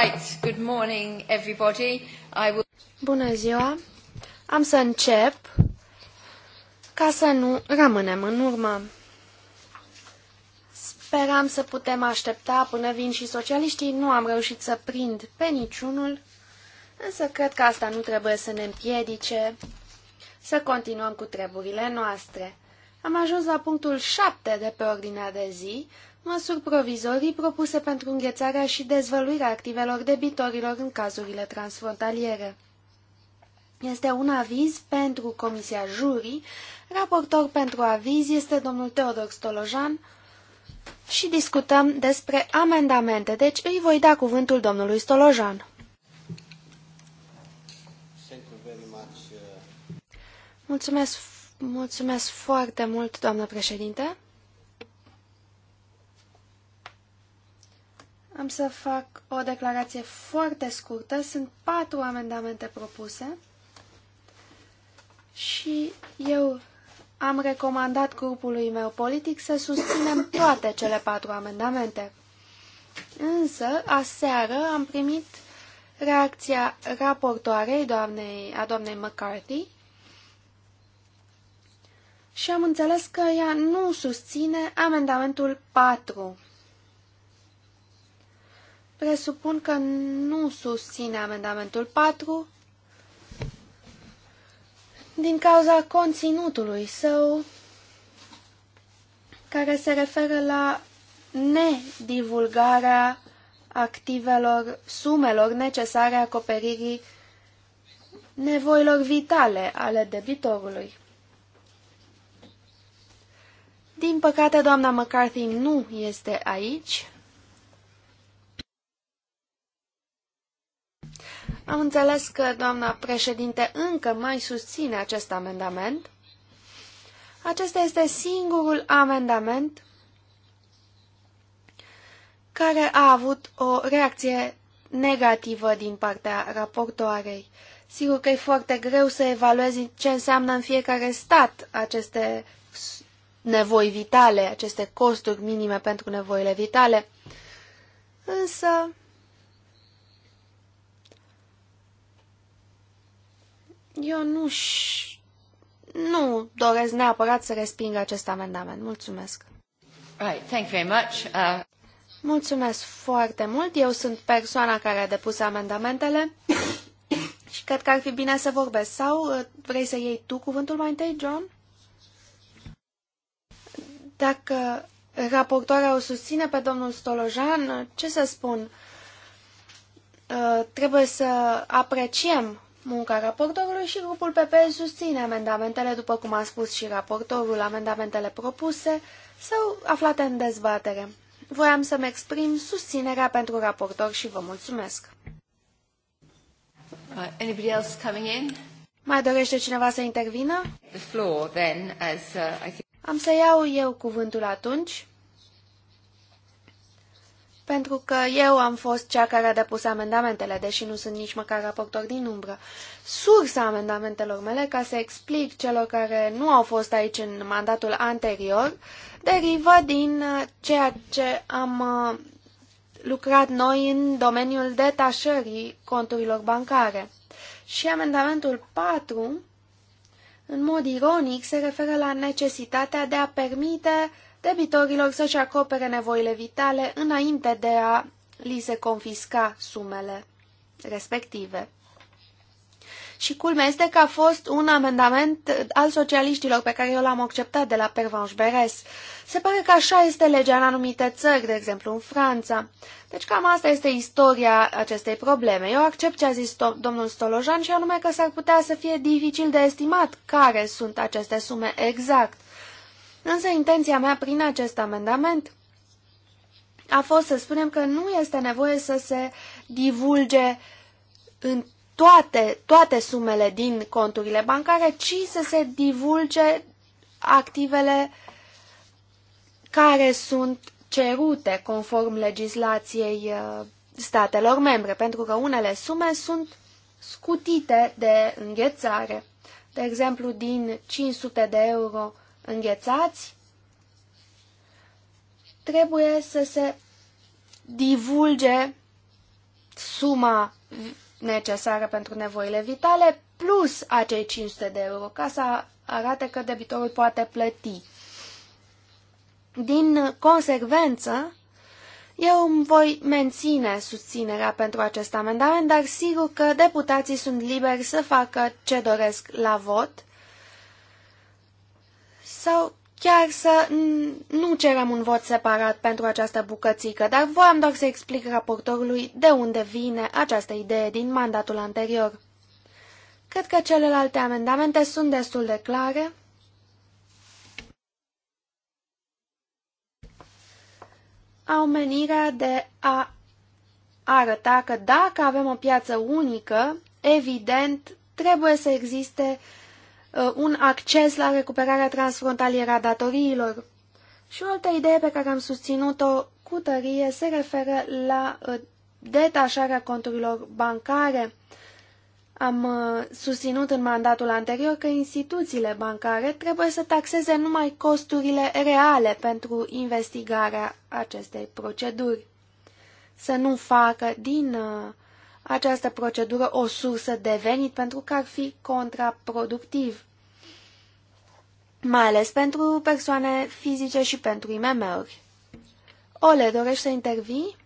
Right, good morning everybody. I will... Bună ziua! Am să încep ca să nu rămânem în urmă. Speram să putem aștepta până vin și socialiștii, nu am reușit să prind pe niciunul, însă cred că asta nu trebuie să ne împiedice să continuăm cu treburile noastre. Am ajuns la punctul 7 de pe ordinea de zi, măsuri provizorii propuse pentru înghețarea și dezvăluirea activelor debitorilor în cazurile transfrontaliere. Este un aviz pentru Comisia Jurii, raportor pentru aviz este domnul Teodor Stolojan și discutăm despre amendamente, deci îi voi da cuvântul domnului Stolojan. Uh, mulțumesc, mulțumesc foarte mult, doamnă președinte. Am să fac o declarație foarte scurtă. Sunt patru amendamente propuse și eu am recomandat grupului meu politic să susținem toate cele patru amendamente. Însă, aseară am primit reacția raportoarei doamnei, a doamnei McCarthy și am înțeles că ea nu susține amendamentul 4. Presupun că nu susține amendamentul 4 din cauza conținutului său care se referă la nedivulgarea activelor, sumelor necesare acoperirii nevoilor vitale ale debitorului. Din păcate, doamna McCarthy nu este aici Am înțeles că doamna președinte încă mai susține acest amendament. Acesta este singurul amendament care a avut o reacție negativă din partea raportoarei. Sigur că e foarte greu să evaluezi ce înseamnă în fiecare stat aceste nevoi vitale, aceste costuri minime pentru nevoile vitale. Însă, Eu nu -ș... nu doresc neapărat să resping acest amendament. Mulțumesc. Right, thank you very much. Uh... Mulțumesc foarte mult. Eu sunt persoana care a depus amendamentele și cred că ar fi bine să vorbesc. Sau uh, vrei să iei tu cuvântul mai întâi, John? Dacă raportoarea o susține pe domnul Stolojan, ce să spun? Uh, trebuie să apreciem munca raportorului și grupul PP susține amendamentele, după cum a spus și raportorul, amendamentele propuse sau aflate în dezbatere. Voiam să-mi exprim susținerea pentru raportor și vă mulțumesc. Uh, anybody else coming in? Mai dorește cineva să intervină? The floor, then, as, uh, I think... Am să iau eu cuvântul atunci pentru că eu am fost cea care a depus amendamentele, deși nu sunt nici măcar raportor din umbră. Sursa amendamentelor mele, ca să explic celor care nu au fost aici în mandatul anterior, derivă din uh, ceea ce am uh, lucrat noi în domeniul detașării conturilor bancare. Și amendamentul 4, în mod ironic, se referă la necesitatea de a permite uh, debitorilor să-și acopere nevoile vitale înainte de a li se confisca sumele respective. Și culmea este că a fost un amendament al socialiștilor pe care eu l-am acceptat de la Pervanș Beres. Se pare că așa este legea în anumite țări, de exemplu în Franța. Deci cam asta este istoria acestei probleme. Eu accept ce a zis domnul Stolojan și anume că s-ar putea să fie dificil de estimat care sunt aceste sume exact. Însă intenția mea prin acest amendament a fost să spunem că nu este nevoie să se divulge în toate, toate sumele din conturile bancare, ci să se divulge activele care sunt cerute conform legislației uh, statelor membre, pentru că unele sume sunt scutite de înghețare. De exemplu, din 500 de euro înghețați, trebuie să se divulge suma necesară pentru nevoile vitale plus acei 500 de euro, ca să arate că debitorul poate plăti. Din consecvență, eu îmi voi menține susținerea pentru acest amendament, dar sigur că deputații sunt liberi să facă ce doresc la vot sau chiar să nu cerem un vot separat pentru această bucățică, dar voiam doar să explic raportorului de unde vine această idee din mandatul anterior. Cred că celelalte amendamente sunt destul de clare. Au menirea de a arăta că dacă avem o piață unică, evident, trebuie să existe uh, Uh, un acces la recuperarea transfrontalieră a datoriilor. Și o altă idee pe care am susținut-o cu tărie se referă la uh, detașarea conturilor bancare. Am uh, susținut în mandatul anterior că instituțiile bancare trebuie să taxeze numai costurile reale pentru investigarea acestei proceduri, să nu facă din această procedură o sursă de venit pentru că ar fi contraproductiv, mai ales pentru persoane fizice și pentru IMM-uri. Ole, dorești să intervii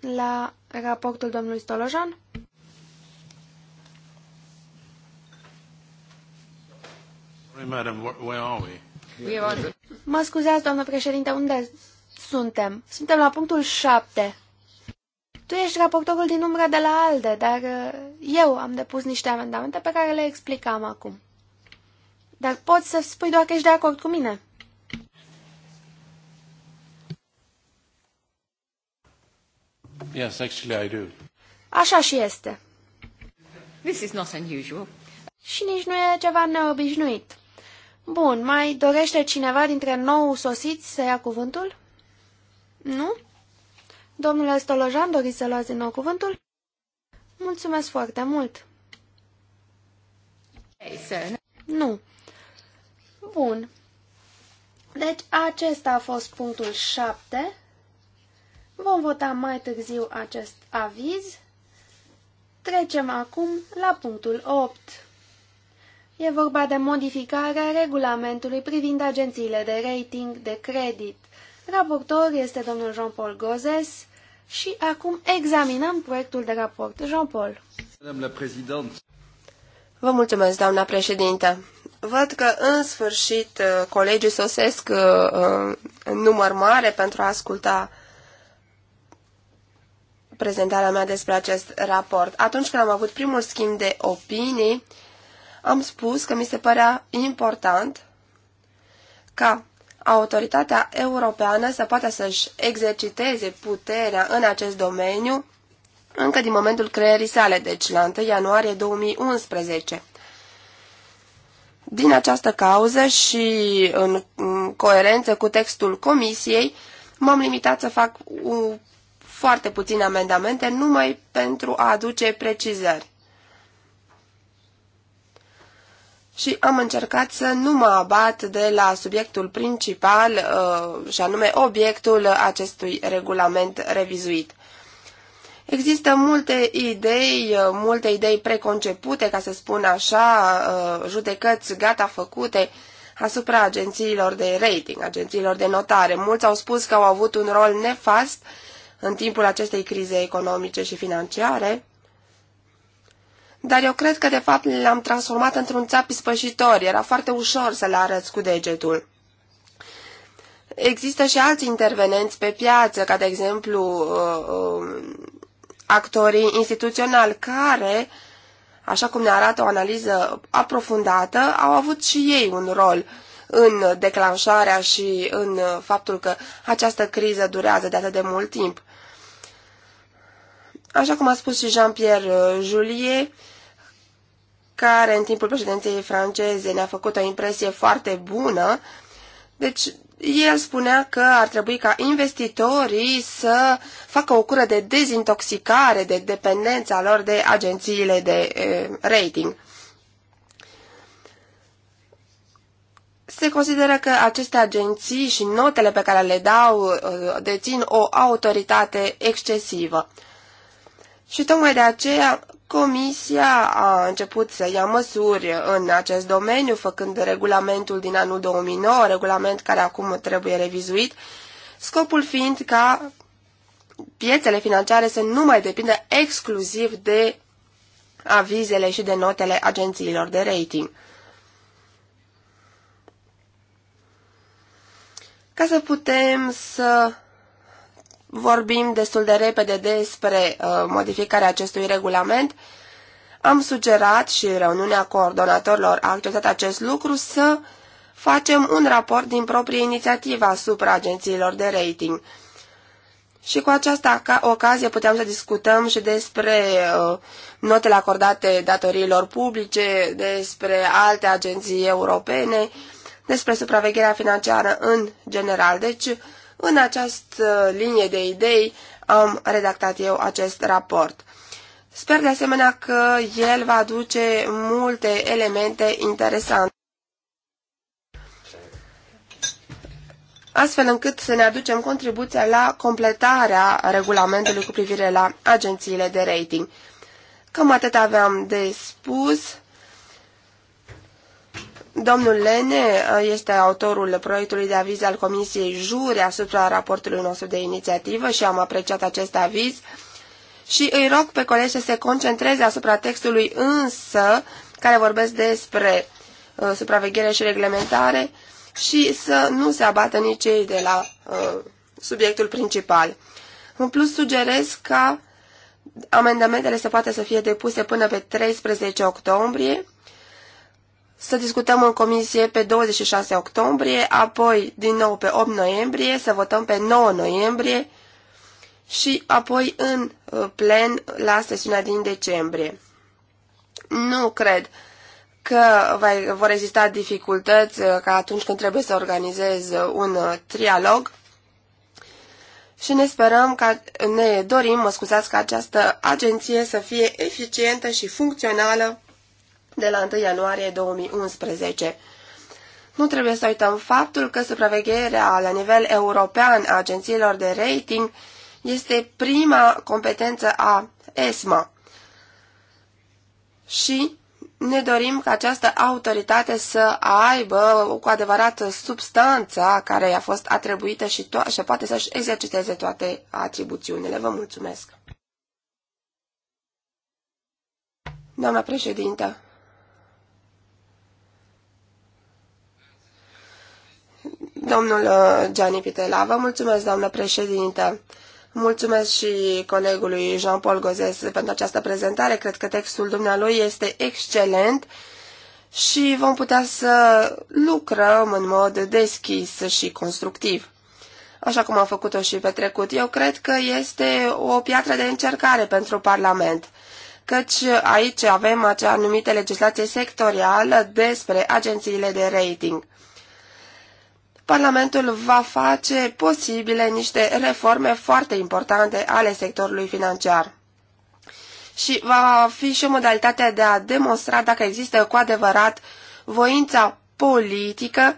la raportul domnului Stolojan? Mă scuzați, doamnă președinte, unde suntem? Suntem la punctul 7. Tu ești raportorul din umbră de la ALDE, dar uh, eu am depus niște amendamente pe care le explicam acum. Dar poți să spui doar că ești de acord cu mine. Yes, actually I do. Așa și este. This is not unusual. Și nici nu e ceva neobișnuit. Bun, mai dorește cineva dintre nou sosiți să ia cuvântul? Nu? Domnule Stolojan, doriți să luați din nou cuvântul? Mulțumesc foarte mult! Nu. Bun. Deci acesta a fost punctul 7. Vom vota mai târziu acest aviz. Trecem acum la punctul 8. E vorba de modificarea regulamentului privind agențiile de rating de credit. Raportor este domnul Jean-Paul Gozes. Și acum examinăm proiectul de raport. Jean-Paul. Vă mulțumesc, doamna președintă. Văd că, în sfârșit, uh, colegii sosesc uh, uh, în număr mare pentru a asculta prezentarea mea despre acest raport. Atunci când am avut primul schimb de opinii, am spus că mi se părea important ca autoritatea europeană să poată să-și exerciteze puterea în acest domeniu încă din momentul creierii sale, deci la 1 ianuarie 2011. Din această cauză și în coerență cu textul comisiei, m-am limitat să fac foarte puține amendamente numai pentru a aduce precizări. și am încercat să nu mă abat de la subiectul principal uh, și anume obiectul acestui regulament revizuit. Există multe idei, uh, multe idei preconcepute, ca să spun așa, uh, judecăți gata făcute asupra agențiilor de rating, agențiilor de notare. Mulți au spus că au avut un rol nefast în timpul acestei crize economice și financiare dar eu cred că, de fapt, l-am transformat într-un țap ispășitor. Era foarte ușor să-l arăți cu degetul. Există și alți intervenenți pe piață, ca de exemplu uh, um, actorii instituționali, care, așa cum ne arată o analiză aprofundată, au avut și ei un rol în declanșarea și în uh, faptul că această criză durează de atât de mult timp. Așa cum a spus și Jean-Pierre uh, Julie, care în timpul președinției franceze ne-a făcut o impresie foarte bună. Deci, el spunea că ar trebui ca investitorii să facă o cură de dezintoxicare de dependența lor de agențiile de rating. Se consideră că aceste agenții și notele pe care le dau dețin o autoritate excesivă. Și tocmai de aceea Comisia a început să ia măsuri în acest domeniu, făcând regulamentul din anul 2009, regulament care acum trebuie revizuit, scopul fiind ca piețele financiare să nu mai depindă exclusiv de avizele și de notele agențiilor de rating. Ca să putem să vorbim destul de repede despre uh, modificarea acestui regulament, am sugerat și reuniunea coordonatorilor a acceptat acest lucru să facem un raport din proprie inițiativă asupra agențiilor de rating. Și cu această ocazie puteam să discutăm și despre uh, notele acordate datoriilor publice, despre alte agenții europene, despre supravegherea financiară în general. Deci, în această linie de idei am redactat eu acest raport. Sper de asemenea că el va aduce multe elemente interesante, astfel încât să ne aducem contribuția la completarea regulamentului cu privire la agențiile de rating. Cam atât aveam de spus. Domnul Lene uh, este autorul proiectului de aviz al Comisiei Jure asupra raportului nostru de inițiativă și am apreciat acest aviz și îi rog pe colegi să se concentreze asupra textului însă care vorbesc despre uh, supraveghere și reglementare și să nu se abată nici ei de la uh, subiectul principal. În plus, sugerez ca amendamentele să poată să fie depuse până pe 13 octombrie să discutăm în comisie pe 26 octombrie, apoi din nou pe 8 noiembrie, să votăm pe 9 noiembrie și apoi în uh, plen la sesiunea din decembrie. Nu cred că vor exista dificultăți uh, ca atunci când trebuie să organizez uh, un trialog și ne sperăm ca, ne dorim, mă scuzați, ca această agenție să fie eficientă și funcțională de la 1 ianuarie 2011. Nu trebuie să uităm faptul că supravegherea la nivel european a agențiilor de rating este prima competență a ESMA și ne dorim ca această autoritate să aibă cu adevărat substanța care i-a fost atribuită și, și poate să-și exerciteze toate atribuțiunile. Vă mulțumesc! Doamna președintă, Domnul uh, Gianni Pitela, vă mulțumesc, doamnă președintă. Mulțumesc și colegului Jean-Paul Gozes pentru această prezentare. Cred că textul dumnealui este excelent și vom putea să lucrăm în mod deschis și constructiv. Așa cum am făcut-o și pe trecut, eu cred că este o piatră de încercare pentru Parlament, căci aici avem acea anumită legislație sectorială despre agențiile de rating. Parlamentul va face posibile niște reforme foarte importante ale sectorului financiar și va fi și o modalitate de a demonstra dacă există cu adevărat voința politică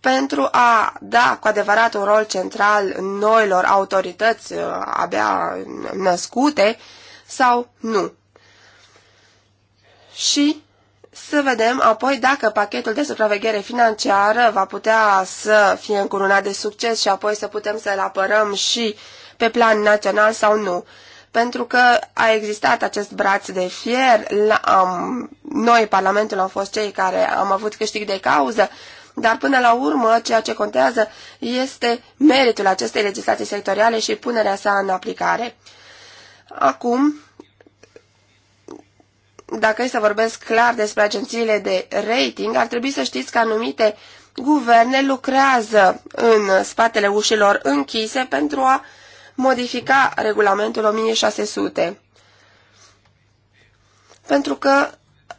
pentru a da cu adevărat un rol central noilor autorități uh, abia născute sau nu. Și să vedem apoi dacă pachetul de supraveghere financiară va putea să fie încurunat de succes și apoi să putem să-l apărăm și pe plan național sau nu. Pentru că a existat acest braț de fier, la, am, noi, Parlamentul, am fost cei care am avut câștig de cauză, dar până la urmă ceea ce contează este meritul acestei legislații sectoriale și punerea sa în aplicare. Acum, dacă e să vorbesc clar despre agențiile de rating, ar trebui să știți că anumite guverne lucrează în spatele ușilor închise pentru a modifica regulamentul 1600. Pentru că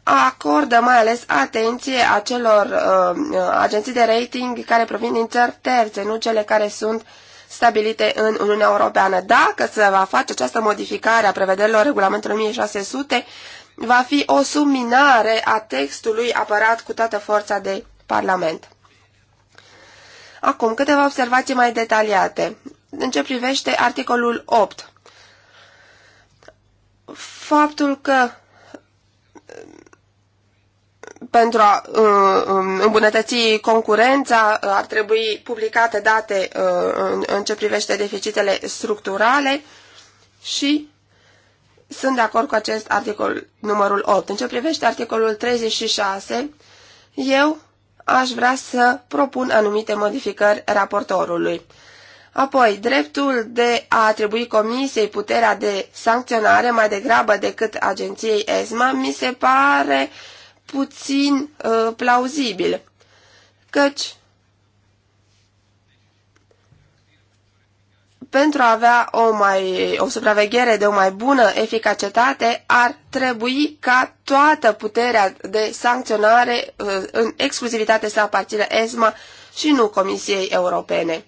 acordă mai ales atenție acelor uh, uh, agenții de rating care provin din țări terțe, nu cele care sunt stabilite în Uniunea Europeană. Dacă se va face această modificare a prevederilor regulamentului 1600, va fi o suminare a textului apărat cu toată forța de Parlament. Acum, câteva observații mai detaliate. În ce privește articolul 8. Faptul că uh, pentru a uh, um, îmbunătăți concurența uh, ar trebui publicate date în ce privește deficitele structurale și sunt de acord cu acest articol numărul 8. În ce privește articolul 36, eu aș vrea să propun anumite modificări raportorului. Apoi, dreptul de a atribui comisiei puterea de sancționare mai degrabă decât agenției ESMA mi se pare puțin uh, plauzibil, căci pentru a avea o, mai, o supraveghere de o mai bună eficacitate, ar trebui ca toată puterea de sancționare uh, în exclusivitate să aparțină ESMA și nu Comisiei Europene.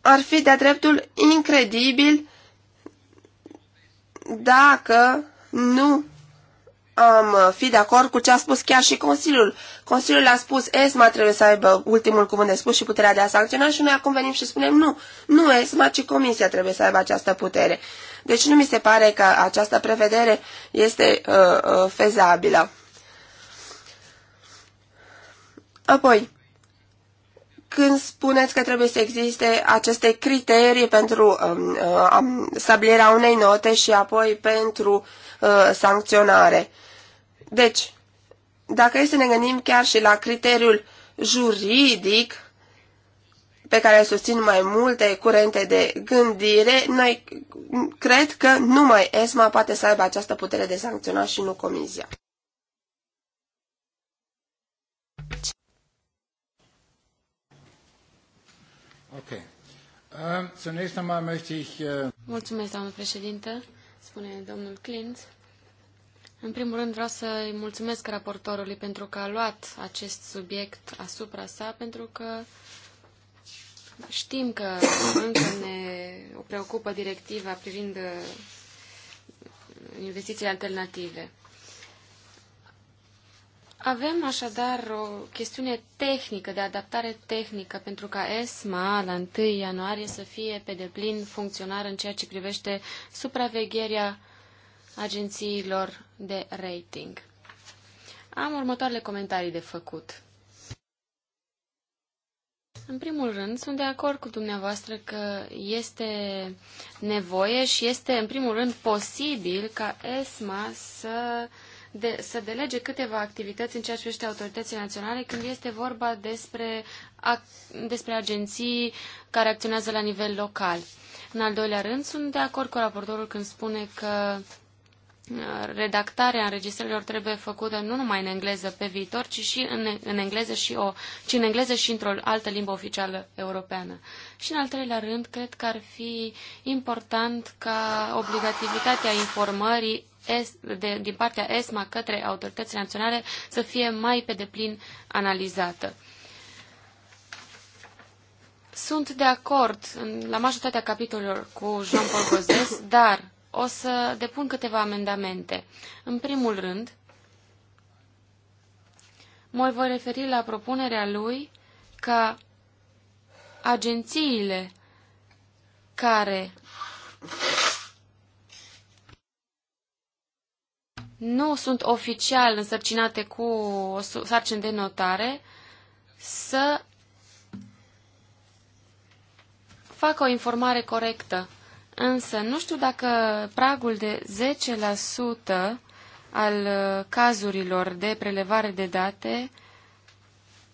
Ar fi de-a dreptul incredibil dacă nu am fi de acord cu ce a spus chiar și Consiliul Consiliul a spus, ESMA trebuie să aibă ultimul cuvânt de spus și puterea de a sancționa și noi acum venim și spunem, nu, nu ESMA, ci Comisia trebuie să aibă această putere. Deci nu mi se pare că această prevedere este uh, uh, fezabilă. Apoi, când spuneți că trebuie să existe aceste criterii pentru um, uh, uh, stabilirea unei note și apoi pentru uh, sancționare. Deci, dacă este să ne gândim chiar și la criteriul juridic, pe care susțin mai multe curente de gândire, noi cred că numai ESMA poate să aibă această putere de sancționa și nu Comisia. Mulțumesc, doamnă președinte, spune domnul Clint. În primul rând vreau să îi mulțumesc raportorului pentru că a luat acest subiect asupra sa, pentru că știm că încă ne preocupă directiva privind uh, investițiile alternative. Avem așadar o chestiune tehnică, de adaptare tehnică, pentru ca ESMA la 1 ianuarie să fie pe deplin funcționar în ceea ce privește supravegherea agențiilor de rating. Am următoarele comentarii de făcut. În primul rând, sunt de acord cu dumneavoastră că este nevoie și este, în primul rând, posibil ca ESMA să, de, să delege câteva activități în ceea ce privește autoritățile naționale când este vorba despre, despre agenții care acționează la nivel local. În al doilea rând, sunt de acord cu raportorul când spune că redactarea înregistrărilor trebuie făcută nu numai în engleză pe viitor, ci și în, în engleză și o, ci în engleză și într-o altă limbă oficială europeană. Și în al treilea rând, cred că ar fi important ca obligativitatea informării es, de, din partea ESMA către autoritățile naționale să fie mai pe deplin analizată. Sunt de acord la majoritatea capitolilor cu Jean-Paul Gozes, dar o să depun câteva amendamente. În primul rând, mă voi referi la propunerea lui ca agențiile care nu sunt oficial însărcinate cu o sarcină de notare să facă o informare corectă Însă nu știu dacă pragul de 10% al uh, cazurilor de prelevare de date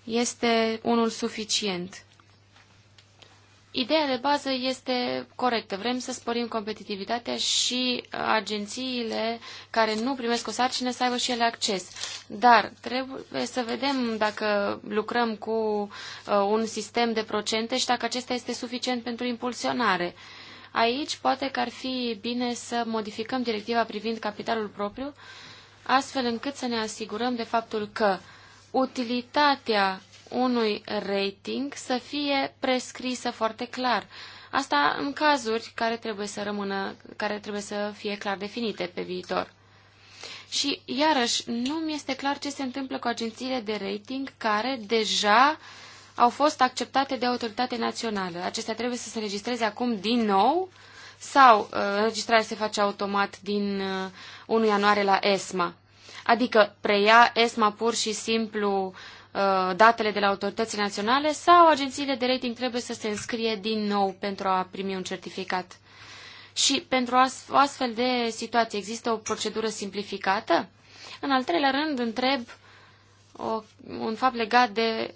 este unul suficient. Ideea de bază este corectă. Vrem să sporim competitivitatea și agențiile care nu primesc o sarcină să aibă și ele acces. Dar trebuie să vedem dacă lucrăm cu uh, un sistem de procente și dacă acesta este suficient pentru impulsionare. Aici poate că ar fi bine să modificăm directiva privind capitalul propriu, astfel încât să ne asigurăm de faptul că utilitatea unui rating să fie prescrisă foarte clar. Asta în cazuri care trebuie să rămână, care trebuie să fie clar definite pe viitor. Și, iarăși, nu mi este clar ce se întâmplă cu agențiile de rating care deja uh, au fost acceptate de autoritate națională. Acestea trebuie să se înregistreze acum din nou sau uh, înregistrarea se face automat din 1 uh, ianuarie la ESMA. Adică preia ESMA pur și simplu uh, datele de la autoritățile naționale sau agențiile de rating trebuie să se înscrie din nou pentru a primi un certificat. Și pentru o astfel de situație există o procedură simplificată? În al treilea rând, întreb o, un fapt legat de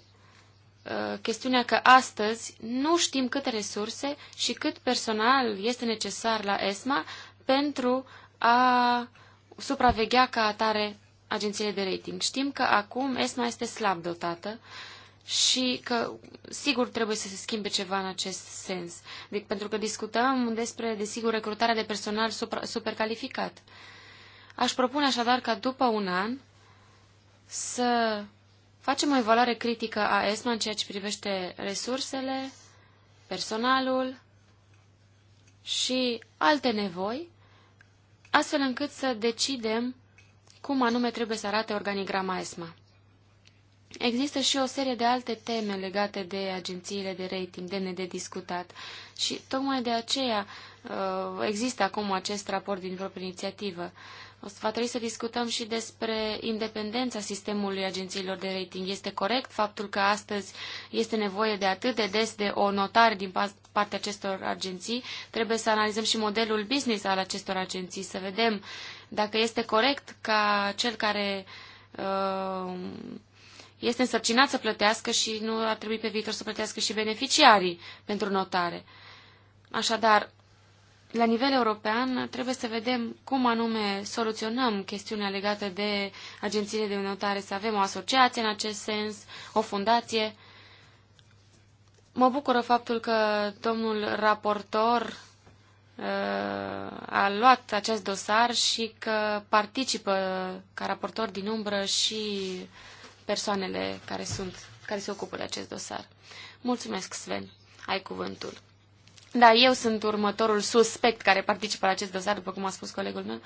Uh, chestiunea că astăzi nu știm câte resurse și cât personal este necesar la ESMA pentru a supraveghea ca atare agențiile de rating. Știm că acum ESMA este slab dotată și că, sigur, trebuie să se schimbe ceva în acest sens. Deci, pentru că discutăm despre, desigur, recrutarea de personal supra, supercalificat. Aș propune așadar ca după un an să Facem o evaluare critică a ESMA în ceea ce privește resursele, personalul și alte nevoi, astfel încât să decidem cum anume trebuie să arate organigrama ESMA. Există și o serie de alte teme legate de agențiile de rating, demne de discutat. Și tocmai de aceea uh, există acum acest raport din proprie inițiativă. O să va trebui să discutăm și despre independența sistemului agențiilor de rating. Este corect faptul că astăzi este nevoie de atât de des de o notare din partea acestor agenții? Trebuie să analizăm și modelul business al acestor agenții, să vedem dacă este corect ca cel care uh, este însărcinat să plătească și nu ar trebui pe viitor să plătească și beneficiarii pentru notare. Așadar, la nivel european trebuie să vedem cum anume soluționăm chestiunea legată de agențiile de notare, să avem o asociație în acest sens, o fundație. Mă bucură faptul că domnul raportor uh, a luat acest dosar și că participă ca raportor din umbră și persoanele care, sunt, care se ocupă de acest dosar. Mulțumesc, Sven. Ai cuvântul. Da, eu sunt următorul suspect care participă la acest dosar, după cum a spus colegul meu.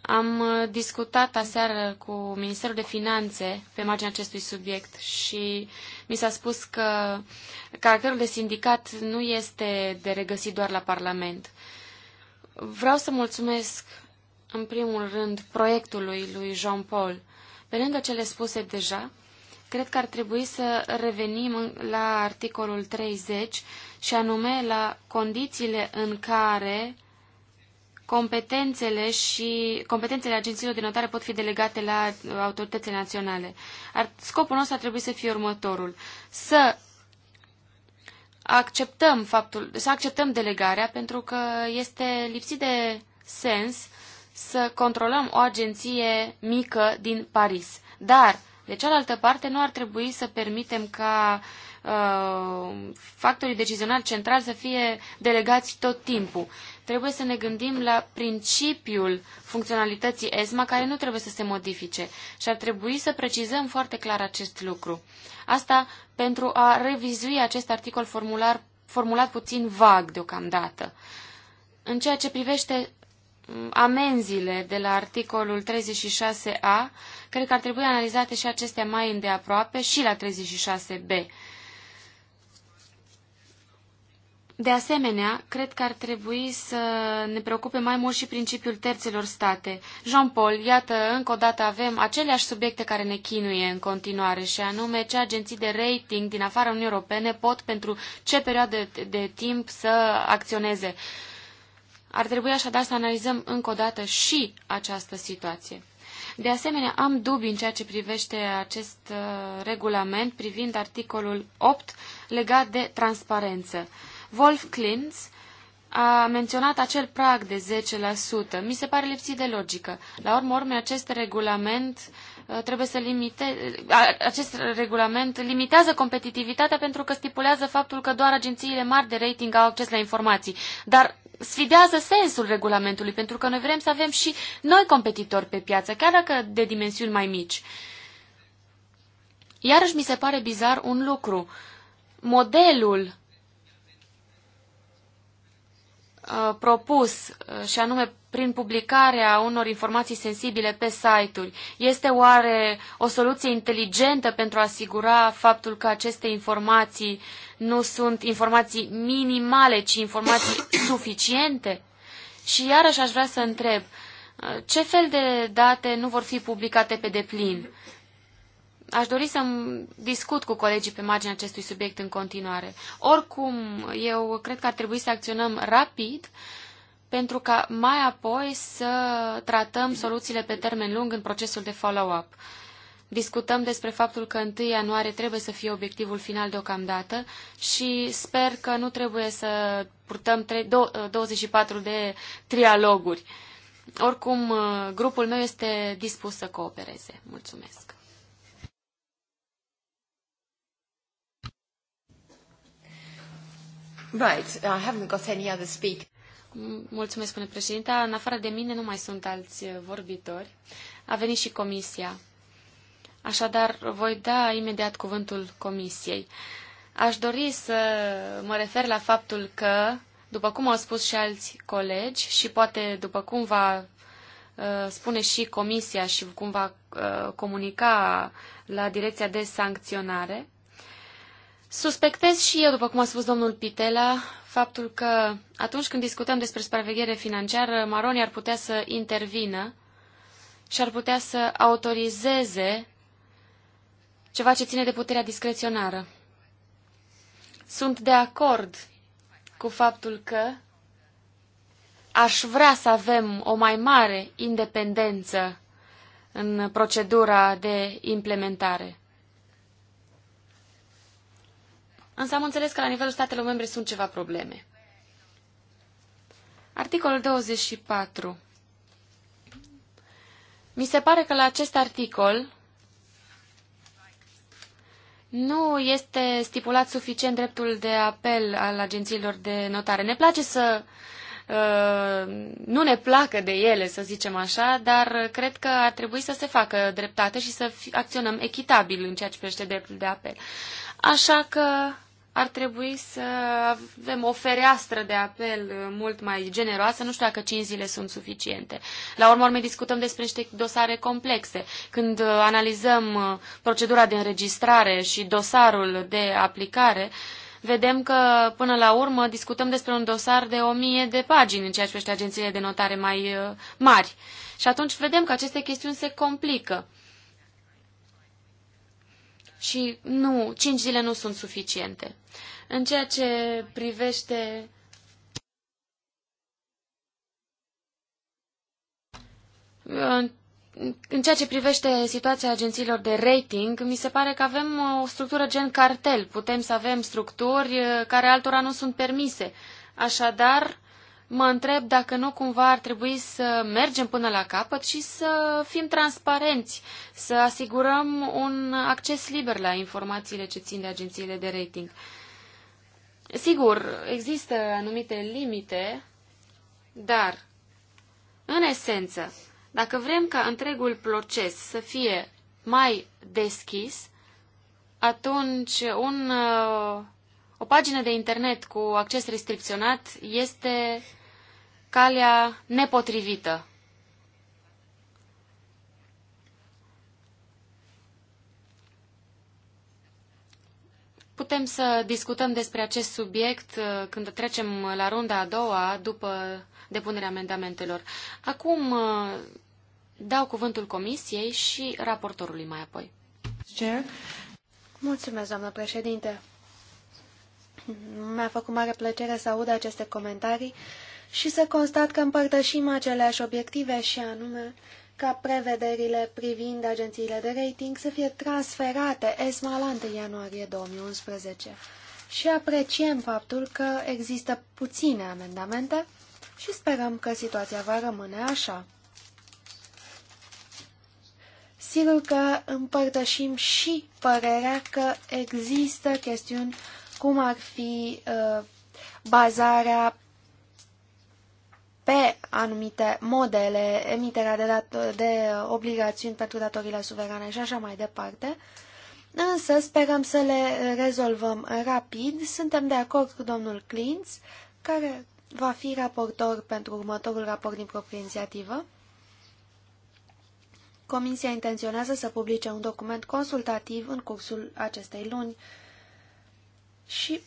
Am uh, discutat aseară cu Ministerul de Finanțe pe marginea acestui subiect și mi s-a spus că caracterul de sindicat nu este de regăsit doar la Parlament. Vreau să mulțumesc, în primul rând, proiectului lui Jean-Paul. Pe lângă cele spuse deja, cred că ar trebui să revenim la articolul 30 și anume la condițiile în care competențele și competențele agențiilor de notare pot fi delegate la autoritățile naționale. Ar, scopul nostru ar trebui să fie următorul. Să acceptăm faptul, să acceptăm delegarea pentru că este lipsit de sens să controlăm o agenție mică din Paris. Dar, de cealaltă parte, nu ar trebui să permitem ca uh, Uh, factorii decizionali centrali să fie delegați tot timpul. Trebuie să ne gândim la principiul funcționalității ESMA care nu trebuie să se modifice și ar trebui să precizăm foarte clar acest lucru. Asta pentru a revizui acest articol formular, formulat puțin vag deocamdată. În ceea ce privește mm, amenziile de la articolul 36a, cred că ar trebui analizate și acestea mai îndeaproape și la 36b. De asemenea, cred că ar trebui să ne preocupe mai mult și principiul terțelor state. Jean-Paul, iată, încă o dată avem aceleași subiecte care ne chinuie în continuare, și anume ce agenții de rating din afara Uniunii Europene pot pentru ce perioadă de timp să acționeze. Ar trebui așadar să analizăm încă o dată și această situație. De asemenea, am dubii în ceea ce privește acest uh, regulament privind articolul 8 legat de transparență. Wolf Klintz a menționat acel prag de 10%. Mi se pare lipsit de logică. La urmă urme, acest regulament uh, trebuie să limite, uh, acest regulament limitează competitivitatea pentru că stipulează faptul că doar agențiile mari de rating au acces la informații. Dar sfidează sensul regulamentului, pentru că noi vrem să avem și noi competitori pe piață, chiar dacă de dimensiuni mai mici. Iarăși mi se pare bizar un lucru. Modelul Uh, propus, uh, și anume prin publicarea unor informații sensibile pe site-uri, este oare o soluție inteligentă pentru a asigura faptul că aceste informații nu sunt informații minimale, ci informații suficiente? Și iarăși aș vrea să întreb, uh, ce fel de date nu vor fi publicate pe deplin? aș dori să discut cu colegii pe marginea acestui subiect în continuare. Oricum, eu cred că ar trebui să acționăm rapid pentru ca mai apoi să tratăm soluțiile pe termen lung în procesul de follow-up. Discutăm despre faptul că 1 ianuarie trebuie să fie obiectivul final deocamdată și sper că nu trebuie să purtăm 24 de trialoguri. Oricum, grupul meu este dispus să coopereze. Mulțumesc! Right, I haven't got any other speak. Mulțumesc, spune președinta. În afară de mine nu mai sunt alți uh, vorbitori. A venit și comisia. Așadar, voi da imediat cuvântul comisiei. Aș dori să mă refer la faptul că, după cum au spus și alți colegi și poate după cum va uh, spune și comisia și cum va uh, comunica la direcția de sancționare, Suspectez și eu, după cum a spus domnul Pitela, faptul că atunci când discutăm despre supraveghere financiară, Maroni ar putea să intervină și ar putea să autorizeze ceva ce ține de puterea discreționară. Sunt de acord cu faptul că aș vrea să avem o mai mare independență în procedura de implementare. însă am înțeles că la nivelul statelor membre sunt ceva probleme. Articolul 24. Mi se pare că la acest articol nu este stipulat suficient dreptul de apel al agențiilor de notare. Ne place să uh, nu ne placă de ele, să zicem așa, dar cred că ar trebui să se facă dreptate și să acționăm echitabil în ceea ce privește dreptul de apel. Așa că ar trebui să avem o fereastră de apel uh, mult mai generoasă. Nu știu dacă 5 zile sunt suficiente. La urmă, ori discutăm despre niște dosare complexe. Când uh, analizăm uh, procedura de înregistrare și dosarul de aplicare, vedem că, până la urmă, discutăm despre un dosar de o mie de pagini în ceea ce privește agențiile de notare mai mari. Și atunci vedem că aceste chestiuni se complică și nu, cinci zile nu sunt suficiente. În ceea ce privește în ceea ce privește situația agențiilor de rating, mi se pare că avem uh, o structură gen cartel. Putem să avem structuri uh, care altora nu sunt permise. Așadar, mă întreb dacă nu cumva ar trebui să mergem până la capăt și să fim transparenți, să asigurăm un acces liber la informațiile ce țin de agențiile de rating. Sigur, există anumite limite, dar, în esență, dacă vrem ca întregul proces să fie mai deschis, atunci un, uh, o pagină de internet cu acces restricționat este calea nepotrivită. Putem să discutăm despre acest subiect uh, când trecem la runda a doua după depunerea amendamentelor. Acum uh, dau cuvântul comisiei și raportorului mai apoi. Mulțumesc, doamnă președinte. Mi-a făcut mare plăcere să aud aceste comentarii și să constat că împărtășim aceleași obiective și anume ca prevederile privind agențiile de rating să fie transferate ESMA la ianuarie 2011 și apreciem faptul că există puține amendamente și sperăm că situația va rămâne așa. Sigur că împărtășim și părerea că există chestiuni cum ar fi uh, bazarea pe anumite modele, emiterea de, de obligațiuni pentru datorile suverane și așa mai departe. Însă sperăm să le rezolvăm rapid. Suntem de acord cu domnul Clintz, care va fi raportor pentru următorul raport din proprie inițiativă. Comisia intenționează să publice un document consultativ în cursul acestei luni și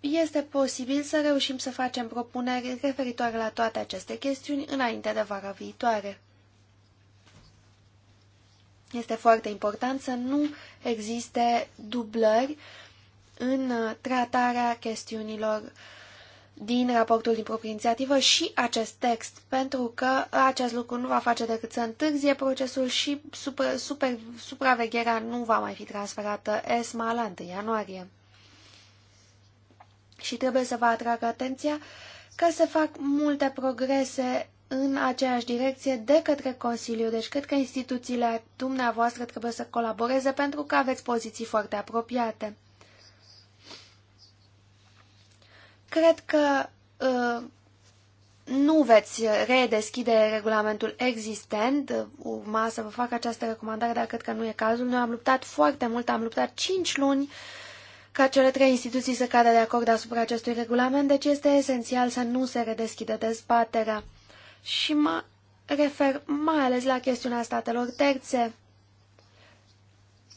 este posibil să reușim să facem propuneri referitoare la toate aceste chestiuni înainte de vara viitoare. Este foarte important să nu existe dublări în tratarea chestiunilor din raportul din proprie inițiativă și acest text, pentru că acest lucru nu va face decât să întârzie procesul și supra, super, supravegherea nu va mai fi transferată ESMA la 1 ianuarie. Și trebuie să vă atrag atenția că se fac multe progrese în aceeași direcție de către Consiliu. Deci cred că instituțiile dumneavoastră trebuie să colaboreze pentru că aveți poziții foarte apropiate. Cred că uh, nu veți redeschide regulamentul existent. Urma să vă fac această recomandare, dar cred că nu e cazul. Noi am luptat foarte mult, am luptat 5 luni ca cele trei instituții să cadă de acord asupra acestui regulament, deci este esențial să nu se redeschidă dezbaterea. Și mă refer mai ales la chestiunea statelor terțe.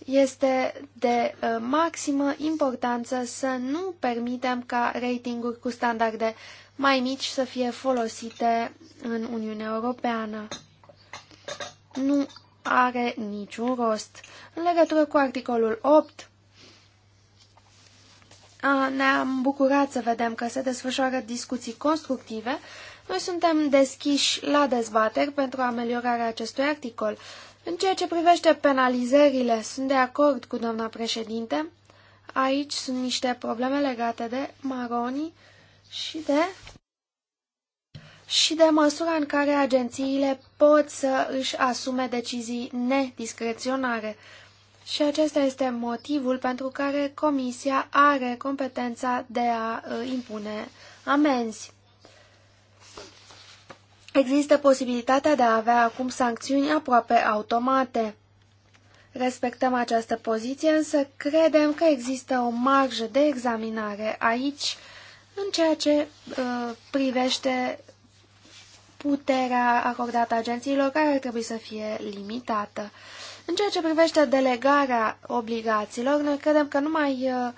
Este de uh, maximă importanță să nu permitem ca ratinguri cu standarde mai mici să fie folosite în Uniunea Europeană. Nu are niciun rost. În legătură cu articolul 8, ne-am bucurat să vedem că se desfășoară discuții constructive. Noi suntem deschiși la dezbateri pentru ameliorarea acestui articol. În ceea ce privește penalizările, sunt de acord cu doamna președinte. Aici sunt niște probleme legate de maroni și de și de măsura în care agențiile pot să își asume decizii nediscreționare. Și acesta este motivul pentru care Comisia are competența de a ă, impune amenzi. Există posibilitatea de a avea acum sancțiuni aproape automate. Respectăm această poziție, însă credem că există o marjă de examinare aici în ceea ce uh, privește puterea acordată agențiilor care ar trebui să fie limitată. În ceea ce privește delegarea obligațiilor, noi credem că numai uh,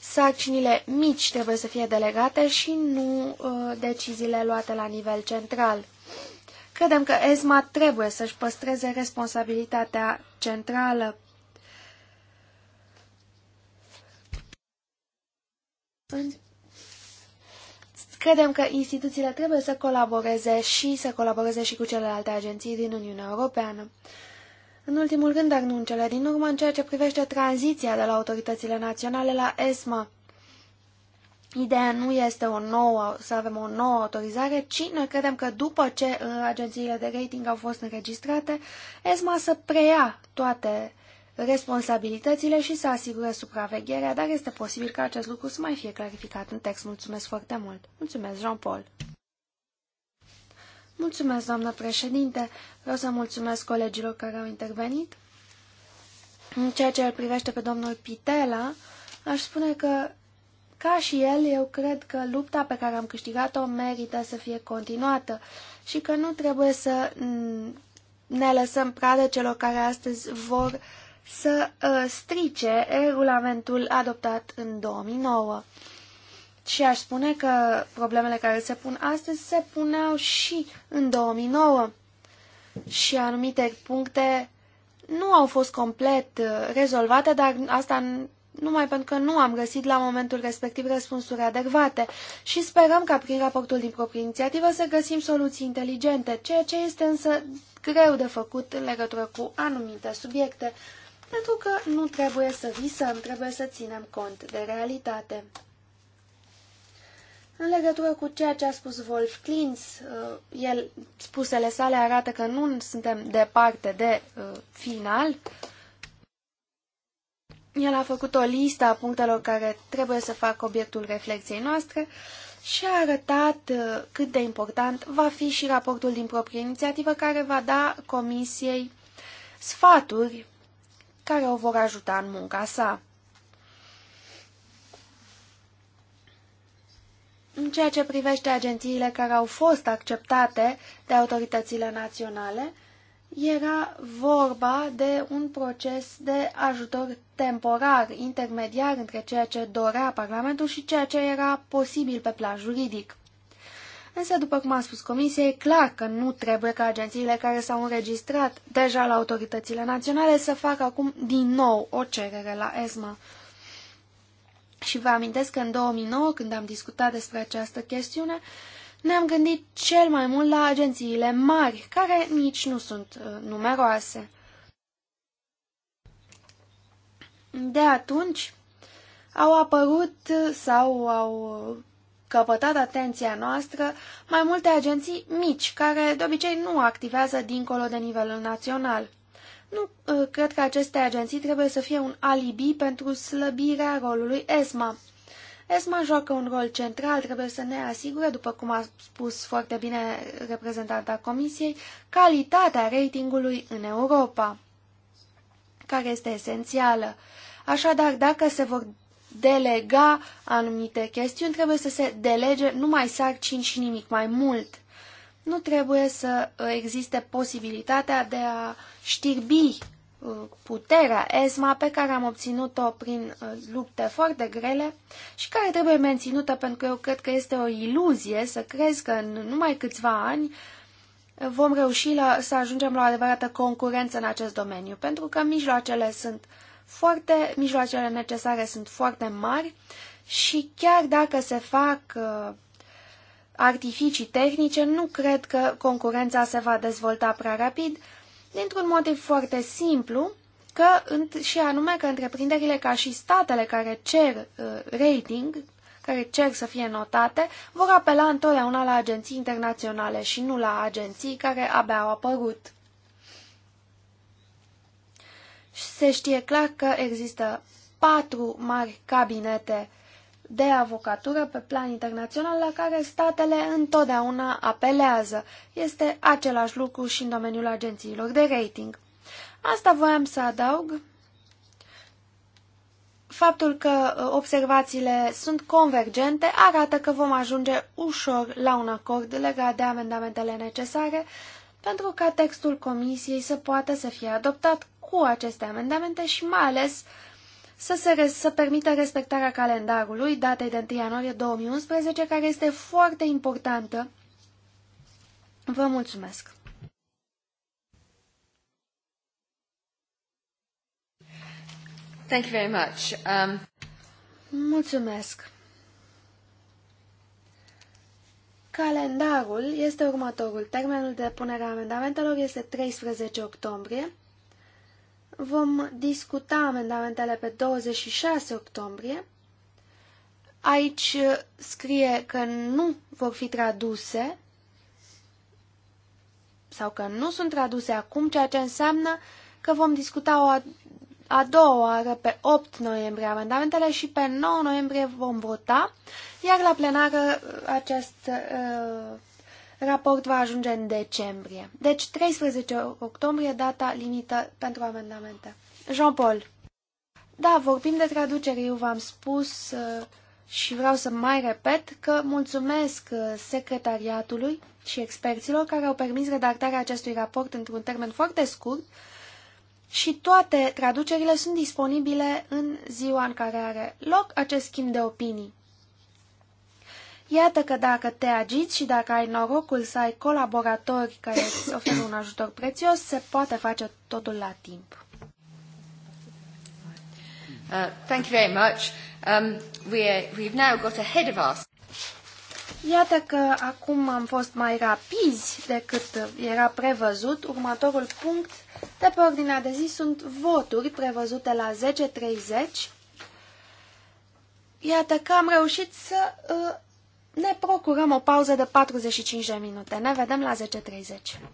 sarcinile mici trebuie să fie delegate și nu uh, deciziile luate la nivel central. Credem că ESMA trebuie să-și păstreze responsabilitatea centrală Credem că instituțiile trebuie să colaboreze și să colaboreze și cu celelalte agenții din Uniunea Europeană. În ultimul rând, dar nu în cele din urmă, în ceea ce privește tranziția de la autoritățile naționale la ESMA. Ideea nu este o nouă, să avem o nouă autorizare, ci noi credem că după ce uh, agențiile de rating au fost înregistrate, ESMA să preia toate responsabilitățile și să asigure supravegherea, dar este posibil ca acest lucru să mai fie clarificat în text. Mulțumesc foarte mult! Mulțumesc, Jean-Paul! Mulțumesc, doamnă președinte. Vreau să mulțumesc colegilor care au intervenit. În ceea ce îl privește pe domnul Pitela, aș spune că, ca și el, eu cred că lupta pe care am câștigat-o merită să fie continuată și că nu trebuie să ne lăsăm pradă celor care astăzi vor să uh, strice regulamentul adoptat în 2009. Și aș spune că problemele care se pun astăzi se puneau și în 2009 și anumite puncte nu au fost complet uh, rezolvate, dar asta numai pentru că nu am găsit la momentul respectiv răspunsuri adecvate și sperăm ca prin raportul din proprie inițiativă să găsim soluții inteligente, ceea ce este însă greu de făcut în legătură cu anumite subiecte, pentru că nu trebuie să visăm, trebuie să ținem cont de realitate. În legătură cu ceea ce a spus Wolf Klintz, uh, el, spusele sale arată că nu suntem departe de uh, final. El a făcut o listă a punctelor care trebuie să facă obiectul reflexiei noastre și a arătat uh, cât de important va fi și raportul din proprie inițiativă care va da comisiei sfaturi care o vor ajuta în munca sa. În ceea ce privește agențiile care au fost acceptate de autoritățile naționale, era vorba de un proces de ajutor temporar, intermediar între ceea ce dorea Parlamentul și ceea ce era posibil pe plan juridic. Însă, după cum a spus Comisia, e clar că nu trebuie ca agențiile care s-au înregistrat deja la autoritățile naționale să facă acum din nou o cerere la ESMA. Și vă amintesc că în 2009, când am discutat despre această chestiune, ne-am gândit cel mai mult la agențiile mari, care nici nu sunt uh, numeroase. De atunci au apărut uh, sau au căpătat atenția noastră mai multe agenții mici, care de obicei nu activează dincolo de nivelul național. Nu uh, cred că aceste agenții trebuie să fie un alibi pentru slăbirea rolului ESMA. ESMA joacă un rol central, trebuie să ne asigure, după cum a spus foarte bine reprezentanta Comisiei, calitatea ratingului în Europa, care este esențială. Așadar, dacă se vor delega anumite chestiuni, trebuie să se delege numai sarcini și nimic mai mult nu trebuie să uh, existe posibilitatea de a știrbi uh, puterea ESMA pe care am obținut-o prin uh, lupte foarte grele și care trebuie menținută pentru că eu cred că este o iluzie să crezi că în numai câțiva ani vom reuși la, să ajungem la o adevărată concurență în acest domeniu, pentru că mijloacele sunt foarte, mijloacele necesare sunt foarte mari și chiar dacă se fac artificii tehnice, nu cred că concurența se va dezvolta prea rapid, dintr-un motiv foarte simplu, că, și anume că întreprinderile ca și statele care cer uh, rating, care cer să fie notate, vor apela întotdeauna la agenții internaționale și nu la agenții care abia au apărut. Se știe clar că există patru mari cabinete de avocatură pe plan internațional la care statele întotdeauna apelează. Este același lucru și în domeniul agențiilor de rating. Asta voiam să adaug faptul că uh, observațiile sunt convergente arată că vom ajunge ușor la un acord legat de amendamentele necesare pentru ca textul comisiei să poată să fie adoptat cu aceste amendamente și mai ales să, se, să permită respectarea calendarului, datei de 1 ianuarie 2011, care este foarte importantă. Vă mulțumesc! Thank you very much. Um... Mulțumesc! Calendarul este următorul. Termenul de punere a amendamentelor este 13 octombrie. Vom discuta amendamentele pe 26 octombrie. Aici uh, scrie că nu vor fi traduse sau că nu sunt traduse acum, ceea ce înseamnă că vom discuta o a, a doua oară pe 8 noiembrie amendamentele și pe 9 noiembrie vom vota, iar la plenară uh, acest uh, Raport va ajunge în decembrie. Deci 13 octombrie, data limită pentru amendamente. Jean-Paul. Da, vorbim de traducere, eu v-am spus uh, și vreau să mai repet că mulțumesc uh, secretariatului și experților care au permis redactarea acestui raport într-un termen foarte scurt și toate traducerile sunt disponibile în ziua în care are loc acest schimb de opinii. Iată că dacă te agiți și dacă ai norocul să ai colaboratori care îți oferă un ajutor prețios, se poate face totul la timp. Uh, thank you very much. Um, we, uh, we've now got ahead of us. Iată că acum am fost mai rapizi decât era prevăzut. Următorul punct de pe ordinea de zi sunt voturi prevăzute la 10.30. Iată că am reușit să uh, ne procurăm o pauză de 45 de minute. Ne vedem la 10.30.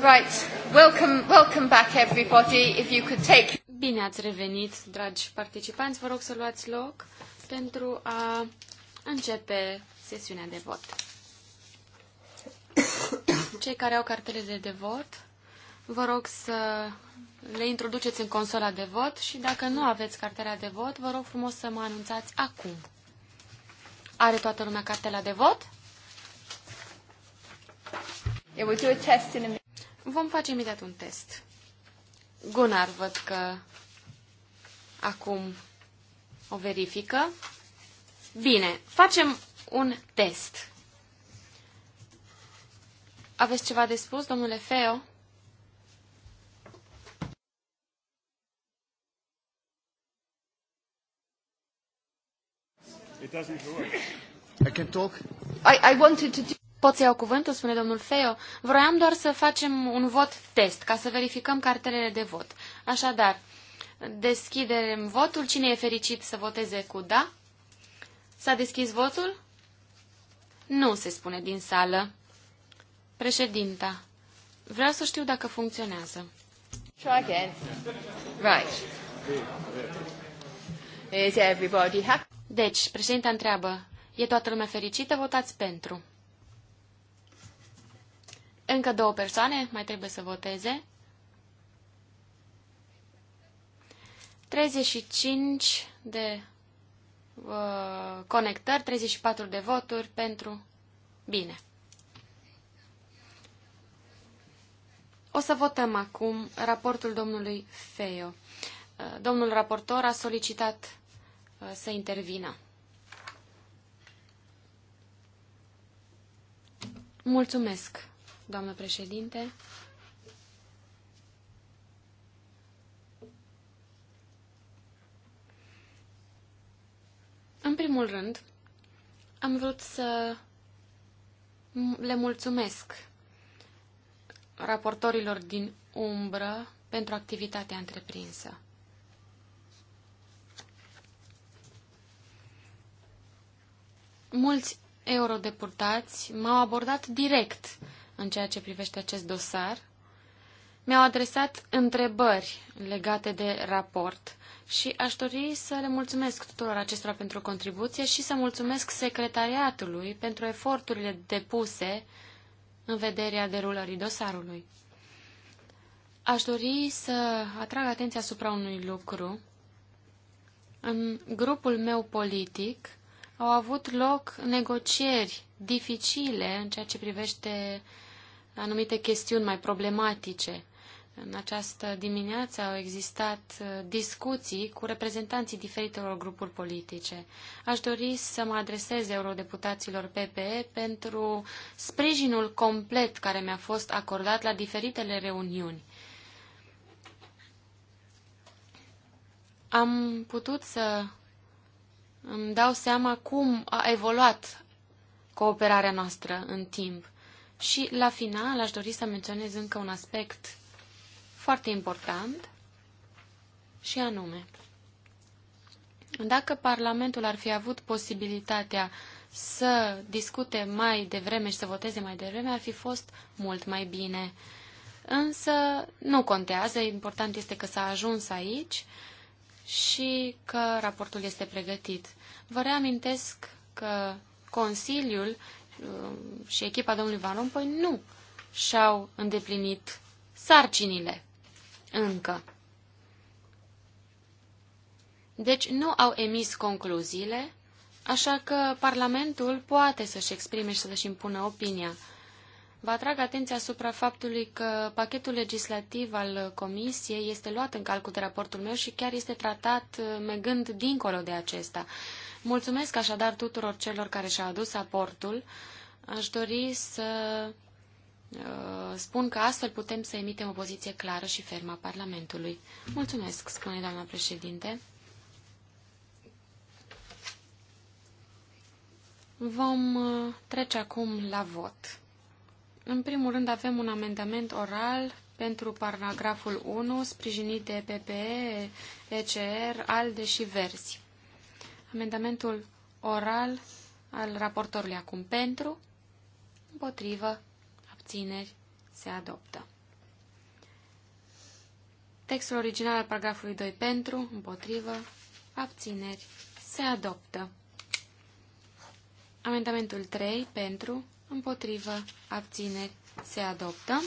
Right. Welcome, welcome back everybody. If you could take... Bine ați revenit, dragi participanți. Vă rog să luați loc pentru a începe sesiunea de vot. Cei care au cartelele de vot, vă rog să le introduceți în consola de vot și dacă nu aveți cartela de vot, vă rog frumos să mă anunțați acum. Are toată lumea cartela de vot? Yeah, we'll do a test in a vom face imediat un test. Gunnar, văd că acum o verifică. Bine, facem un test. Aveți ceva de spus, domnule Feo? It doesn't work. I can talk. I, I wanted to do Pot să iau cuvântul, spune domnul Feo? Vroiam doar să facem un vot test, ca să verificăm cartelele de vot. Așadar, deschidem votul. Cine e fericit să voteze cu da? S-a deschis votul? Nu, se spune din sală. Președinta, vreau să știu dacă funcționează. Try again. Right. Is everybody happy? Deci, președinta întreabă, e toată lumea fericită? Votați pentru. Încă două persoane mai trebuie să voteze. 35 de uh, conectări, 34 de voturi pentru bine. O să votăm acum raportul domnului Feio. Uh, domnul raportor a solicitat uh, să intervină. Mulțumesc, doamnă președinte. În primul rând, am vrut să le mulțumesc raportorilor din umbră pentru activitatea întreprinsă. Mulți eurodeputați m-au abordat direct în ceea ce privește acest dosar. Mi-au adresat întrebări legate de raport și aș dori să le mulțumesc tuturor acestora pentru contribuție și să mulțumesc secretariatului pentru eforturile depuse în vederea derulării dosarului. Aș dori să atrag atenția asupra unui lucru. În grupul meu politic au avut loc negocieri dificile în ceea ce privește uh, anumite chestiuni mai problematice. În această dimineață au existat uh, discuții cu reprezentanții diferitelor grupuri politice. Aș dori să mă adresez eurodeputaților PPE pentru sprijinul complet care mi-a fost acordat la diferitele reuniuni. Am putut să îmi dau seama cum a evoluat cooperarea noastră în timp. Și la final aș dori să menționez încă un aspect foarte important și anume, dacă Parlamentul ar fi avut posibilitatea să discute mai devreme și să voteze mai devreme, ar fi fost mult mai bine. Însă nu contează, important este că s-a ajuns aici și că raportul este pregătit. Vă reamintesc că Consiliul Um, și echipa domnului Van Rompuy nu și-au îndeplinit sarcinile încă. Deci nu au emis concluziile, așa că Parlamentul poate să-și exprime și să-și impună opinia. Vă atrag atenția asupra faptului că pachetul legislativ al Comisiei este luat în calcul de raportul meu și chiar este tratat uh, mergând dincolo de acesta. Mulțumesc așadar tuturor celor care și-au adus aportul. Aș dori să uh, spun că astfel putem să emitem o poziție clară și fermă a Parlamentului. Mulțumesc, spune doamna președinte. Vom uh, trece acum la vot. În primul rând avem un amendament oral pentru paragraful 1, sprijinit de PPE, ECR, ALDE și Verzi. Amendamentul oral al raportorului acum pentru, împotrivă, abțineri, se adoptă. Textul original al paragrafului 2 pentru, împotrivă, abțineri, se adoptă. Amendamentul 3 pentru, împotrivă, abțineri, se adoptă.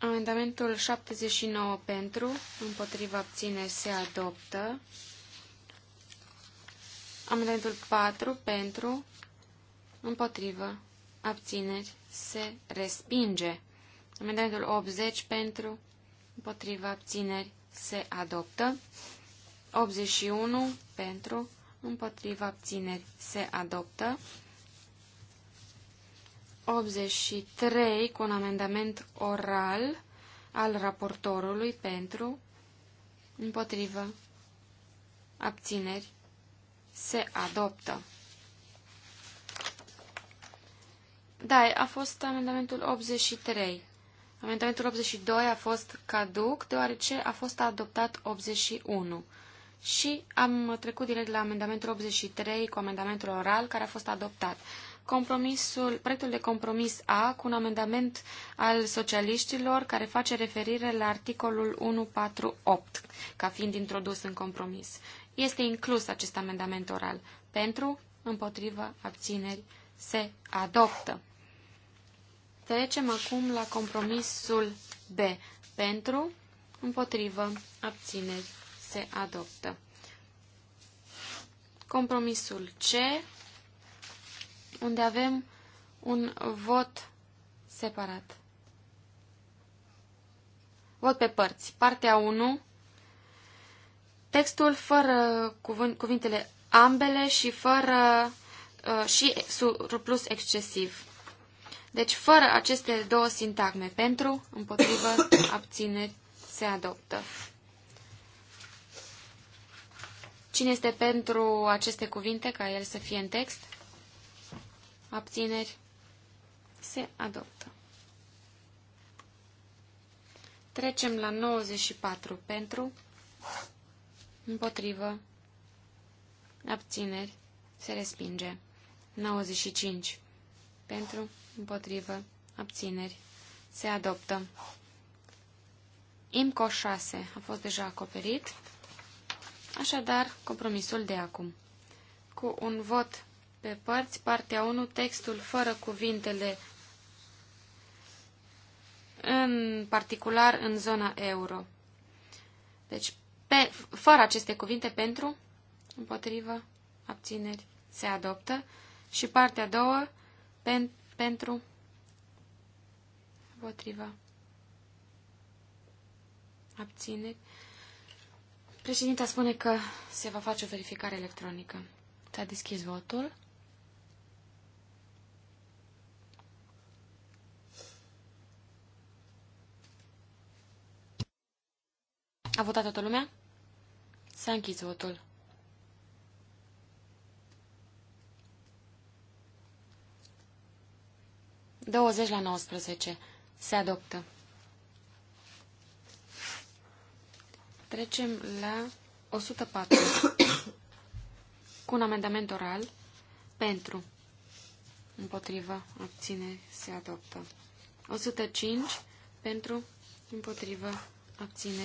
Amendamentul 79 pentru, împotriva abțineri se adoptă. Amendamentul 4 pentru, împotrivă, abțineri se respinge. Amendamentul 80 pentru, împotriva abțineri se adoptă. 81 pentru, împotriva abțineri se adoptă. 83 cu un amendament oral al raportorului pentru, împotrivă, abțineri, se adoptă. Da, a fost amendamentul 83. Amendamentul 82 a fost caduc, deoarece a fost adoptat 81. Și am trecut direct la amendamentul 83 cu amendamentul oral, care a fost adoptat compromisul, proiectul de compromis A cu un amendament al socialiștilor care face referire la articolul 148 ca fiind introdus în compromis. Este inclus acest amendament oral. Pentru, împotrivă, abțineri, se adoptă. Trecem acum la compromisul B. Pentru, împotrivă, abțineri, se adoptă. Compromisul C unde avem un vot separat. Vot pe părți. Partea 1. Textul fără cuvintele ambele și fără uh, și surplus excesiv. Deci fără aceste două sintagme, pentru, împotrivă, abțineri, se adoptă. Cine este pentru aceste cuvinte, ca el să fie în text? abțineri, se adoptă. Trecem la 94 pentru, împotrivă, abțineri, se respinge. 95 pentru, împotrivă, abțineri, se adoptă. IMCO 6 a fost deja acoperit, așadar compromisul de acum. Cu un vot pe părți, partea 1, textul fără cuvintele, în particular în zona euro. Deci, pe, fără aceste cuvinte, pentru, împotrivă, abțineri, se adoptă. Și partea a doua, pen, pentru, împotrivă, abțineri. Președinta spune că se va face o verificare electronică. S-a deschis votul. A votat toată lumea? S-a închis votul. Douăzeci la 19. Se adoptă. Trecem la 104. cu un amendament oral pentru. Împotrivă. Abține. Se adoptă. 105 pentru. Împotrivă. abține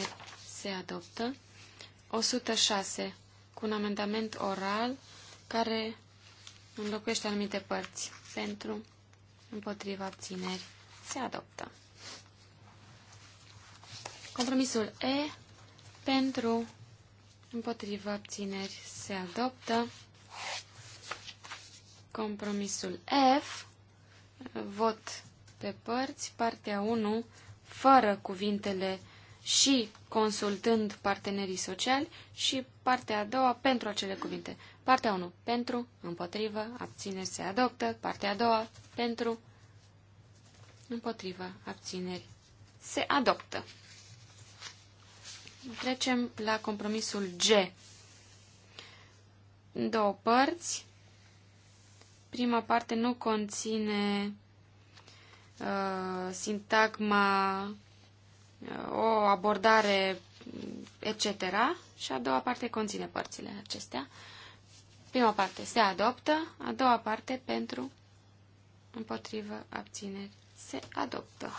se adoptă. 106. Cu un amendament oral care înlocuiește anumite părți. Pentru, împotriva, abțineri, se adoptă. Compromisul E. Pentru, împotriva, abțineri, se adoptă. Compromisul F. Vot pe părți, partea 1, fără cuvintele și consultând partenerii sociali și partea a doua pentru acele cuvinte. Partea 1 pentru, împotrivă, abțineri se adoptă. Partea a doua pentru, împotrivă, abțineri se adoptă. Trecem la compromisul G. Două părți. Prima parte nu conține uh, sintagma o abordare etc. Și a doua parte conține părțile acestea. Prima parte se adoptă, a doua parte pentru, împotrivă, abțineri, se adoptă.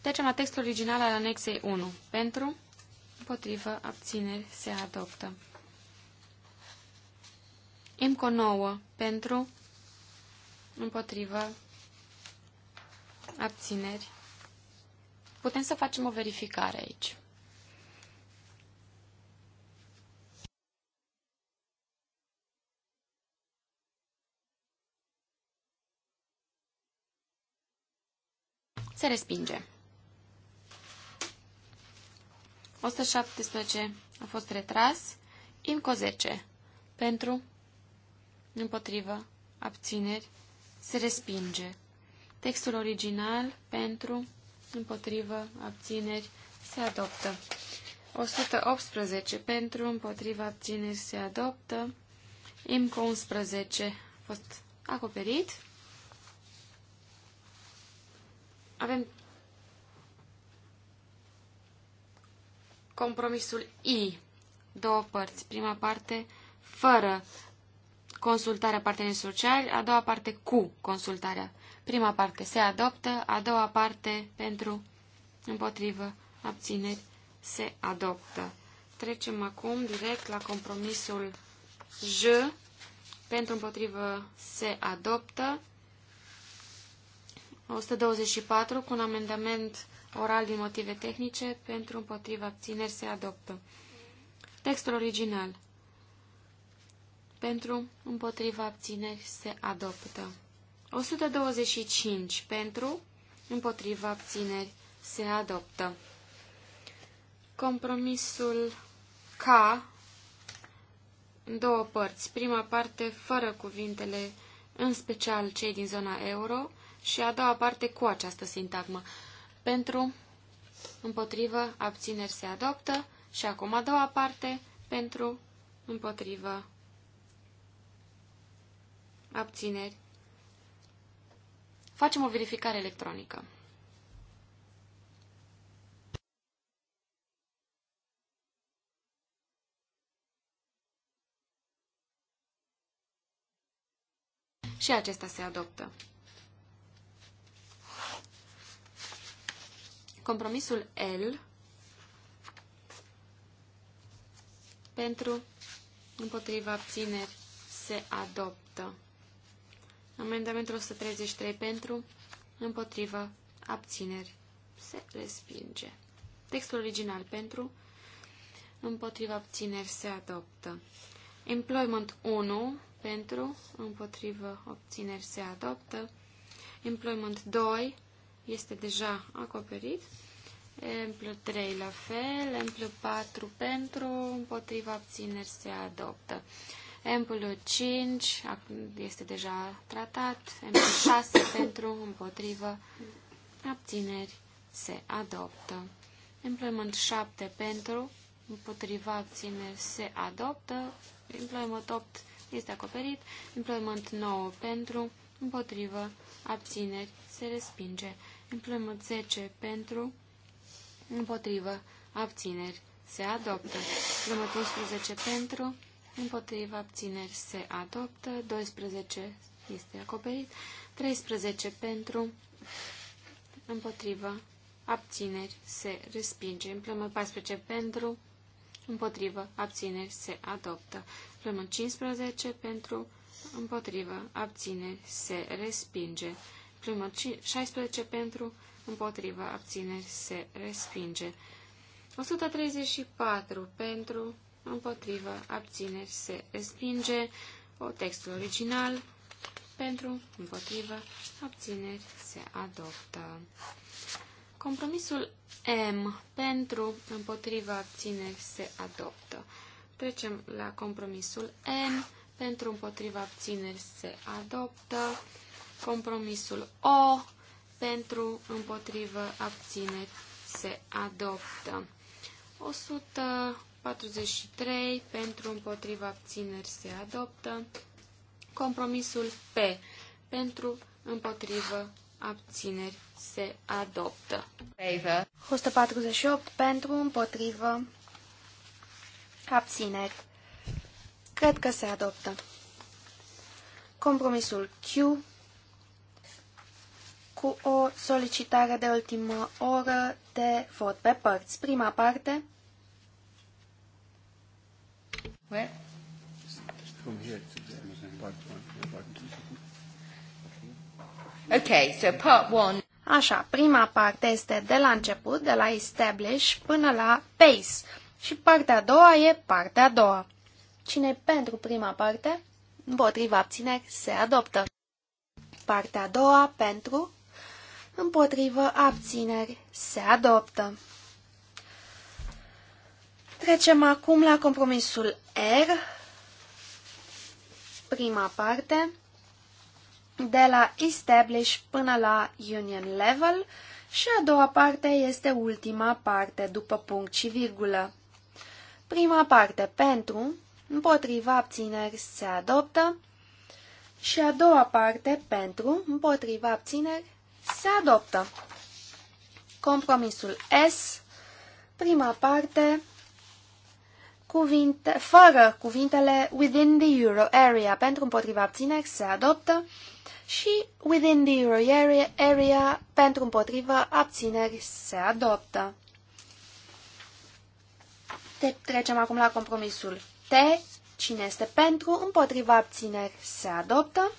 Trecem la textul original al anexei 1. Pentru, împotrivă, abțineri, se adoptă. IMCO 9 pentru, împotrivă, abțineri. Putem să facem o verificare aici. Se respinge. 117 a fost retras. IMCO 10 pentru, împotrivă, abțineri, se respinge. Textul original, pentru, împotrivă, abțineri, se adoptă. 118, pentru, împotrivă, abțineri, se adoptă. IMCO 11, a fost acoperit. Avem compromisul I, două părți. Prima parte, fără consultarea partenerilor sociali, a doua parte cu consultarea. Prima parte se adoptă, a doua parte pentru, împotrivă, abțineri, se adoptă. Trecem acum direct la compromisul J, pentru împotrivă se adoptă. 124 cu un amendament oral din motive tehnice, pentru împotrivă abțineri se adoptă. Textul original pentru, împotriva abțineri se adoptă. 125 pentru, împotriva abțineri se adoptă. Compromisul K în două părți. Prima parte fără cuvintele, în special cei din zona euro, și a doua parte cu această sintagmă. Pentru, împotrivă, abțineri se adoptă și acum a doua parte pentru, împotrivă, abțineri. Facem o verificare electronică. Și acesta se adoptă. Compromisul L pentru împotriva abțineri se adoptă. Amendamentul 133 pentru, împotrivă, abțineri, se respinge. Textul original pentru, împotriva abțineri, se adoptă. Employment 1 pentru, împotrivă, obțineri, se adoptă. Employment 2 este deja acoperit. Emplu 3 la fel, emplu 4 pentru, împotriva abțineri se adoptă. Empul 5 este deja tratat. Empul 6 pentru, împotrivă, abțineri, se adoptă. Employment 7 pentru, împotriva abțineri, se adoptă. Employment 8 este acoperit. Employment 9 pentru, împotrivă, abțineri, se respinge. Employment 10 pentru, împotrivă, abțineri, se adoptă. Employment 11 pentru, împotriva abțineri se adoptă, 12 este acoperit, 13 pentru, împotriva abțineri se respinge, împlămă 14 pentru, împotriva abțineri se adoptă, împlămă 15 pentru, împotriva abțineri se respinge, împlămă 16 pentru, împotriva abțineri se respinge, 134 pentru, împotrivă, abțineri, se respinge. O textul original, pentru, împotrivă, abțineri, se adoptă. Compromisul M, pentru, împotrivă, abțineri, se adoptă. Trecem la compromisul N, pentru, împotriva, abțineri, se adoptă. Compromisul O, pentru, împotrivă, abțineri, se adoptă. 100 43 pentru împotriva abțineri se adoptă. Compromisul P pentru împotrivă abțineri se adoptă. 148 pentru împotrivă abțineri. Cred că se adoptă. Compromisul Q cu o solicitare de ultimă oră de vot pe părți. Prima parte Where? From here to there. Part one, part two. Okay, so part one. Așa, prima parte este de la început, de la establish până la base. Și partea a doua e partea a doua. Cine pentru prima parte, împotriva abțineri, se adoptă. Partea a doua, pentru, împotriva abțineri, se adoptă. Trecem acum la compromisul R, prima parte, de la establish până la union level și a doua parte este ultima parte după punct și virgulă. Prima parte pentru, împotriva abțineri se adoptă și a doua parte pentru, împotriva abțineri se adoptă. Compromisul S, prima parte cuvinte, fără cuvintele within the euro area, pentru împotriva abțineri se adoptă și within the euro area, area pentru împotriva abțineri se adoptă. Te trecem acum la compromisul T. Cine este pentru, împotriva abțineri se adoptă.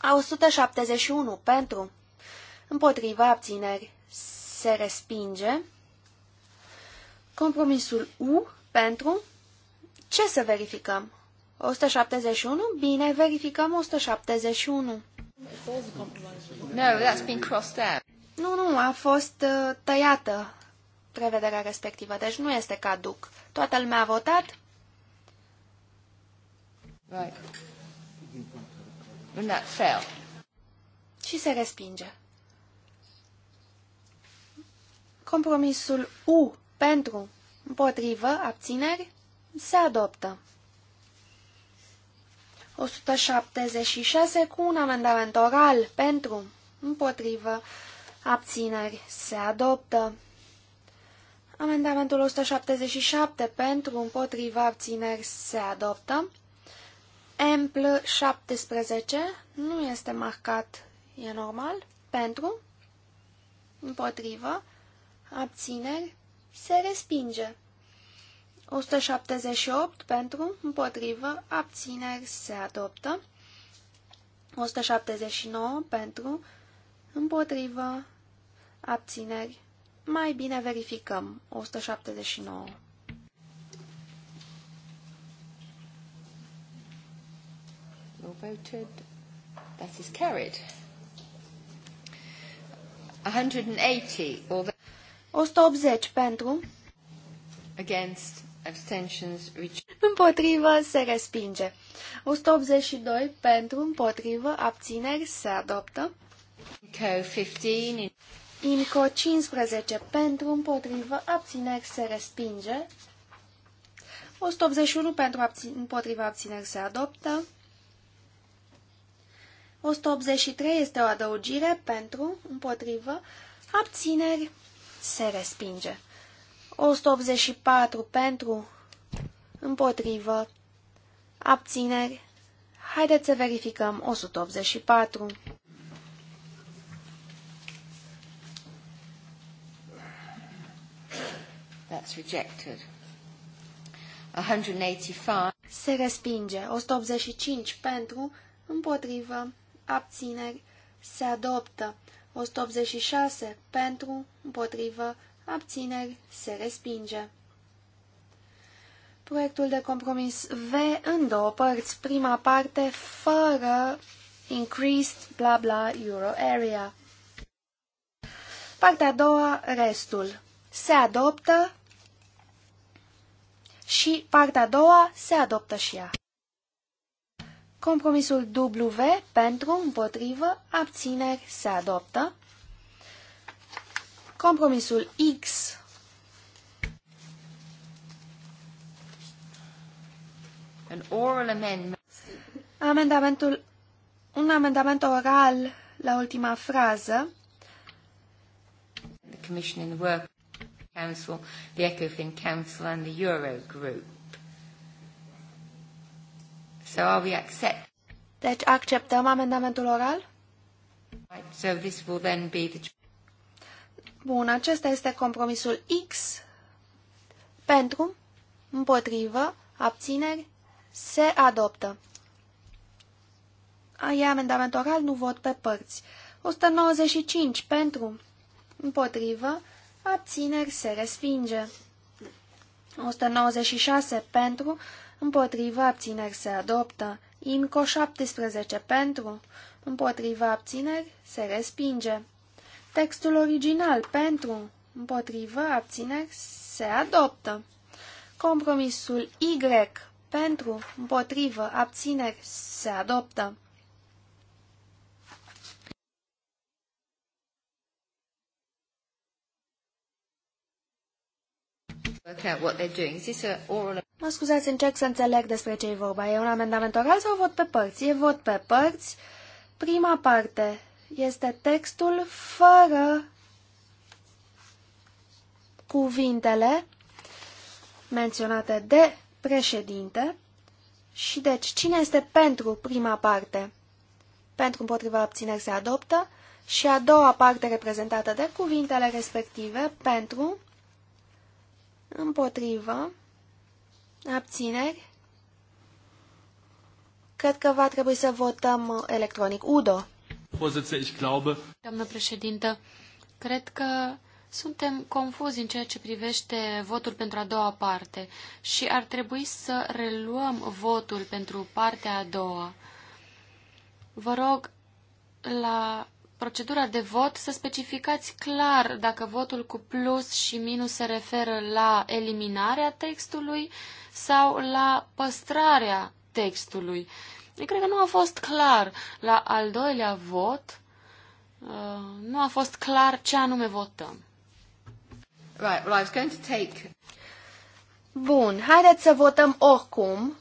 A 171 pentru împotriva abțineri se respinge. Compromisul U pentru ce să verificăm? 171? Bine, verificăm 171. No, that's been crossed out. Nu, nu, a fost uh, tăiată prevederea respectivă, deci nu este caduc. Toată lumea a votat? Right. And that fell. Și se respinge. Compromisul U pentru, împotrivă, abțineri, se adoptă. 176 cu un amendament oral pentru, împotrivă, abțineri, se adoptă. Amendamentul 177 pentru, împotrivă, abțineri, se adoptă. Empl 17 nu este marcat, e normal, pentru, împotrivă, abțineri, se respinge. 178 pentru, împotrivă, abțineri, se adoptă. 179 pentru, împotrivă, abțineri. Mai bine verificăm. 179. All voted. That is carried. 180. All 180 pentru. Against. Abstentions. Împotrivă se respinge. 182 pentru, împotrivă, abțineri se adoptă. INCO 15. INCO 15 pentru, împotrivă, abțineri se respinge. 181 pentru abține, împotriva abțineri se adoptă. 183 este o adăugire pentru împotrivă abțineri se respinge. 184 pentru, împotrivă, abțineri. Haideți să verificăm 184. That's rejected. 185. Se respinge. 185 pentru, împotrivă, abțineri, se adoptă. 186 pentru, împotrivă, abțineri, se respinge. Proiectul de compromis V în două părți. Prima parte fără increased bla bla euro area. Partea a doua, restul. Se adoptă și partea a doua se adoptă și ea. Compromisul W pentru, împotrivă, abțineri se adoptă. Compromisul X An oral amendment. Amendamentul, un amendament oral la ultima frază. The Commission in the Work Council, the Ecofin Council and the Eurogroup. So are we accept? Deci acceptăm amendamentul oral? So this will then be the... Bun, acesta este compromisul X. Pentru, împotrivă, abțineri, se adoptă. E amendament oral, nu vot pe părți. 195 pentru, împotrivă, abțineri se respinge. 196 pentru, împotriva abțineri se adoptă, IMCO 17 pentru, împotriva abțineri se respinge. Textul original pentru, împotriva abțineri se adoptă. Compromisul Y pentru, împotrivă abțineri se adoptă. Mă scuzați, încerc să înțeleg despre ce e vorba. E un amendament oral sau vot pe părți? E vot pe părți. Prima parte este textul fără cuvintele menționate de președinte. Și deci, cine este pentru prima parte? Pentru împotriva abțineri se adoptă și a doua parte reprezentată de cuvintele respective pentru Împotrivă. Abțineri. Cred că va trebui să votăm electronic. Udo. Doamnă președintă, cred că suntem confuzi în ceea ce privește votul pentru a doua parte și ar trebui să reluăm votul pentru partea a doua. Vă rog, la procedura de vot să specificați clar dacă votul cu plus și minus se referă la eliminarea textului sau la păstrarea textului. Eu cred că nu a fost clar la al doilea vot, uh, nu a fost clar ce anume votăm. Right, well, I was going to take... Bun, haideți să votăm oricum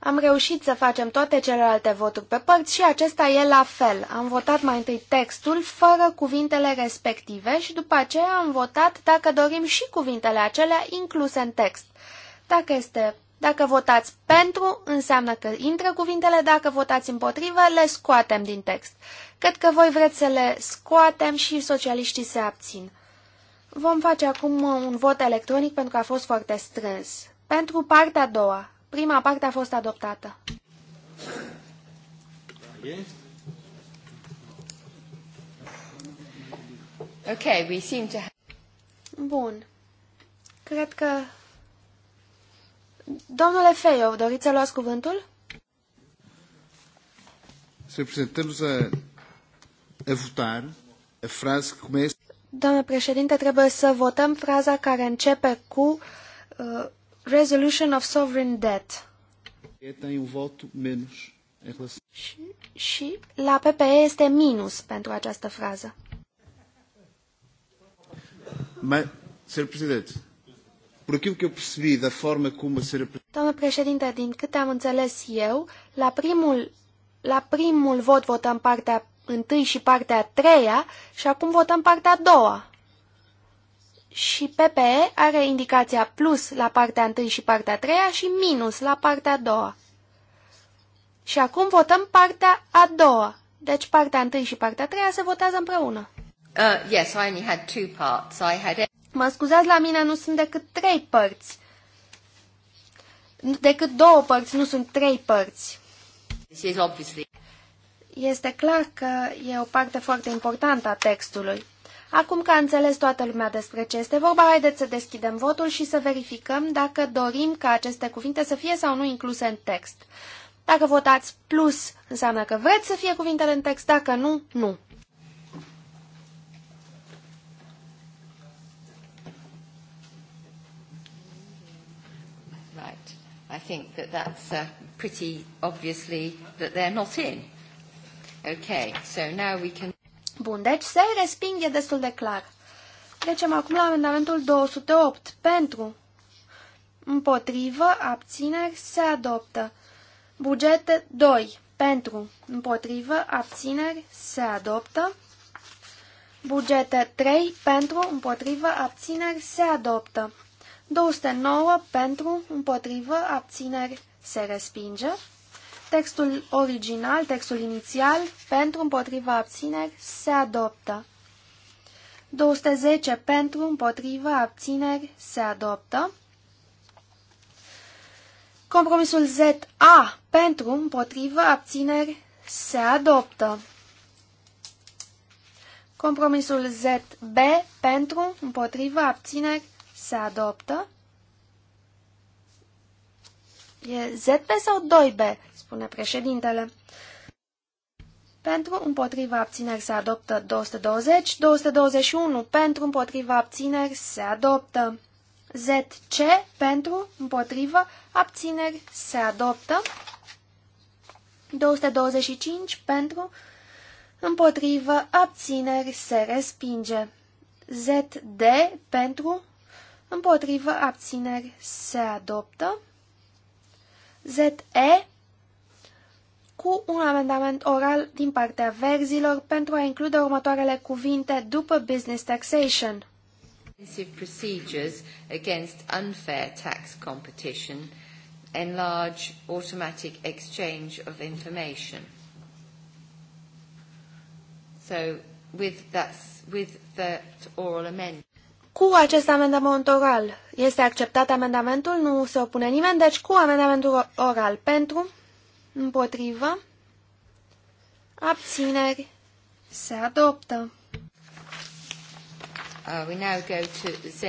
am reușit să facem toate celelalte voturi pe părți și acesta e la fel. Am votat mai întâi textul fără cuvintele respective și după aceea am votat dacă dorim și cuvintele acelea incluse în text. Dacă este dacă votați pentru, înseamnă că intră cuvintele, dacă votați împotrivă, le scoatem din text. Cred că voi vreți să le scoatem și socialiștii se abțin. Vom face acum un vot electronic pentru că a fost foarte strâns. Pentru partea a doua, Prima parte a fost adoptată. Okay, we seem to have... Bun. Cred că... Domnule Feio, doriți să luați cuvântul? Să prezentăm să a, a votar a frase que președinte, trebuie să votăm fraza care începe cu uh, Resolution of Sovereign Debt. E Tem um voto menos em relação... și, și la PPE este minus pentru această frază. Mas, Sr. Presidente, por aquilo que eu percebi da forma como a Sra. Doamna președinte, din câte am înțeles eu, la primul, la primul vot votăm partea întâi și partea a treia și acum votăm partea a doua și PPE are indicația plus la partea 1 și partea 3 și minus la partea 2. Și acum votăm partea a doua. Deci partea 1 și partea 3 se votează împreună. Uh, yes, I only had two parts. I had... Mă scuzați, la mine nu sunt decât trei părți. Decât două părți, nu sunt trei părți. Este clar că e o parte foarte importantă a textului. Acum că a înțeles toată lumea despre ce este vorba, haideți să deschidem votul și să verificăm dacă dorim ca aceste cuvinte să fie sau nu incluse în text. Dacă votați plus, înseamnă că vreți să fie cuvintele în text, dacă nu, nu. Right. I think that that's uh, pretty obviously that they're not in. Okay, so now we can... Bun, deci se respinge destul de clar. Trecem acum la amendamentul 208. Pentru, împotrivă, abțineri, se adoptă. Bugete 2. Pentru, împotrivă, abțineri, se adoptă. Bugete 3. Pentru, împotrivă, abțineri, se adoptă. 209. Pentru, împotrivă, abțineri, se respinge. Textul original, textul inițial, pentru împotriva abțineri, se adoptă. 210 pentru împotriva abțineri se adoptă. Compromisul ZA pentru împotriva abțineri se adoptă. Compromisul ZB pentru împotriva abțineri se adoptă. E ZB sau 2B? spune președintele. Pentru împotriva abțineri se adoptă 220, 221 pentru împotriva abțineri se adoptă. ZC pentru împotriva abțineri se adoptă. 225 pentru împotriva abțineri se respinge. ZD pentru împotriva abțineri se adoptă. ZE cu un amendament oral din partea verzilor pentru a include următoarele cuvinte după business taxation. procedures against unfair tax competition, enlarge automatic exchange of information. So with that's with the oral amendment cu acest amendament oral. Este acceptat amendamentul? Nu se opune nimeni, deci cu amendamentul oral. Pentru, împotrivă, abțineri, se adoptă. Uh, we now go to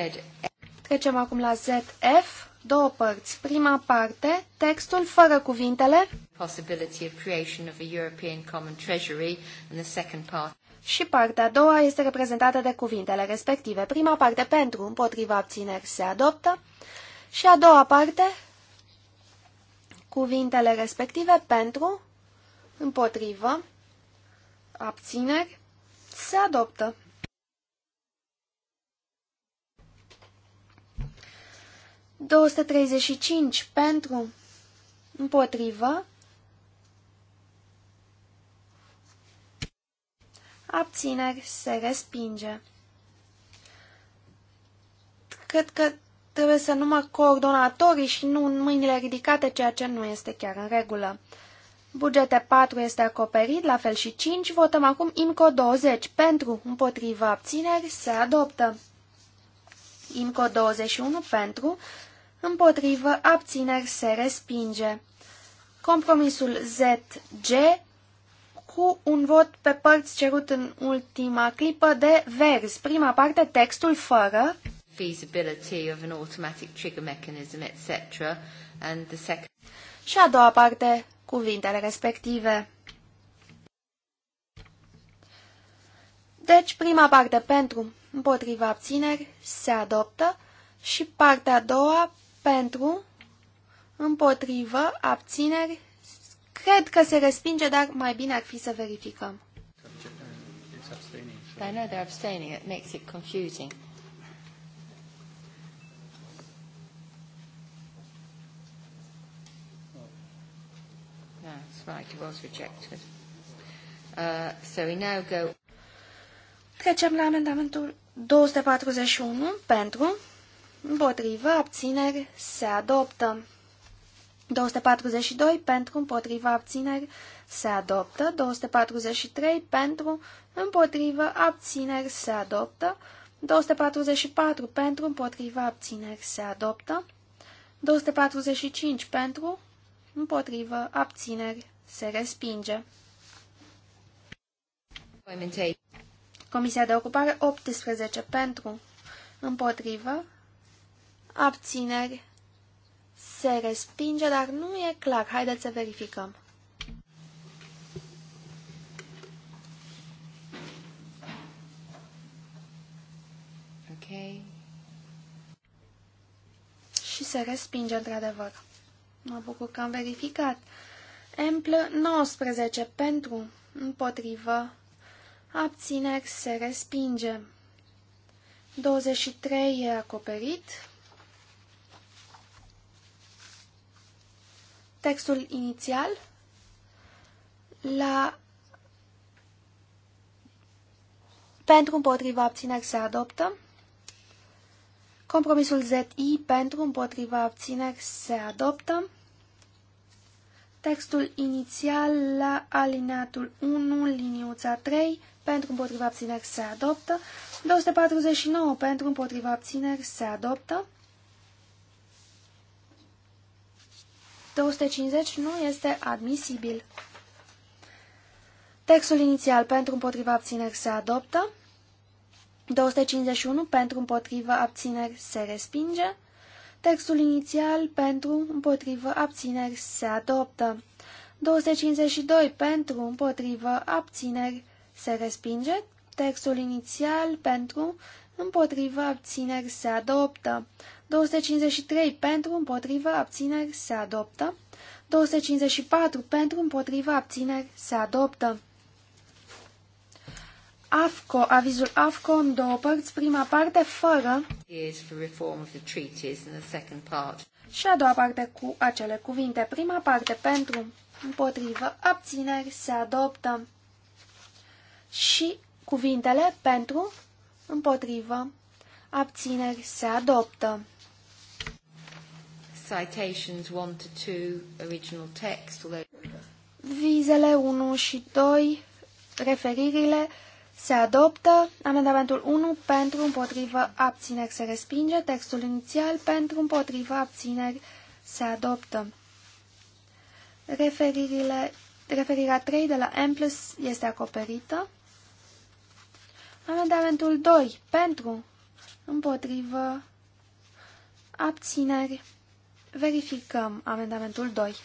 Trecem acum la ZF, două părți. Prima parte, textul fără cuvintele. Possibility of creation of a European Common Treasury and the second part. Și partea a doua este reprezentată de cuvintele respective. Prima parte pentru, împotriva abțineri se adoptă și a doua parte cuvintele respective pentru, împotrivă, abțineri se adoptă. ...235 pentru, împotrivă, abțineri, se respinge. Cred că trebuie să număr coordonatorii și nu în mâinile ridicate, ceea ce nu este chiar în regulă. Bugete 4 este acoperit, la fel și 5. Votăm acum IMCO 20. Pentru, împotrivă, abțineri, se adoptă. IMCO 21 pentru, împotrivă, abțineri, se respinge. Compromisul ZG cu un vot pe părți cerut în ultima clipă de verzi. Prima parte, textul fără feasibility of an automatic trigger mechanism, etc. And the second... Și a doua parte, cuvintele respective. Deci, prima parte pentru, împotriva abțineri, se adoptă și partea a doua pentru, împotriva abțineri, Cred că se respinge, dar mai bine ar fi să verificăm. I know they're abstaining. It makes it confusing. No, that's right. It was rejected. Uh, so we now go... Trecem la amendamentul 241 pentru, împotrivă, abțineri, se adoptă. 242 pentru împotriva abțineri se adoptă, 243 pentru împotriva abțineri se adoptă, 244 pentru împotriva abțineri se adoptă, 245 pentru împotriva abțineri se respinge. Comisia de ocupare 18 pentru împotriva abțineri se respinge, dar nu e clar. Haideți să verificăm. Ok. Și se respinge într-adevăr. Mă bucur că am verificat. Empl 19 pentru, împotrivă, abțineri se respinge. 23 e acoperit. textul inițial la pentru împotriva abțineri se adoptă. Compromisul ZI pentru împotriva abțineri se adoptă. Textul inițial la alineatul 1, liniuța 3, pentru împotriva abțineri se adoptă. 249 pentru împotriva abțineri se adoptă. 250 nu este admisibil. Textul inițial pentru împotriva abțineri se adoptă. 251 pentru împotriva abțineri se respinge. Textul inițial pentru împotriva abțineri se adoptă. 252 pentru împotriva abțineri se respinge. Textul inițial pentru împotriva abțineri se adoptă. 253 pentru împotriva abțineri se adoptă. 254 pentru împotriva abțineri se adoptă. AFCO, avizul AFCO în două părți, prima parte fără și a doua parte cu acele cuvinte. Prima parte pentru, împotrivă, abțineri se adoptă și cuvintele pentru, împotrivă, abțineri se adoptă. Citations 1 to 2, original text, although... Vizele 1 și 2, referirile, se adoptă amendamentul 1 pentru împotrivă abțineri se respinge, textul inițial pentru împotrivă abțineri se adoptă. Referirile, referirea 3 de la M plus este acoperită. Amendamentul 2. Pentru. Împotrivă. Abțineri. Verificăm amendamentul 2.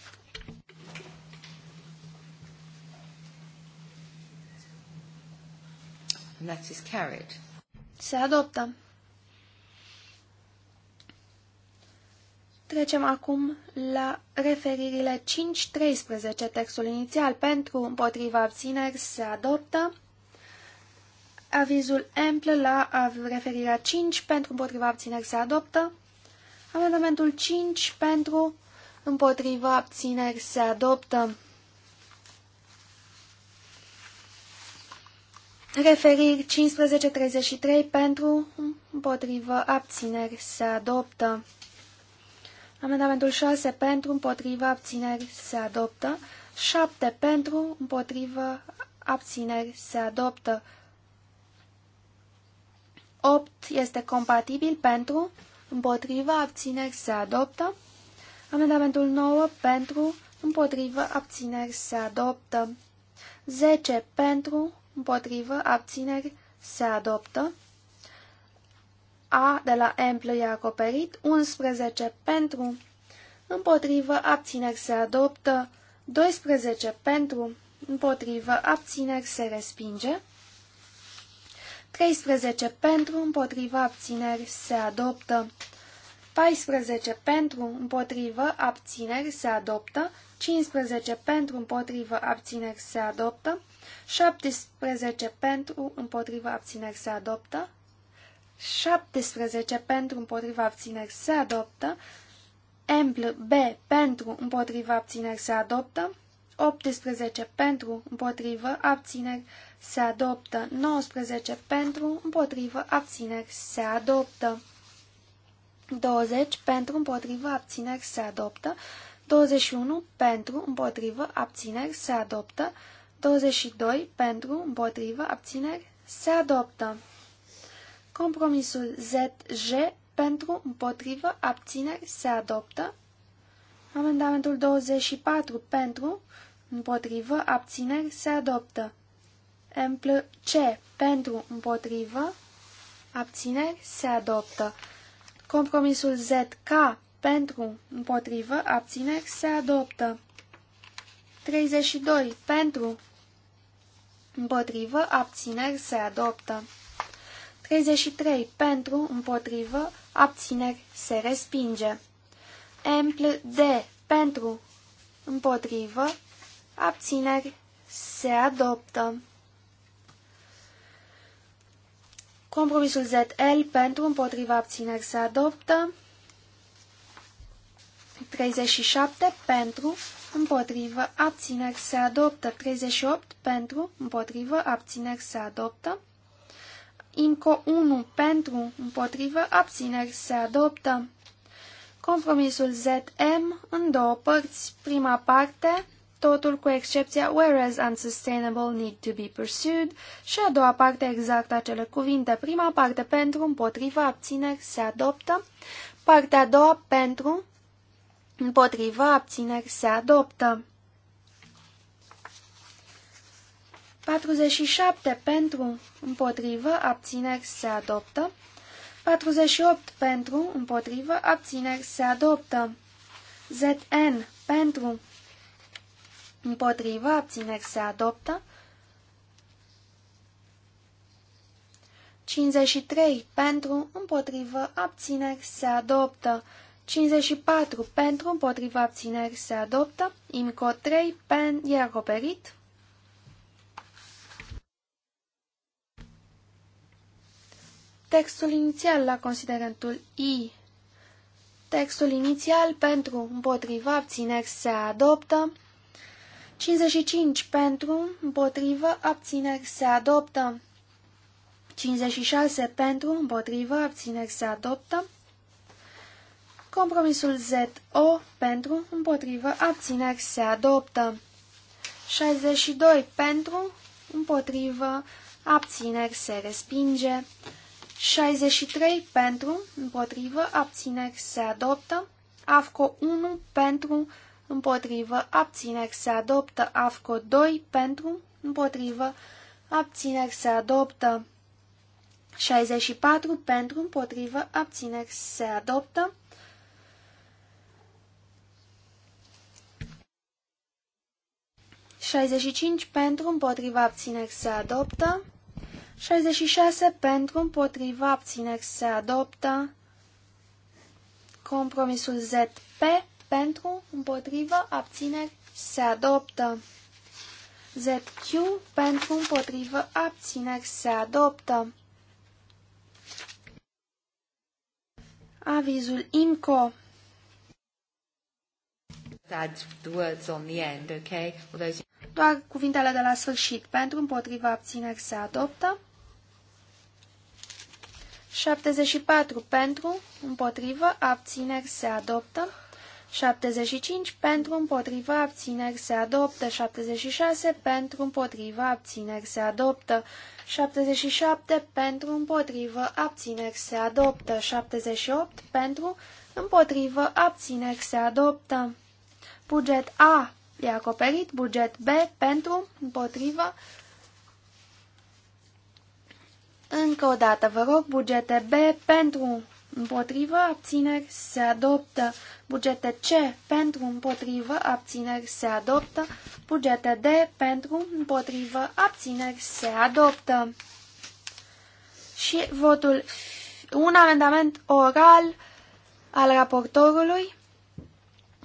And that is carried. Se adoptă. Trecem acum la referirile 5.13, textul inițial pentru împotriva abțineri se adoptă, Avizul ample la referirea 5 pentru împotriva abțineri se adoptă. Amendamentul 5 pentru împotriva abțineri se adoptă. Referiri 1533 pentru împotriva abțineri se adoptă. Amendamentul 6 pentru împotriva abțineri se adoptă. 7 pentru împotriva abțineri se adoptă. 8 este compatibil pentru, împotrivă, abțineri, se adoptă. Amendamentul 9 pentru, împotrivă, abțineri, se adoptă. 10 pentru, împotrivă, abțineri, se adoptă. A de la amplă e acoperit, 11 pentru, împotrivă, abțineri, se adoptă. 12 pentru, împotrivă, abțineri, se respinge. 13 pentru, împotriva, abțineri, se adoptă. 14 pentru, împotrivă, abțineri, se adoptă. 15 pentru, împotrivă, abțineri, se adoptă. 17 pentru, împotrivă, abțineri, se adoptă. 17 pentru, împotriva, abțineri, se adoptă. Empl B pentru, împotriva, abțineri, se adoptă. 18 pentru, împotrivă, abțineri, se adoptă. 19 pentru, împotrivă, abțineri, se adoptă. 20 pentru, împotrivă, abțineri, se adoptă. 21 pentru, împotrivă, abțineri, se adoptă. 22 pentru, împotrivă, abțineri, se adoptă. Compromisul ZJ pentru, împotrivă, abțineri, se adoptă. Amendamentul 24 pentru, împotrivă, abțineri, se adoptă. Empl C pentru, împotrivă, abțineri, se adoptă. Compromisul ZK pentru, împotrivă, abțineri, se adoptă. 32. Pentru, împotrivă, abțineri, se adoptă. 33. Pentru, împotrivă, abțineri, se respinge. Empl D. Pentru, împotrivă, abțineri, se adoptă. Compromisul ZL pentru împotriva abțineri se adoptă. 37 pentru împotrivă abțineri se adoptă. 38 pentru împotrivă abțineri se adoptă. IMCO 1 pentru împotrivă abțineri se adoptă. Compromisul ZM în două părți. Prima parte totul cu excepția whereas unsustainable need to be pursued și a doua parte exact acele cuvinte. Prima parte pentru, împotriva, abțineri, se adoptă. Partea a doua pentru, împotriva, abțineri, se adoptă. 47 pentru, împotrivă, abțineri, se adoptă. 48 pentru, împotrivă, abțineri, se adoptă. ZN pentru, Împotrivă, abțineri se adoptă. 53 pentru, împotrivă, abțineri se adoptă. 54 pentru, împotrivă, abțineri se adoptă. IMCO 3 pen, e acoperit. Textul inițial la considerentul I. Textul inițial pentru, împotriva abțineri se adoptă. 55 pentru, împotrivă, abțineri se adoptă. 56 pentru, împotrivă, abțineri se adoptă. Compromisul ZO pentru, împotrivă, abțineri se adoptă. 62 pentru, împotrivă, abțineri se respinge. 63 pentru, împotrivă, abțineri se adoptă. AFCO 1 pentru, împotrivă, abțineri se adoptă. AFCO 2 pentru, împotrivă, abțineri se adoptă. 64 pentru, împotrivă, abțineri se adoptă. cinci pentru, împotriva abțineri se adoptă. 66 pentru, împotriva abțineri se adoptă. Compromisul ZP pentru, împotrivă, abțineri, se adoptă. ZQ pentru, împotrivă, abțineri, se adoptă. Avizul IMCO. Doar cuvintele de la sfârșit. Pentru, împotriva, abțineri, se adoptă. 74. Pentru, împotrivă, abțineri, se adoptă. 75 pentru împotriva abțineri se adoptă, 76 pentru împotriva abțineri se adoptă, 77 pentru împotriva abțineri se adoptă, 78 pentru împotriva abțineri se adoptă. Buget A e acoperit, buget B pentru împotriva. Încă o dată vă rog, bugete B pentru împotrivă, abțineri, se adoptă. Bugete C pentru împotrivă, abțineri, se adoptă. Bugete D pentru împotrivă, abțineri, se adoptă. Și votul, un amendament oral al raportorului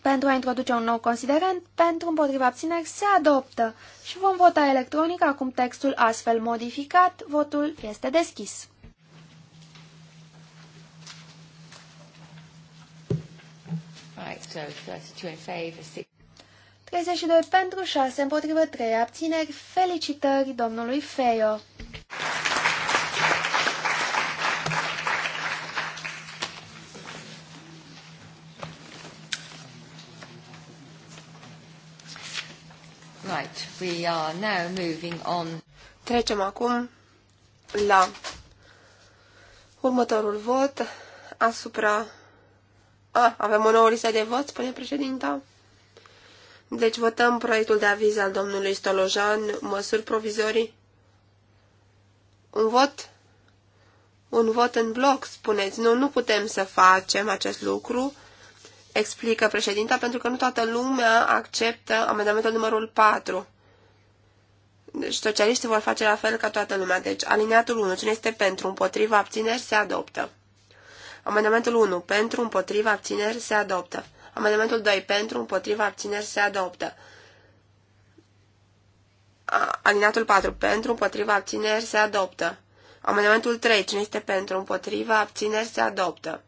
pentru a introduce un nou considerent, pentru împotriva abțineri se adoptă și vom vota electronic acum textul astfel modificat. Votul este deschis. right, so 32 in favor, 32 pentru, 6 împotrivă, 3 abțineri. Felicitări domnului Feio! Right, we are now moving on. Trecem acum la următorul vot asupra a, ah, avem o nouă listă de vot, spune președinta. Deci votăm proiectul de aviz al domnului Stolojan, măsuri provizorii. Un vot? Un vot în bloc, spuneți. Nu, nu putem să facem acest lucru, explică președinta, pentru că nu toată lumea acceptă amendamentul numărul 4. Deci socialiștii vor face la fel ca toată lumea. Deci alineatul 1, cine este pentru, împotriva, abțineri, se adoptă. Amendamentul 1. Pentru, împotriva, abțineri, se adoptă. Amendamentul 2. Pentru, împotriva, abțineri, se adoptă. Alinatul 4. Pentru, împotriva, abțineri, se adoptă. Amendamentul 3. Cine este pentru, împotriva, abțineri, se adoptă.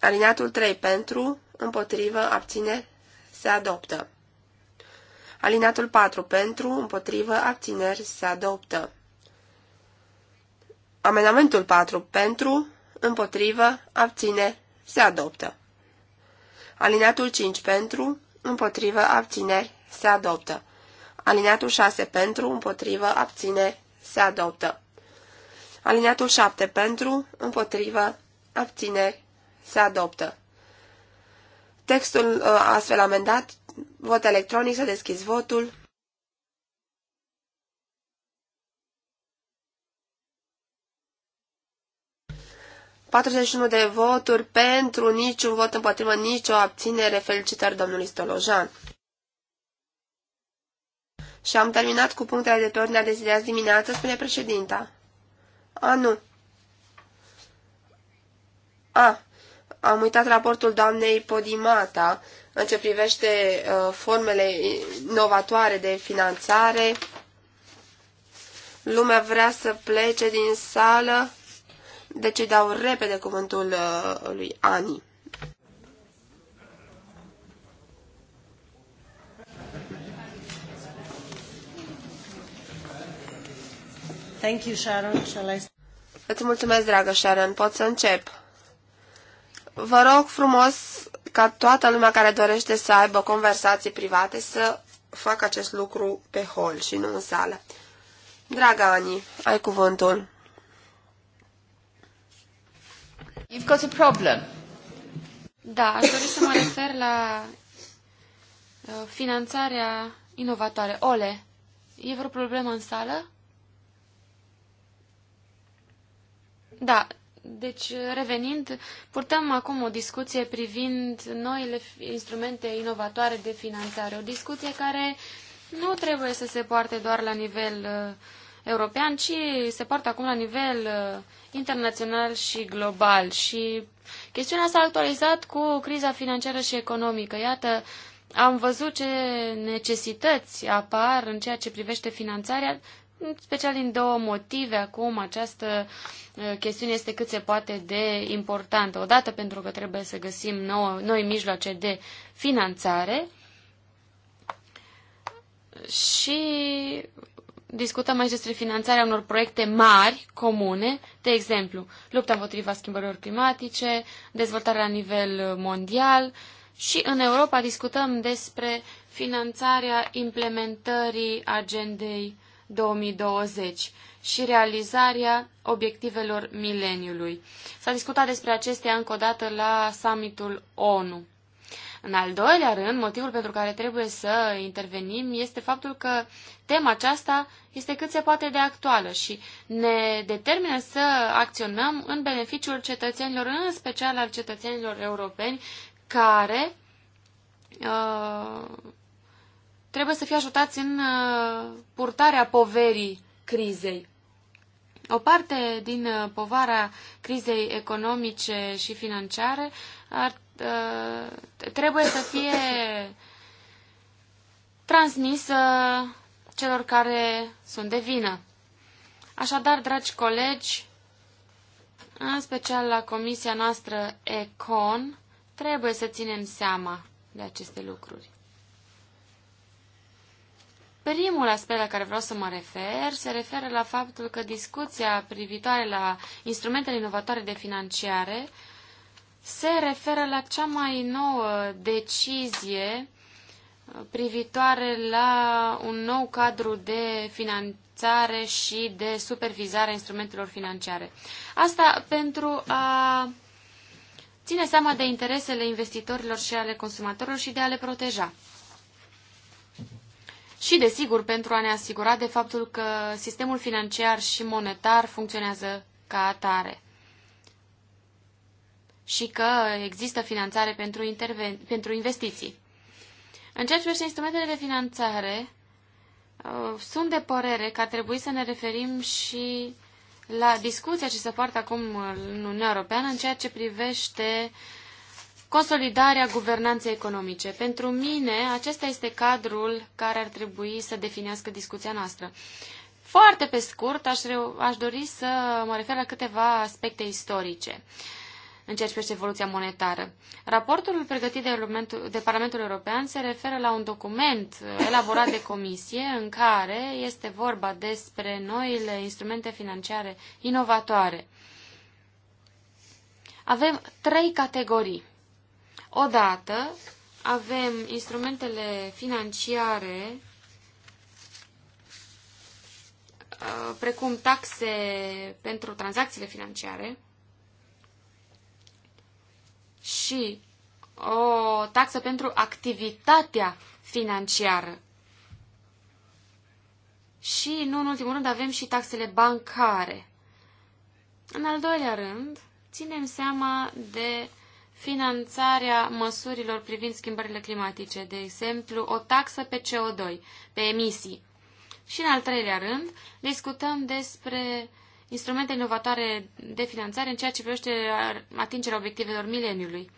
Alinatul 3. Pentru, împotriva, abțineri, se adoptă. Alinatul 4. Pentru, împotriva, abțineri, se adoptă. Amendamentul 4. Pentru, împotrivă, abține, se adoptă. Alineatul 5 pentru, împotrivă, abțineri, se adoptă. Alineatul 6 pentru, împotrivă, abțineri, se adoptă. Alineatul 7 pentru, împotrivă, abțineri, se adoptă. Textul uh, astfel amendat, vot electronic, să deschizi votul. 41 de voturi pentru, niciun vot împotrivă, nicio abținere. Felicitări domnului Stolojan. Și am terminat cu punctele de pe ordinea de zi de azi dimineață, spune președinta. A, nu. A, am uitat raportul doamnei Podimata în ce privește uh, formele inovatoare de finanțare. Lumea vrea să plece din sală deci îi dau repede cuvântul uh, lui Ani. Thank you, Sharon. Shall I... Îți mulțumesc, dragă Sharon. Pot să încep. Vă rog frumos ca toată lumea care dorește să aibă conversații private să facă acest lucru pe hol și nu în sală. Dragă Ani, ai cuvântul. You've got a problem. Da, aș dori să mă refer la uh, finanțarea inovatoare. Ole, e vreo problemă în sală? Da, deci revenind, purtăm acum o discuție privind noile instrumente inovatoare de finanțare. O discuție care nu trebuie să se poarte doar la nivel uh, european, ci se poartă acum la nivel uh, internațional și global. Și chestiunea s-a actualizat cu criza financiară și economică. Iată, am văzut ce necesități apar în ceea ce privește finanțarea, în special din două motive acum. Această uh, chestiune este cât se poate de importantă. Odată pentru că trebuie să găsim nouă, noi mijloace de finanțare și discutăm aici despre finanțarea unor proiecte mari, comune, de exemplu, lupta împotriva schimbărilor climatice, dezvoltarea la nivel mondial și în Europa discutăm despre finanțarea implementării agendei 2020 și realizarea obiectivelor mileniului. S-a discutat despre acestea încă o dată la summitul ONU. În al doilea rând, motivul pentru care trebuie să intervenim este faptul că tema aceasta este cât se poate de actuală și ne determină să acționăm în beneficiul cetățenilor, în special al cetățenilor europeni, care uh, trebuie să fie ajutați în uh, purtarea poverii crizei. O parte din uh, povara crizei economice și financiare ar Uh, trebuie să fie transmisă celor care sunt de vină. Așadar, dragi colegi, în special la comisia noastră ECON, trebuie să ținem seama de aceste lucruri. Primul aspect la care vreau să mă refer se referă la faptul că discuția privitoare la instrumentele inovatoare de finanțare se referă la cea mai nouă decizie uh, privitoare la un nou cadru de finanțare și de supervizare a instrumentelor financiare. Asta pentru a ține seama de interesele investitorilor și ale consumatorilor și de a le proteja. Și, desigur, pentru a ne asigura de faptul că sistemul financiar și monetar funcționează ca atare și că există finanțare pentru, pentru investiții. În ceea ce privește instrumentele de finanțare, uh, sunt de părere că ar trebui să ne referim și la discuția ce se poartă acum în Uniunea Europeană în ceea ce privește consolidarea guvernanței economice. Pentru mine, acesta este cadrul care ar trebui să definească discuția noastră. Foarte pe scurt, aș, aș dori să mă refer la câteva aspecte istorice. Uh, în ceea ce privește evoluția monetară. Raportul pregătit de, de Parlamentul European se referă la un document uh, elaborat de comisie în care este vorba despre noile instrumente financiare inovatoare. Avem trei categorii. Odată avem instrumentele financiare uh, precum taxe pentru tranzacțiile financiare, și o taxă pentru activitatea financiară. Și, nu în ultimul rând, avem și taxele bancare. În al doilea rând, ținem seama de finanțarea măsurilor privind schimbările climatice, de exemplu, o taxă pe CO2, pe emisii. Și în al treilea rând, discutăm despre instrumente inovatoare de finanțare în ceea ce privește atingerea obiectivelor mileniului.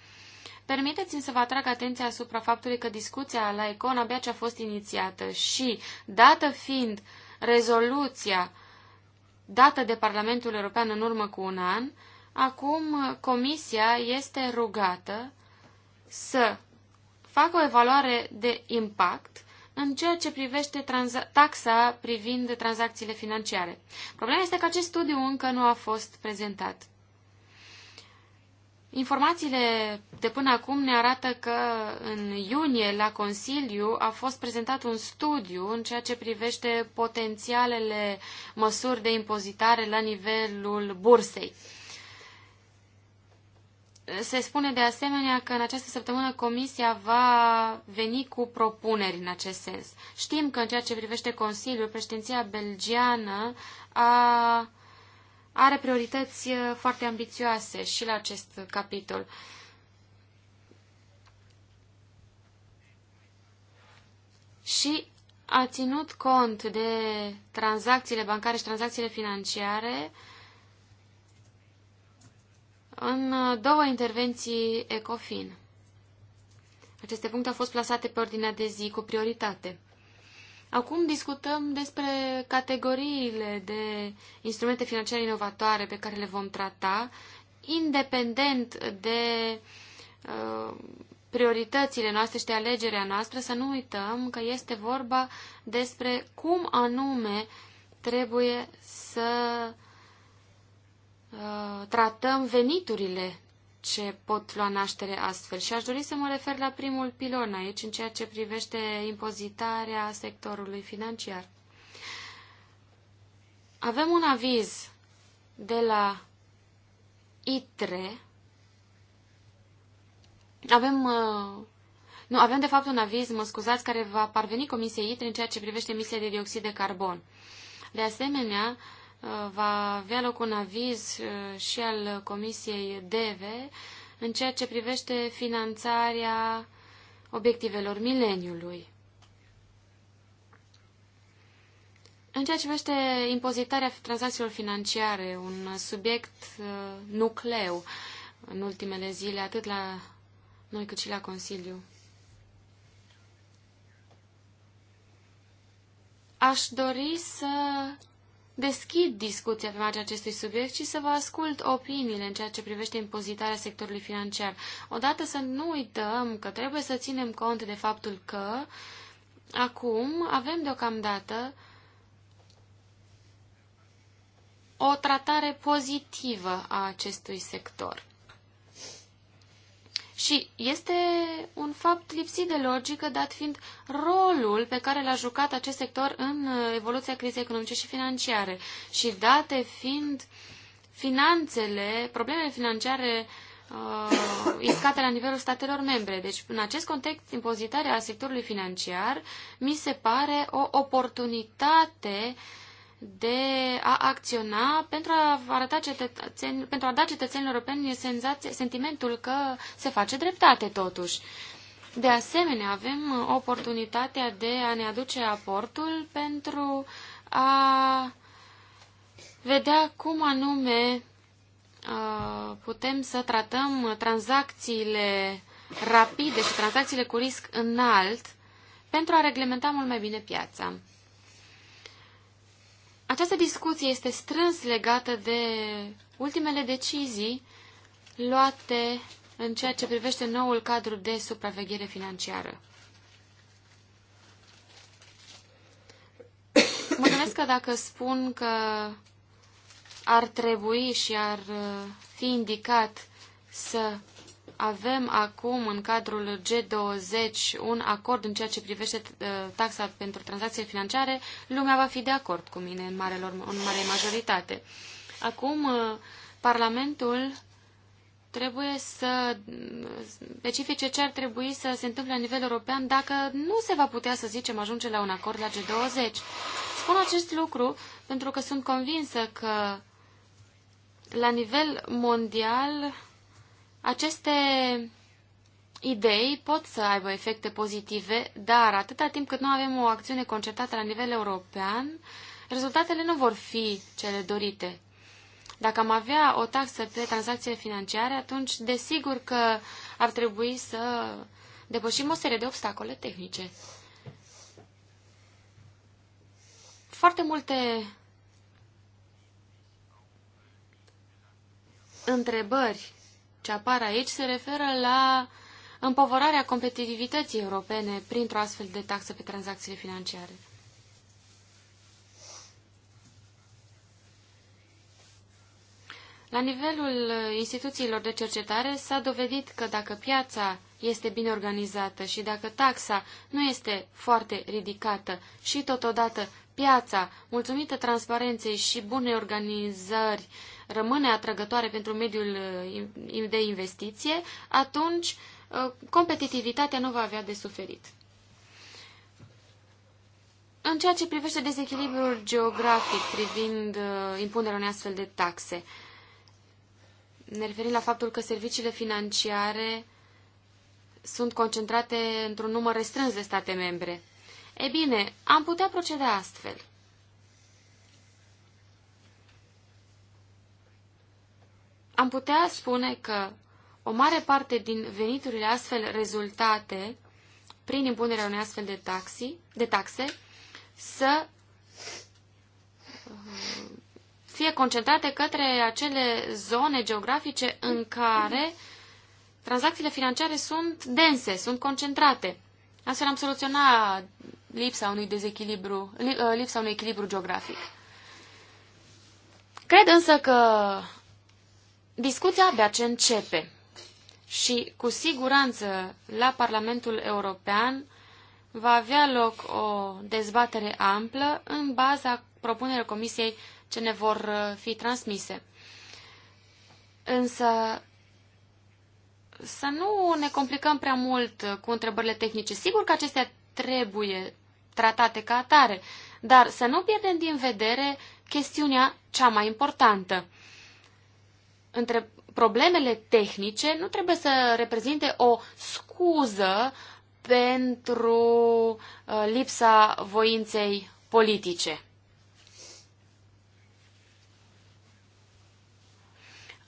Permiteți-mi să vă atrag atenția asupra faptului că discuția la ECON abia ce a fost inițiată și, dată fiind rezoluția dată de Parlamentul European în urmă cu un an, acum Comisia este rugată să facă o evaluare de impact în ceea ce privește taxa privind tranzacțiile financiare. Problema este că acest studiu încă nu a fost prezentat. Informațiile de până acum ne arată că în iunie la Consiliu a fost prezentat un studiu în ceea ce privește potențialele măsuri de impozitare la nivelul bursei. Se spune de asemenea că în această săptămână Comisia va veni cu propuneri în acest sens. Știm că în ceea ce privește Consiliul, președinția belgiană a, are priorități uh, foarte ambițioase și la acest capitol. Și a ținut cont de tranzacțiile bancare și tranzacțiile financiare uh, în uh, două intervenții ECOFIN. Aceste puncte au fost plasate pe ordinea de zi cu prioritate. Acum discutăm despre categoriile de instrumente financiare inovatoare pe care le vom trata, independent de uh, prioritățile noastre și de alegerea noastră, să nu uităm că este vorba despre cum anume trebuie să Uh, tratăm veniturile ce pot lua naștere astfel. Și aș dori să mă refer la primul pilon aici, în ceea ce privește impozitarea sectorului financiar. Avem un aviz de la ITRE. Avem uh, nu, avem de fapt un aviz, mă scuzați, care va parveni Comisiei ITRE în ceea ce privește emisia de dioxid de carbon. De asemenea, uh, va avea loc un aviz uh, și al Comisiei DEVE în ceea ce privește finanțarea obiectivelor mileniului. În ceea ce privește impozitarea tranzacțiilor financiare, un subiect uh, nucleu în ultimele zile, atât la noi cât și la Consiliu. Aș dori să deschid discuția pe marginea acestui subiect și să vă ascult opiniile în ceea ce privește impozitarea sectorului financiar. Odată să nu uităm că trebuie să ținem cont de faptul că acum avem deocamdată o tratare pozitivă a acestui sector. Și este un fapt lipsit de logică, dat fiind rolul pe care l-a jucat acest sector în uh, evoluția crizei economice și financiare. Și date fiind finanțele, problemele financiare uh, iscate la nivelul statelor membre. Deci, în acest context, impozitarea sectorului financiar mi se pare o oportunitate uh, de a acționa pentru a, arăta cetățen, pentru a da cetățenilor europeni senzație, sentimentul că se face dreptate totuși. De asemenea, avem oportunitatea de a ne aduce aportul pentru a vedea cum anume uh, putem să tratăm tranzacțiile rapide și tranzacțiile cu risc înalt pentru a reglementa mult mai bine piața. Această discuție este strâns legată de ultimele decizii luate în ceea ce privește noul cadru de supraveghere financiară. Mă gândesc că dacă spun că ar trebui și ar uh, fi indicat să avem acum în cadrul G20 un acord în ceea ce privește uh, taxa pentru tranzacții financiare. Lumea va fi de acord cu mine în, mare lor, în mare majoritate. Acum, uh, Parlamentul trebuie să specifice ce ar trebui să se întâmple la nivel european dacă nu se va putea, să zicem, ajunge la un acord la G20. Spun acest lucru pentru că sunt convinsă că la nivel mondial aceste idei pot să aibă efecte pozitive, dar atâta timp cât nu avem o acțiune concertată la nivel european, rezultatele nu vor fi cele dorite. Dacă am avea o taxă pe tranzacțiile financiare, atunci desigur că ar trebui să depășim o serie de obstacole tehnice. Foarte multe întrebări ce apar aici se referă la împovărarea competitivității europene printr-o astfel de taxă pe tranzacțiile financiare. La nivelul instituțiilor de cercetare s-a dovedit că dacă piața este bine organizată și dacă taxa nu este foarte ridicată și totodată Piața, mulțumită transparenței și bunei organizări, rămâne atrăgătoare pentru mediul eh, de investiție, atunci eh, competitivitatea nu va avea de suferit. În ceea ce privește dezechilibrul geografic privind eh, impunerea unei astfel de taxe, ne referim la faptul că serviciile financiare sunt concentrate într-un număr restrâns de state membre. E bine, am putea proceda astfel. Am putea spune că o mare parte din veniturile astfel rezultate prin impunerea unei astfel de, taxi, de taxe să uh, fie concentrate către acele zone geografice în care tranzacțiile financiare sunt dense, sunt concentrate. Astfel am soluționat lipsa unui dezechilibru, uh, lipsa unui echilibru geografic. Cred însă că discuția abia ce începe și cu siguranță la Parlamentul European va avea loc o dezbatere amplă în baza propunerilor Comisiei ce ne vor uh, fi transmise. Însă să nu ne complicăm prea mult uh, cu întrebările tehnice. Sigur că acestea trebuie tratate ca atare, dar să nu pierdem din vedere chestiunea cea mai importantă. Între problemele tehnice nu trebuie să reprezinte o scuză pentru uh, lipsa voinței politice.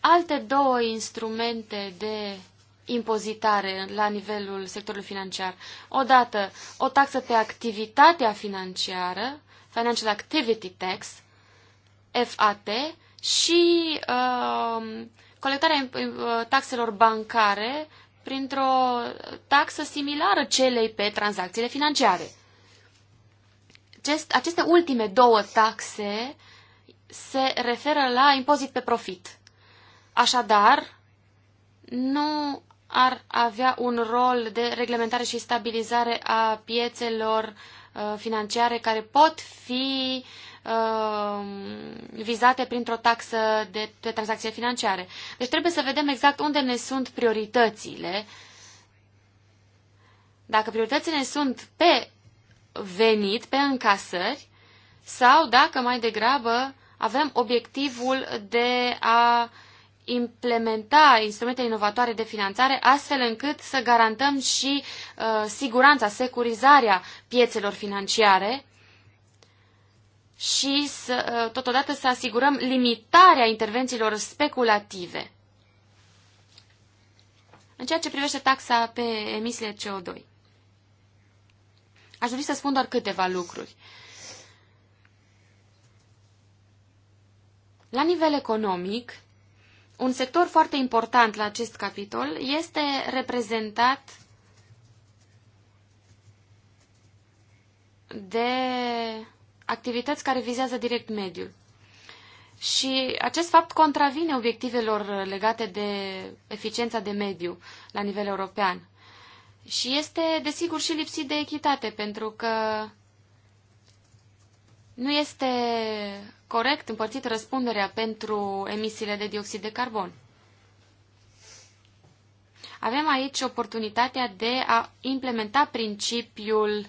Alte două instrumente de impozitare la nivelul sectorului financiar. Odată, o taxă pe activitatea financiară, Financial Activity Tax, FAT, și um, uh, colectarea taxelor bancare printr-o taxă similară celei pe tranzacțiile financiare. aceste ultime două taxe se referă la impozit pe profit. Așadar, nu ar avea un rol de reglementare și stabilizare a piețelor uh, financiare care pot fi uh, vizate printr-o taxă de, de tranzacție financiare. Deci trebuie să vedem exact unde ne sunt prioritățile. Dacă prioritățile sunt pe venit, pe încasări, sau dacă mai degrabă avem obiectivul de a uh, implementa instrumente inovatoare de finanțare astfel încât să garantăm și uh, siguranța, securizarea piețelor financiare și să, uh, totodată să asigurăm limitarea intervențiilor speculative. În ceea ce privește taxa pe emisiile CO2, aș dori să spun doar câteva lucruri. La nivel economic, un sector foarte important la acest capitol este reprezentat de activități care vizează direct mediul. Și acest fapt contravine obiectivelor legate de eficiența de mediu la nivel european. Și este, desigur, și lipsit de echitate, pentru că nu este corect împărțită răspunderea pentru emisiile de dioxid de carbon. Avem aici oportunitatea de a implementa principiul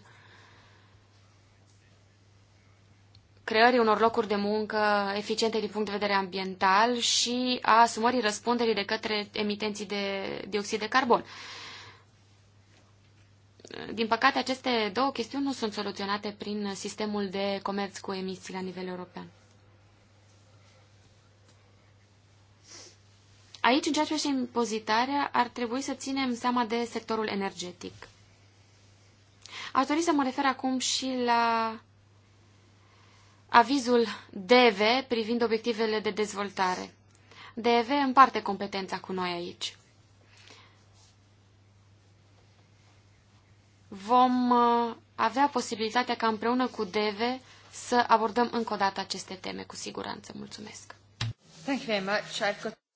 creării unor locuri de muncă eficiente din punct de vedere ambiental și a asumării răspunderii de către emitenții de dioxid de carbon din păcate, aceste două chestiuni nu sunt soluționate prin sistemul de comerț cu emisii la nivel european. Aici, în ceea ce impozitarea, ar trebui să ținem seama de sectorul energetic. Aș dori să mă refer acum și la avizul DV privind obiectivele de dezvoltare. DV împarte competența cu noi aici. vom uh, avea posibilitatea ca împreună cu DEVE să abordăm încă o dată aceste teme, cu siguranță. Mulțumesc!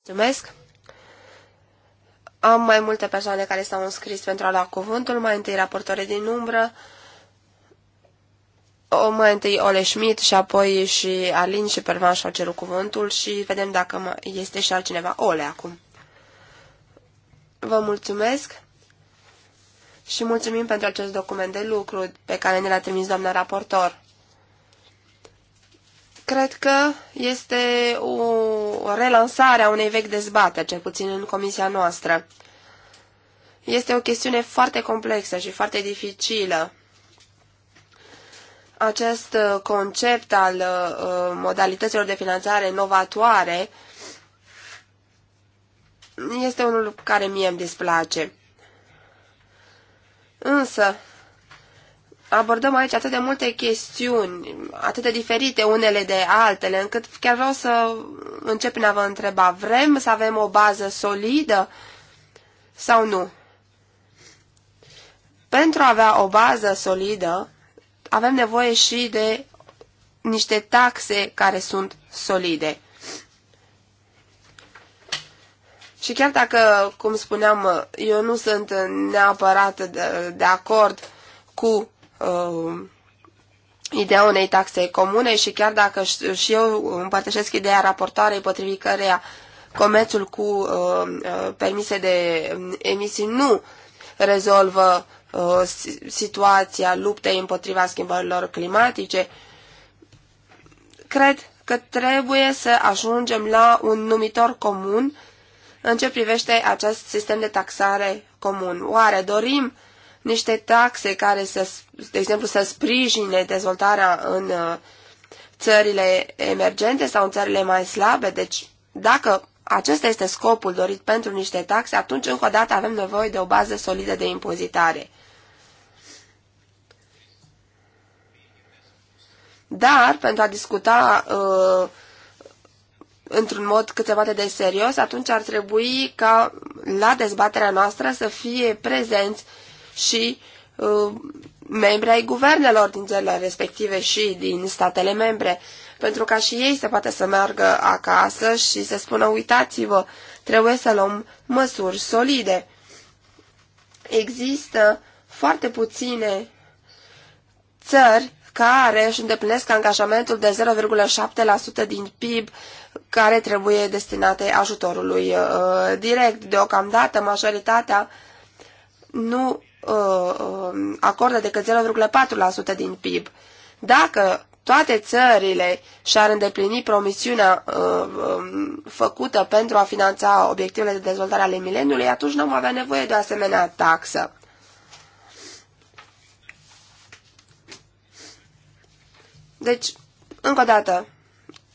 Mulțumesc! Am mai multe persoane care s-au înscris pentru a lua cuvântul, mai întâi raportoare din umbră, o, mai întâi Ole Schmidt și apoi și Alin și Pervan și-au cerut cuvântul și vedem dacă este și altcineva. Ole acum. Vă mulțumesc! și mulțumim pentru acest document de lucru pe care ne l-a trimis doamna raportor. Cred că este o relansare a unei vechi dezbateri, cel puțin în comisia noastră. Este o chestiune foarte complexă și foarte dificilă. Acest uh, concept al uh, modalităților de finanțare novatoare este unul care mie îmi displace. Însă, abordăm aici atât de multe chestiuni, atât de diferite unele de altele, încât chiar vreau să încep în a vă întreba, vrem să avem o bază solidă sau nu? Pentru a avea o bază solidă, avem nevoie și de niște taxe care sunt solide. Și chiar dacă, cum spuneam, eu nu sunt neapărat de, de acord cu uh, ideea unei taxe comune și chiar dacă și eu împărtășesc ideea raportoarei potrivit căreia comerțul cu uh, uh permise de um, emisii nu rezolvă uh, situația luptei împotriva schimbărilor climatice, cred că trebuie să ajungem la un numitor comun în ce privește acest sistem de taxare comun. Oare dorim niște taxe care, să, de exemplu, să sprijine dezvoltarea în uh, țările emergente sau în țările mai slabe? Deci, dacă acesta este scopul dorit pentru niște taxe, atunci încă o dată avem nevoie de o bază solidă de impozitare. Dar, pentru a discuta uh, într-un mod cât se poate de serios, atunci ar trebui ca la dezbaterea noastră să fie prezenți și uh, membri ai guvernelor din țările respective și din statele membre, pentru ca și ei să poată să meargă acasă și să spună uitați-vă, trebuie să luăm măsuri solide. Există foarte puține țări care își îndeplinesc angajamentul de 0,7% din PIB care trebuie destinate ajutorului uh, direct. Deocamdată, majoritatea nu uh, uh acordă decât 0,4% din PIB. Dacă toate țările și-ar îndeplini promisiunea uh, um, făcută pentru a finanța obiectivele de dezvoltare ale mileniului, atunci nu am avea nevoie de o asemenea taxă. Deci, încă o dată,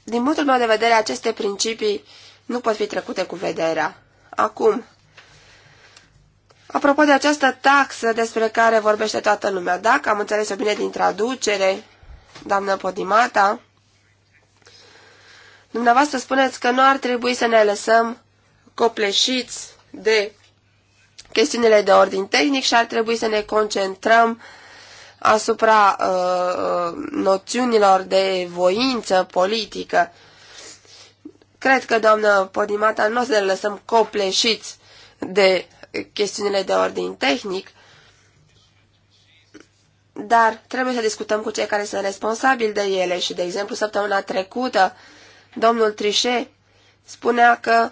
din punctul meu de vedere, aceste principii nu pot fi trecute cu vederea. Acum, apropo de această taxă despre care vorbește toată lumea, dacă am înțeles-o bine din traducere, doamnă Podimata, dumneavoastră spuneți că nu ar trebui să ne lăsăm copleșiți de chestiunile de ordin tehnic și ar trebui să ne concentrăm asupra uh, uh, noțiunilor de voință politică. Cred că, doamnă Podimata, nu o să le lăsăm copleșiți de chestiunile de ordin tehnic, dar trebuie să discutăm cu cei care sunt responsabili de ele și, de exemplu, săptămâna trecută, domnul Trișe spunea că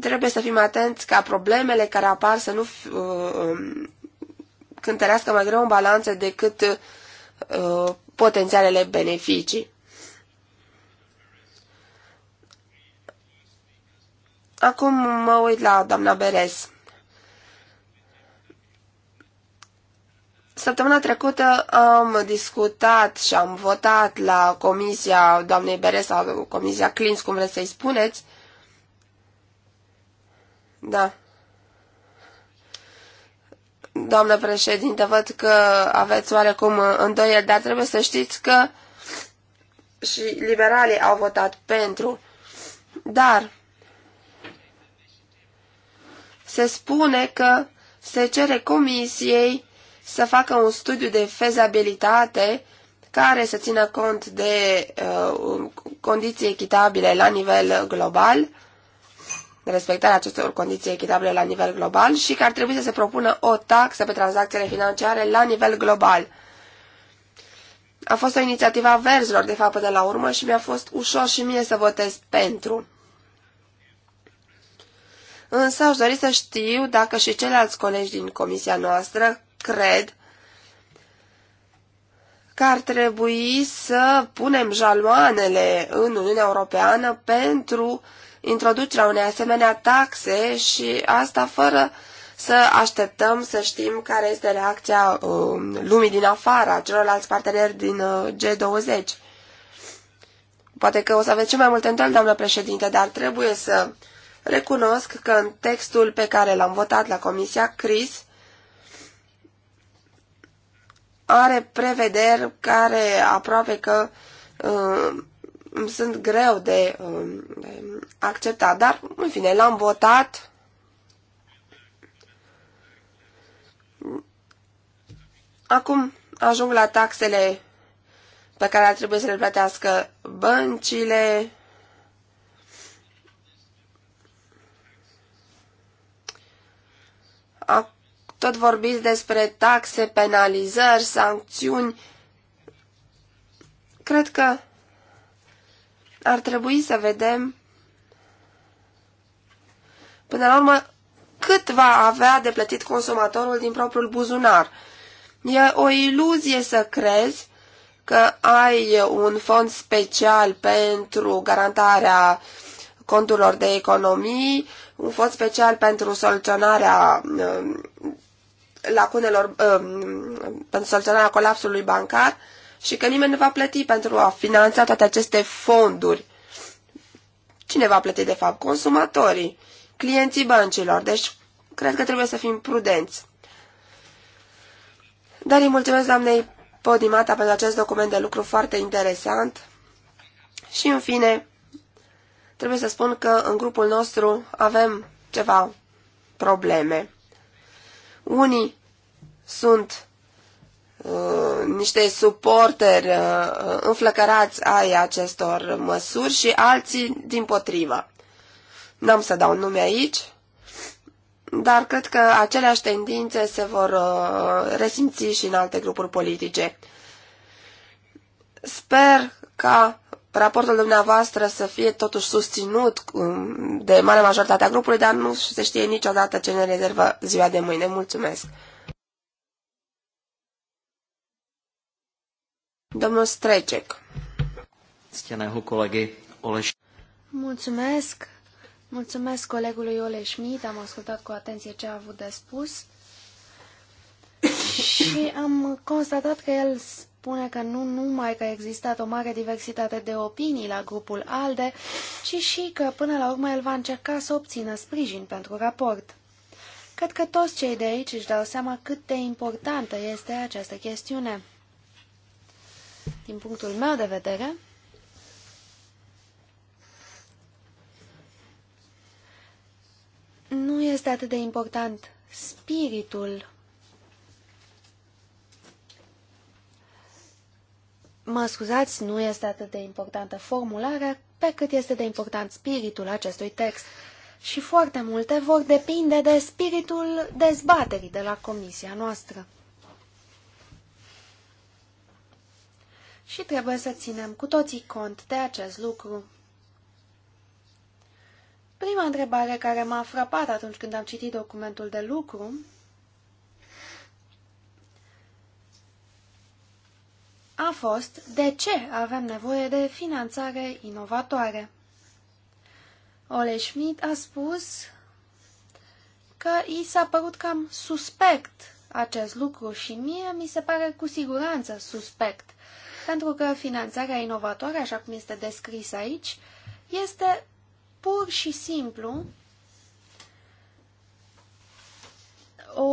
trebuie să fim atenți ca problemele care apar să nu uh, um, cântărească mai greu în balanță decât uh, potențialele beneficii. Acum mă uit la doamna Beres. Săptămâna trecută am discutat și am votat la comisia doamnei Beres sau comisia Clins, cum vreți să-i spuneți. Da. Doamnă președinte, văd că aveți oarecum îndoiel, dar trebuie să știți că și liberalii au votat pentru. Dar se spune că se cere comisiei să facă un studiu de fezabilitate care să țină cont de uh, condiții echitabile la nivel global de respectarea acestor condiții echitabile la nivel global și că ar trebui să se propună o taxă pe tranzacțiile financiare la nivel global. A fost o inițiativă a verzilor, de fapt, până la urmă și mi-a fost ușor și mie să votez pentru. Însă aș dori să știu dacă și ceilalți colegi din comisia noastră cred că ar trebui să punem jaloanele în Uniunea Europeană pentru introducerea unei asemenea taxe și asta fără să așteptăm să știm care este reacția um, lumii din afara celorlalți parteneri din uh, G20. Poate că o să aveți și mai multe întrebări, doamnă președinte, dar trebuie să recunosc că în textul pe care l-am votat la Comisia CRIS are prevederi care aproape că uh, sunt greu de, um, de acceptat, dar în fine, l-am votat. Acum ajung la taxele pe care ar trebui să le plătească băncile. Tot vorbiți despre taxe, penalizări, sancțiuni. Cred că ar trebui să vedem până la urmă cât va avea de plătit consumatorul din propriul buzunar. E o iluzie să crezi că ai un fond special pentru garantarea conturilor de economii, un fond special pentru soluționarea um, lacunelor, um, pentru soluționarea colapsului bancar, și că nimeni nu va plăti pentru a finanța toate aceste fonduri. Cine va plăti, de fapt? Consumatorii, clienții băncilor. Deci, cred că trebuie să fim prudenți. Dar îi mulțumesc doamnei Podimata pentru acest document de lucru foarte interesant. Și, în fine, trebuie să spun că în grupul nostru avem ceva probleme. Unii sunt Uh, niște suporteri uh, înflăcărați ai acestor măsuri și alții din potrivă. N-am să dau nume aici, dar cred că aceleași tendințe se vor uh, resimți și în alte grupuri politice. Sper ca raportul dumneavoastră să fie totuși susținut um, de mare majoritatea grupului, dar nu se știe niciodată ce ne rezervă ziua de mâine. Mulțumesc! Domnul Strecek. Stěného kolegy Oleș. Mulțumesc. Mulțumesc colegului Ole Schmidt, am ascultat cu atenție ce a avut de spus și am constatat că el spune că nu numai că a existat o mare diversitate de opinii la grupul ALDE, ci și că până la urmă el va încerca să obțină sprijin pentru raport. Cred că toți cei de aici își dau seama cât de importantă este această chestiune din punctul meu de vedere, nu este atât de important spiritul mă scuzați, nu este atât de importantă formularea, pe cât este de important spiritul acestui text. Și foarte multe vor depinde de spiritul dezbaterii de la comisia noastră. și trebuie să ținem cu toții cont de acest lucru. Prima întrebare care m-a frapat atunci când am citit documentul de lucru a fost de ce avem nevoie de finanțare inovatoare. Ole Schmidt a spus că i s-a părut cam suspect acest lucru și mie mi se pare cu siguranță suspect pentru că finanțarea inovatoare, așa cum este descris aici, este pur și simplu o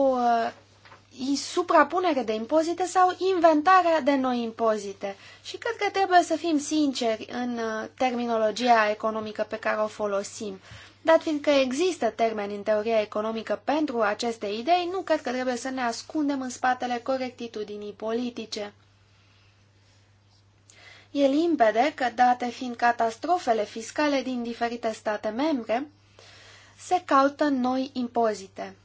uh, suprapunere de impozite sau inventarea de noi impozite. Și cred că trebuie să fim sinceri în uh, terminologia economică pe care o folosim. Dat fiindcă există termeni în teoria economică pentru aceste idei, nu cred că trebuie să ne ascundem în spatele corectitudinii politice. E limpede că, date fiind catastrofele fiscale din diferite state membre, se caută noi impozite.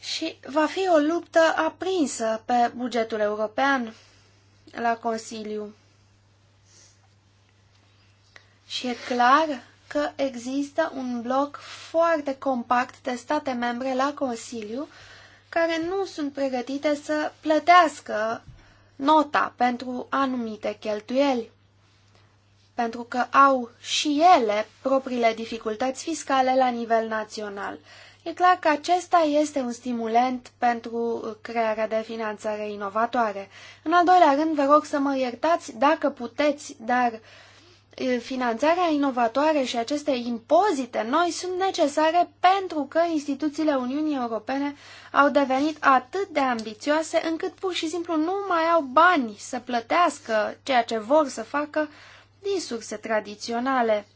Și va fi o luptă aprinsă pe bugetul european la Consiliu. Și e clar că există un bloc foarte compact de state membre la Consiliu care nu sunt pregătite să plătească nota pentru anumite cheltuieli, pentru că au și ele propriile dificultăți fiscale la nivel național. E clar că acesta este un stimulent pentru crearea de finanțare inovatoare. În al doilea rând, vă rog să mă iertați dacă puteți, dar finanțarea inovatoare și aceste impozite noi sunt necesare pentru că instituțiile Uniunii Europene au devenit atât de ambițioase încât pur și simplu nu mai au bani să plătească ceea ce vor să facă din surse tradiționale.